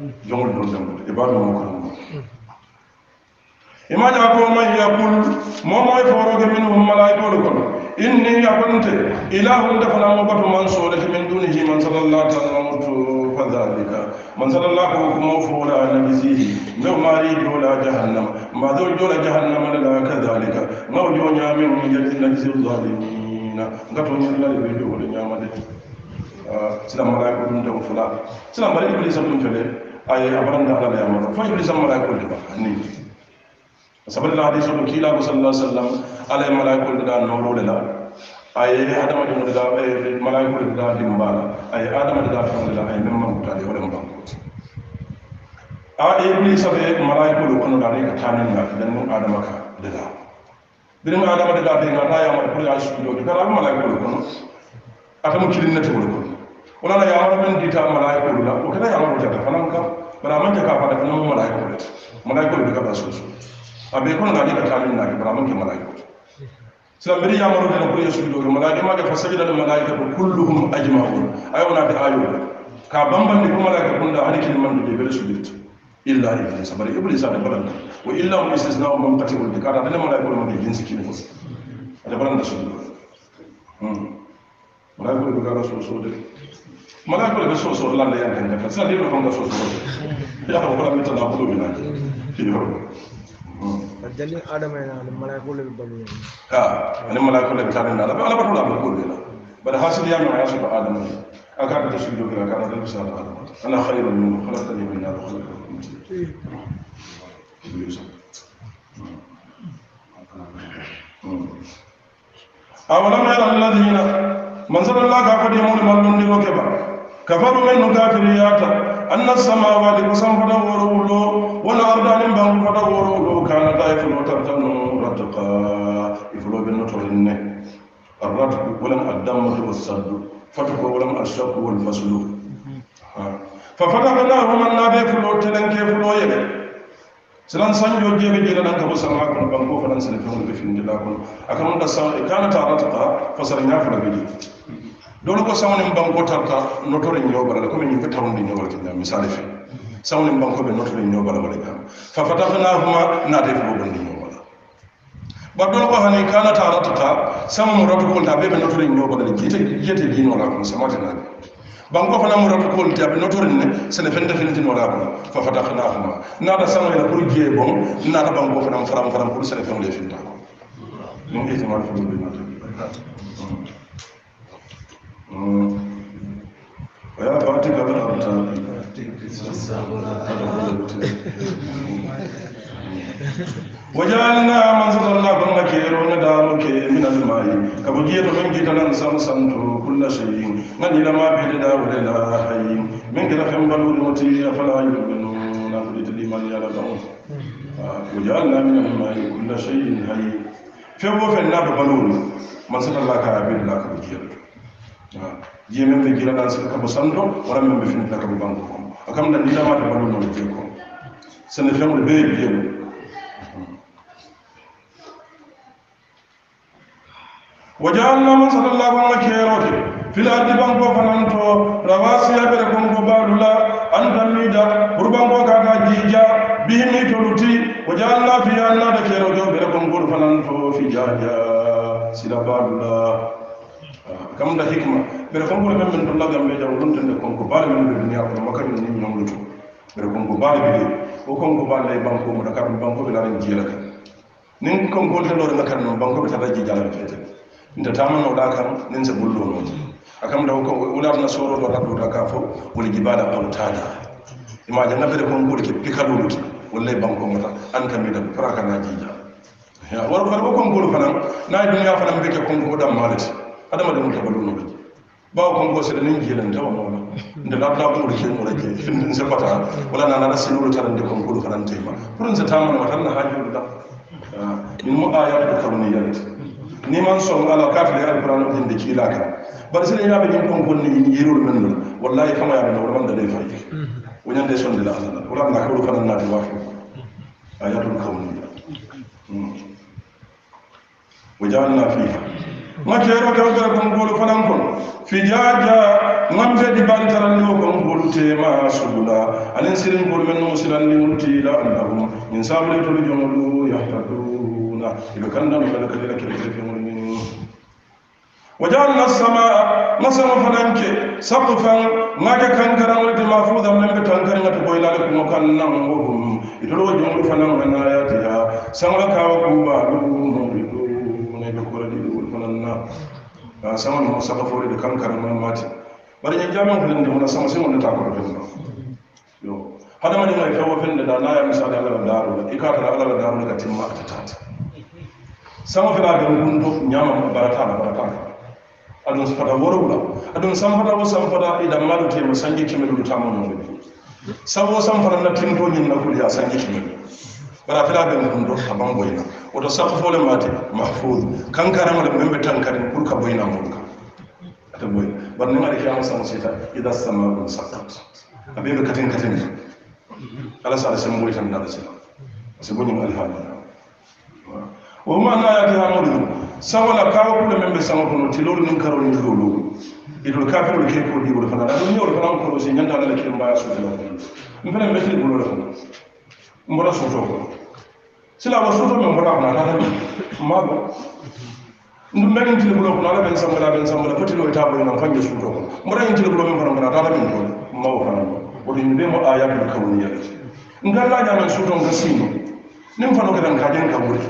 mm. jogol ɗon dembude e baɗum o kono mm. ima jaa ko man yaqul momo e foroge min hum malaikolu kono inni yakonte ilahum defanamo batu man soodete min dunihi man salallah tanamurtu fadhalika man salallah ko kumo foola nabisihi mbew maari joola jahannama mbado joola jahannama lela kadhalika ngaw jooñamin yaltinajisi zalimina ngatoñirlale ɓe joole ñamade silama la ko dum taw fula ay abaranda ala ya mala fo iblis mala ba ni sabar la hadith ko kila ko sallallahu alaihi wasallam ala mala da no eh, de ay adama da mala ko ay memma mutale wala mba a iblis be mala ko da ne ka tanin na dan mun adama ka de da birin da ya mala ko na to ko wala la yawara men dita malaikulu la o kana yawara jata fana ka bara man jaka fana kana mo malaikulu malaikulu ka basusu abe kono ga dita talin na bara man ke malaikulu sila mbiri yamaro dina kuri yesu do malaika ma ke fasabida al malaika kulluhum ajma'un ayo na ta ayo ka bamban ni kuma malaika kun da halikin man da bele su bitu illa iblis bari iblis da baran wa illa hum istisna'u man qati'ul dikara da malaikulu man da jinsi kini fus da baran da su do hmm. malaikulu ka rasul so dai mana ko be so so la ya kan ka sa dilo kon da so so ya ko ko mi ta da ko mi na fi yo jali adam na al malaikul be balu ah al malaikul be tarin da ala ba tola ko le la bada hasil ya ma ya so adam aka da shi do ka ka da sa adam ana khairun min khalaqtani min nar khalaqtani min tin أولم يرى الذين من صلى الله عليه وسلم من لم يكن kafaru men no kafiriyata anna samawati kusan fata woro wulo wala ardanin bangu fata woro wulo kanata e fulo tantano ratqa e fulo ɓe notorinne arratqu walan addammatu wassaddu fatuko walan alshakku walfaslu fa fatahnahuma naɓe fulo telenke fulo yeɓe silan sanjo jeɓe jeɗaɗan kabo sama kono banko fanan sene fewol ɓe findila kono akanonɗa sa kanata ratqa fasara ñafula ɓe jeeti dole ko sawne banko tarta notore ñobara comme ñi fetawde ñobara ke ñam misale fe sawne banko be notore ñobara wala ñam fa fatahnahuma nade fo bonde ñobara ba dole ko hani kana ta ratata sama mo ratu ko ta be notore ñobara le jite jite dino la ko sama tan banko fana mo ratu ko ta be notore ne sene fende fende wala ko fa fatahnahuma nada sama la pour jie bon nada banko fana faram faram pour sene fende fende ko mo e sama ko be notore ya parti kadar aptal. wajalna manzalna ke rona da muke min almai kabuji to nan sam sam to kullu nan ila ma bi da wala la hayyin min kala kan balu muti afala yubinu na kudi liman ya rabbu wajalna min almai kullu shay'in hayyin fe bo fe na balu manzalna ka abin la kabuji waaw jiyememɓe gilaɗa sino kabo sanɗo wara men ɓe fintina kabo banque ko o kam ɗan ɗiɗamade ballunoɓe jee ko sene fewde beeye jeemu wo jaalnama sallallahu ala keerote filardi banko fananto rawasiyaɓere konko baɗula an tammida pour banko kaka jiija bihimi to luti wo jaalna fiya annada keerote o ɓere konkoɗo fananto fi jaja sila baɗula kam da hikma bere kam men men dolla gam be jaw dun tande konko baale men be dunya ko makar ni ñom lutu bere konko baale bi o konko baale banko mo dakar banko be larin jela ka nin konko tan do makar no banko be ji jala be fete nda tamano da kan nin sa bullo no akam da ko ular na soro do rabu da ka fo wal jibala awtada ima janna bere konko ke pikalu lutu wallahi banko mo an mi kamida fara kana jija ya war war ko konko fanan na dunya fanan be ke ko da malati adama da muka balo no ba ko ko se nin gilan ta wala da la la ko rike mo rike fin se bata wala na na sinu ro taran de ko ko karan te ma furun se tamana watan na haju da ah, in mu aya ko kauniyat ni man son ala ka fi alquran din de kila ka bar sai ya bin kon kon ni yiro da wallahi kama ya bin wala da dai fai wajen da la wala na na da wafi matiére o tawtara konngolu fanan kon fijaja ŋamde ɗi bantaranni o konngolu tema sugula anin sirin bol men no musiranni wultila annahum min sabule toli jomolu yahtaduna iɓe kandano kada kadila kerekerefemolni wa jaalna samaa masama fananke sakfan ŋake kankaraŋolti mahfuda memɓe tankariŋa to boylale kuno kannaŋohum itoɗowo jomolu fananganayatiya saŋla kawa kubalu mawridu ba a sama na musa kafori da kan karamin mati bari yin jami'an kudin da wani sama sai wani takwarfin ba yau hada mani mai kawafin da dana ya misali alalar daro da ika da alalar daro daga timma ta tata sama fi ga gundo nyama barata na barata adun fada worula adun san fada wasu san fada idan malu te musanji kimi duta mun mun sabo san fara na tinto nyin a san yi kimin bara fela be mun do haban boyna o to safu mate mahfuz kan karama da membe tankarin kurka boyna mulka ata boy ban numa da kiyama samu sita idan sama sakat abin da katin katin ala sa san boy tan da sai sai bonin alhala wa ma na ya ta mudu sawala kawo kula membe sama kono tilolu nin karo ni lolu idul kafiru ke ko di wol fana da ni wol fana ko sai nyanda da ke mbaya su da ko mfana mbe tilolu fana mbora so silama soto men fota kuna tata ma ɗo ɗum mbaɗin tilbulo kono ala ɓen sambola ɓen sambola fotilo e tabo nan kanje suuto ko mbaɗayin tilbulo men fota kona tata men ɗon mawo fana ɗo oto yimɓe mo ayatul kawniya ngallaña men suuto nga sino nin fano keɗan kajen ka wuri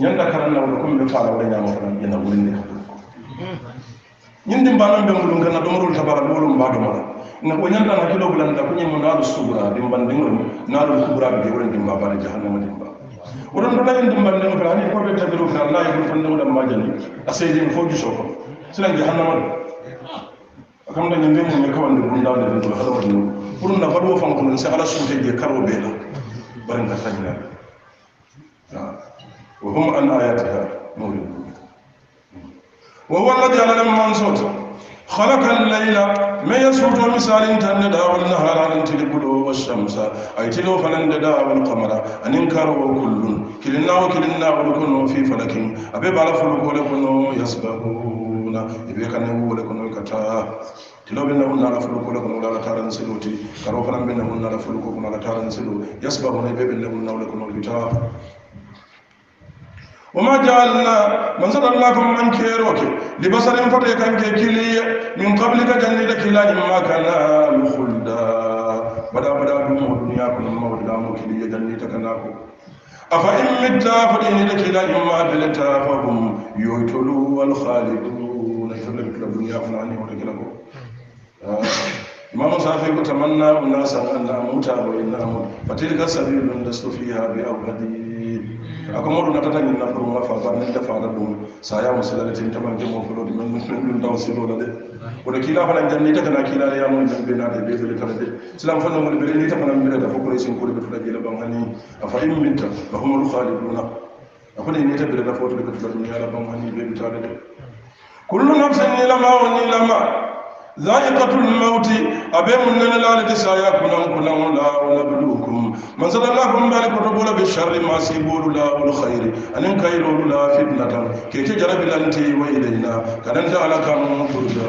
ñanda karanna wala komi ɓe faala wala ñama fana ƴena wurinde ka wuri ko ñindi mbanon ɓe ngulum kana ɗomrol tabara ɗowolum mba ɗomala na ko ñanda hakkilo bulanta kuñemo naalu subra dimbandiŋol naalu kubra ɓe jewren dimba baɗe jahannama dimba woɗon ɗo layin ɗum banndema an hani koɓe tabiru kala layi ɗum fannde woɗan majani a seydima fof juso ko silan jahannama ɗo kam daña nde mum e kawande gundade ɗen ɗo haɗa waɗi noon pour na baɗo fanko non si ala suuteje karo ka barenka na wa hum an ayatiha mawridun wa huwa alladi ala lam خلق الليل ما يسوط مثال تندى والنهار ان تلقلو والشمس اي تلو فلن فلندى والقمر ان انكروا كل كلنا وكلنا ولكن في فلك ابي بعرف فلك ولكن يسبحون ابي كان يقول لكم كتا تلو بنا هنا لا فلك ولكن ولا تارن سلوتي كرو فلن بنا هنا لا فلك ولا تارن سلو يسبحون ابي بنا هنا ولكن الكتاب وما جعلنا من صلى الله من كيروك لبصر فتي كان كيلي من قبل جنة كلا ما كان مخلدا بدا بدا بمو الدنيا كن الموت لا مكلي جنة كناكو أفإن مت فإن لك لا إما بلت فهم يوتلو والخالدون يقول لك الدنيا فلاني ولا كلاكو إمام صافي تمنى الناس أن أموت وإن أموت فتلك سبيل لست فيها بأبدي aka moɗo nyina furu ma fa bannelde fa dum sa yama silale tin ta tamanke mo folode men ɗum taw silola de oɗo kiila fana ta kana kila kiilade yamon jam benade ɓe fele ta de salam fa silam fanno ngol mbele nita fana mbeleta fo koye sinkude ɓe tula jila ban hani afa in ta fa humul khaliduna ne ni ta akone nita mbeleta fotode ɓe tula ɗum yala ban hani be ta de kullu nafsin nilama wa nilama zaikatul mauti abe mun nan la ne sa ya kunan kunan la wala bulukum man sallallahu alaihi wa sallam bi sharri ma sibulu la wal khair anin kayru la fitnatan ke ke jarabi lan ti wa ilayna kadan ta alaka mun turja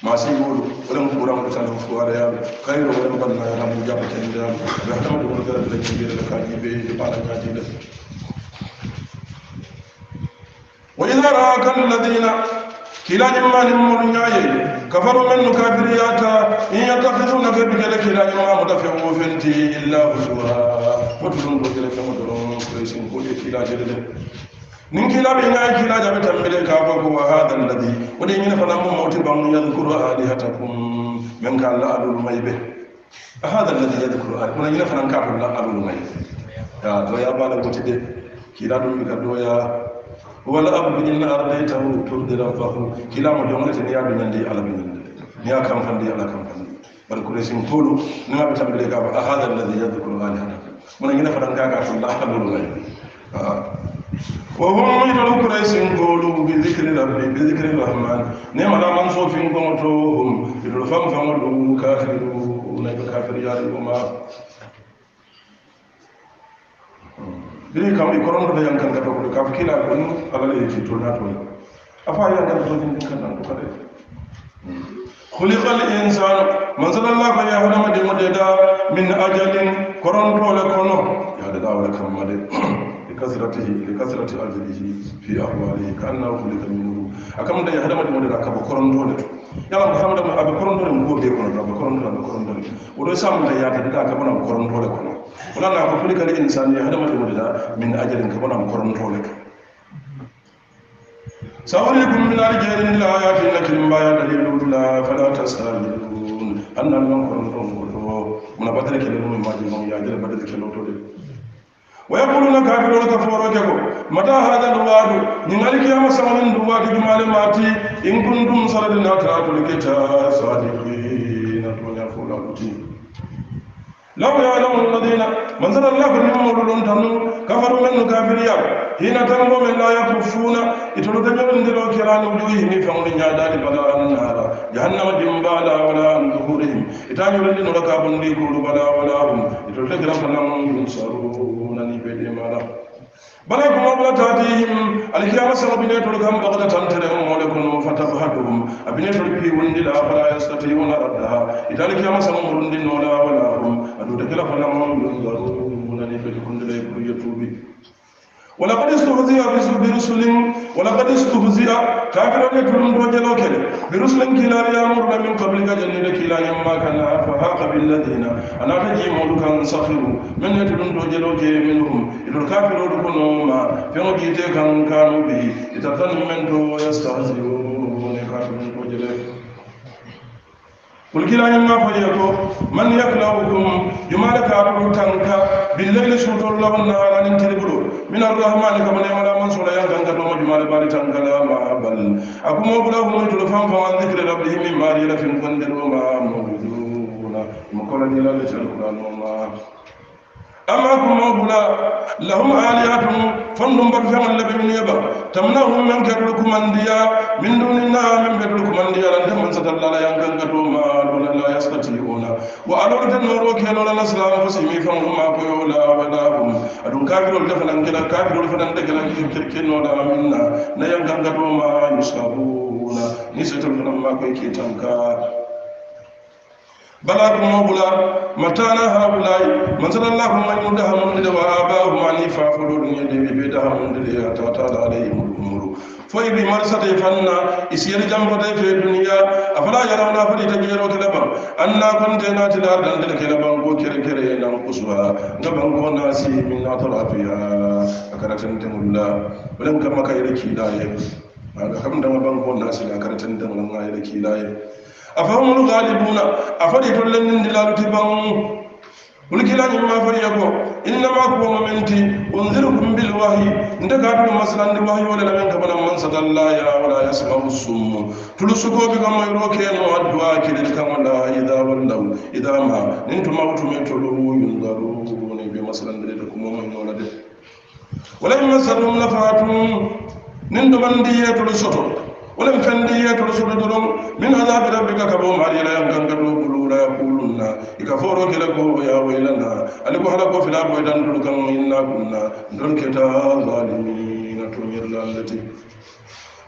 ma sibulu wannan kuran da tan fuwa da ya kairu ban na ya mu jaba tan da ya ta mu da da ke da kaji be ba da kaji da وإذا رآك الذين كلا جمع نمر نعي كفروا من نكابر ياتا إن يتخذونك بجل كلا جمع مدفع وفنتي إلا هزوا وتلون بجل كما درون كريسين قولي كلا جلد نين كلا بيناي كلا جمع تنبيل كافر هو هذا الذي ودي من فلم موت بان يذكر آلهتكم من قال لأدو الميبه هذا الذي يذكر آلهتكم ودي من فلم كافر لأدو الميبه يا دويا بالغوتي دي كلا دويا والأب إن أرضيته ترضي ربه كلا مجمعة نيا بنندي على بنندي نيا كم فندي على كم فندي بل كل اسم طول نما بتمبلي كاب هذا الذي يذكر آلهنا من عندنا فرنجا كاب الله حلول غير آه. وهم من الكريس قولوا بذكر ربي بذكر الرحمن نما لا من صوف قومتهم يدرفهم فملوا كافرون نعم كافر يا رب biri kam i koronto de yankan gato ko ka fikila ko ni ala le fito na to afa ya to ni kan nan ko de khuliqal insan man allah alaihi wa sallam de min ajalin koronto le kono ya da wala kam made likasratihi likasrati ajlihi fi ahwalihi kanna khuliqa min nur akam da ya da ka koronto le yala ko samda abe koronto le mo be kono abe koronto le koronto le wodo samda ya da ka bana koronto le kono wala la ko fuli kali insani hadama de mulla min ajalin ka bona mukoron tole ka sawalikum min aljalin la ayatin lakin ba ya dalilun la fala tasalun anna lan koron to muna batale kele no maji mo ya jere batale kele to de ويقولون كافرون كفروا جكو متى هذا الوعد من القيامة سمعنا الوعد جمال ماتي إن كنتم صادقين أتاتوا لكتا صادقين law ya'lamu alladhina man zara allahu nimmo ɗo ɗon tannu kafaru men no kafiriyam hina tango men la yakufuna itolote ñolondiro kirani wujuhihimi fewde ñadani bala annara jahannama dimbala wala an zuhurihim ita ñolandi nora kabonɗi kolu bala wala hum itolote kiran falamun yunsarunani ɓeɗemala بلا كما بلا تاتيهم الكيام سببنا تلقهم بغدة ترهم ولكم فتفهدهم أبنة في وند لا فلا يستطيعون ردها إذا الكيام سبب وند ولا ولا هم أدو تكلا فلا هم ينظرون walaqad istuhzia birusulin walaqad istuhzia kafirone tunumdo jelokene birusulin kilani yamurna min qablika jennide kilayemmakana fahaqa billadina anata jimolu kan sahiru menne tunumdo jeloke minhum idol kafirodu kunoma feno jite kan kanu bihi itatanu men to yastahziune kafirumdo jele kul kilañimma foƴe ko man yaklawukum jumaɗa kaɓuɗo tanka billayli sutol lawo naharanin telɓuɗo من الرحمن كما نعمل من صلى ينكن كتوم جمال بارتا كلاما بل أكم أبلاه من تلفان فعن ذكر ربهم مما ليلة كندر وما مبذون مقرن إلى لسان القرآن أما كما بلا لهم آلهة فندم بكفهم اللبي من يبا تمنعهم من كتلكم أنديا من دون الله من كتلكم أنديا لن من ستر الله ينكن كتوما ولا لا يستطيعون وألورد النور كيلو لا نسلام فسيمي فهم أقولا ولا هم أدون كافر الكفن أنكلا كافر الفن أنكلا كيلو لا منا نينكن كتوما يسابون نسيتم لما كي تنكا بلغ موبلا متانا هؤلاء من صلى الله عليه وسلم وآباهم عنيفا فلول يدي بيدهم دليا تاتال عليهم الأمور foyi bi marsata fanna isiyar jamfata fe duniya a fara yara wani fadi ta gero ta daban an na kwanta na ta lar dan da ke daban ko kere kere na kusuwa gaban ko na si min na ta lafiya a ta mulla bulan kan maka yi da kilaye ban ko na si da da a famolu galibuna a fadi to lendindi laluti bangu wuli kilañima fariya e ko innama kuwono men ti unzirukum bilwahi nde gatuno masalandi wahi wole lamen kabana mansatan la ya wala yasmau summu tulu sukoɓe kamma yorokeno adduwa kilil kamo la ida wallaw ida ma nin tumawtume tolowu yundaruni be masalandire to kumomaynola de walaimasatum nafatum nin domandiye tolu soto wolem fendi yeto sudu dorom min azabi rabbika kabo marila yam ganga do bulura yaquluna ika foro kele ko ya waylana ali ko hala ko fina ko dan dul kam inna kunna don keta zalimin to nyirla lati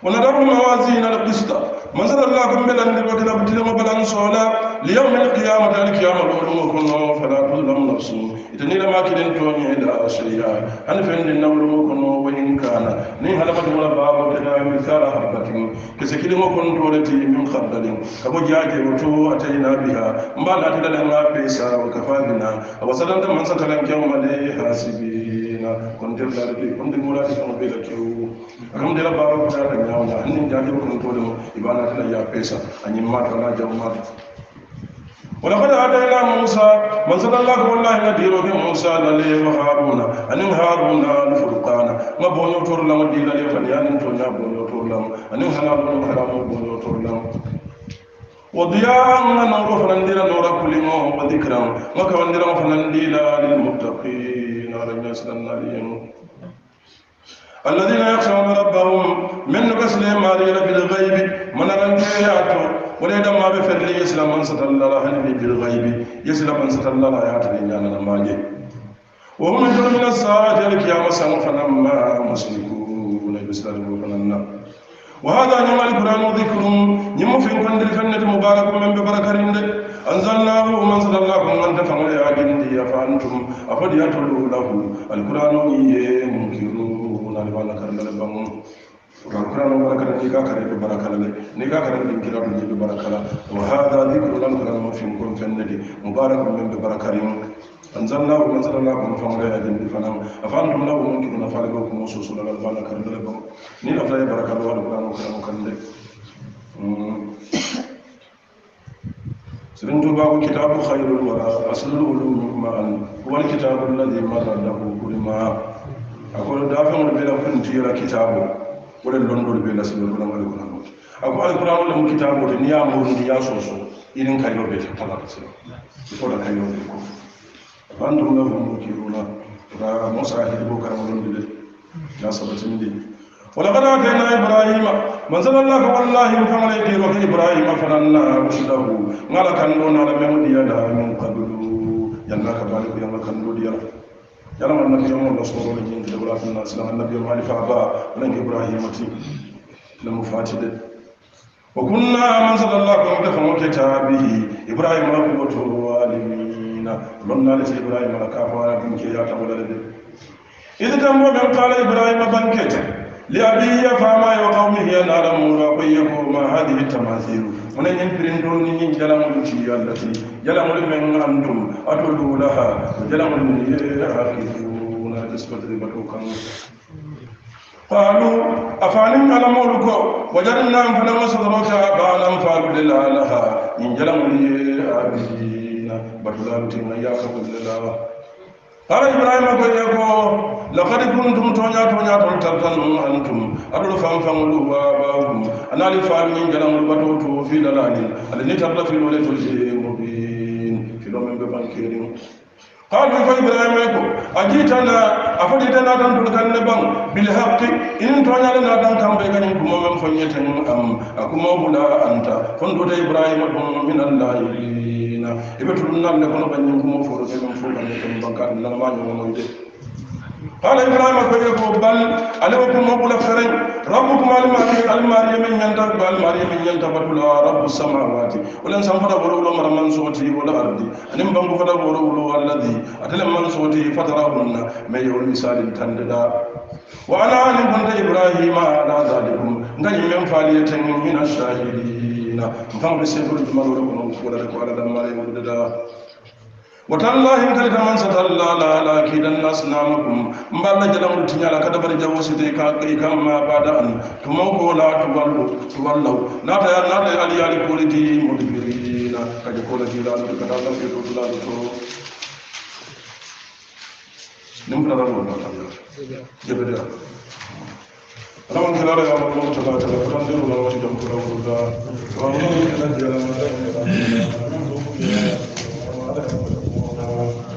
ونضع الموازين القسط مثل الله بملا لبكنا بتلم بلانسولا ليوم القيامة القيامة العلوم كنا فلا تظلم نفس إتني لما كلن توني إلى شيئا أن فين النور كنا وإن كان نين هذا بدو لباب كنا مثال حبة كسكيل ما كن تولتي من خبل كبو جاجي وتو أتينا بها مبالا تلا لنا بيسا وكفانا وصلنا من سكلن كيوم عليه حاسبين dina kon te fula bi kon de mura ko be la tu kam de la baro ko ta nyaa na ni jaje ko to do ibana ta ya pesa anyi ولقد آتينا موسى من صلى الله والله ندير موسى لليه وهارون أن هارون الفرقان ما بونو تور دي ديلا لي فنيان تونا بونو تور لام أن هارون هرام بونو تور لام وضياء من نور فننديلا نور كل ما وذكرا ما كان فننديلا للمتقين العالمين اسلام ناريين الذين يخشون ربهم من نقسلهم علينا الغيب من رنجياتو وليدا ما بفر لي يسلم من ستر الله حلمي بالغيب يسلم من ستر الله يعطي لنا نماجي وهم يجرون من الساعة القيامة فلما مسلكون يسلم فلنا وهذا نعم القرآن ذكر نمو في قندل فنة مبارك من ببركة anzalnahu man sallallahu man tafamul ya gindi ya fantum afadi yatulu lahu alquranu ye munkiruna li wala karala bangun alquranu barakala ni ka kare do barakala le ni ka kare din kira do barakala wa hadha dhikrun lam kana ma fin kun fannadi mubarakun min bi barakarin anzalnahu man sallallahu man tafamul ya gindi fanam afantum lahu munkiruna falakum mususu la wala karala bangun ni afai barakala wa alquranu kana kan سبن تباك كتاب خير الورى أصل العلوم معا هو الكتاب الذي مر له كل ما أقول دافع بلا كنت يرى كتابه ولا لندن بلا سبن ولا ولا ولا أقول القرآن لهم كتابه لنيا مهندي يا سوسو إذن كيلو بيت طلع سلام يقول كيلو بيت فأنتم لهم مكيرون موسى أهل بكر ولندن يا سبتمدي ولقد آتينا إبراهيم منزل الله والله فملك وفي إبراهيم فننا رشده قال كان لنا لم يمد يدا من قبل يلا كبارك يلا كان لنا يلا من النبي يوم الله صلى الله عليه وسلم دولة الناس لما النبي يوم علي فأبا ولن إبراهيم تي لم فاتد وكنا منزل الله كما كما كتابه إبراهيم أقوى العالمين لنا لسي إبراهيم لكافة بنكي يا كبولة إذ كان ومن قال إبراهيم بنكي liabiya fama yo kawmi hiya nalamura ko yefo ma hadihi tamasiru ona ñin prindo ni ñin jalamol ti allati jalamol men andum ato dulaha jalamol ni yehakiuna espatri bato kanga qalu afanin alamol ko wajadnan fanama sodorota banan falude lalaha ñin jalamol yehakiina batulamtina yakakullelawa ara ibrahima goye ko lakad kuntum toñatoñatol tartanum antum aɗol fanfanolu wabawum anaali famin jalaol batoto fiɗalanin ala ni tarla filoletol jemobin filomin ɓe bankerin qalu ko ibrahima ko a jitana a faɗitanatantol kan ne ban bilhaqi inin toñale natan kamɓe kañum kumomen foñeten am a kumobula anta fontuta ibrahima ɗum min allahilin na i be tulu naŋ ne kono ka ñiŋ kuma fo ke kaŋ fo kaŋ kaŋ bankaari nalama ñoŋo moyi de قال إبراهيم فليكو بل ألم كن مقول فرن ربكم المعلم المعلم من ينتق بالمعلم من ينتق بطل رب السماوات ولن سنفر ولو مر من صوتي ولا أرضي أن بنك فر ولو الذي أتلم من صوتي فتراهن ما يقول مثال تنددا وأنا أن كنت إبراهيم على ذلكم نجم من فعلية من الشاهدين na mpango ni sefulu jumalo ro kono ko da ko ala da mare ko da watallahi kal kaman sa talla la la ki dan nasnamakum mballa jalam tinyala kada bar jawo site ka kai kam ma bada an kuma ko la to wallu to wallu na ta na ta ali ali ko li mudbirina kaje ko la dila to kada ta to la to nim fara ro ta ya jebeda Allahumma kala ya Allah ta ba ta kan duru na wajin da ku da ku da wa mun kana da ya Allah da ya Allah da ya Allah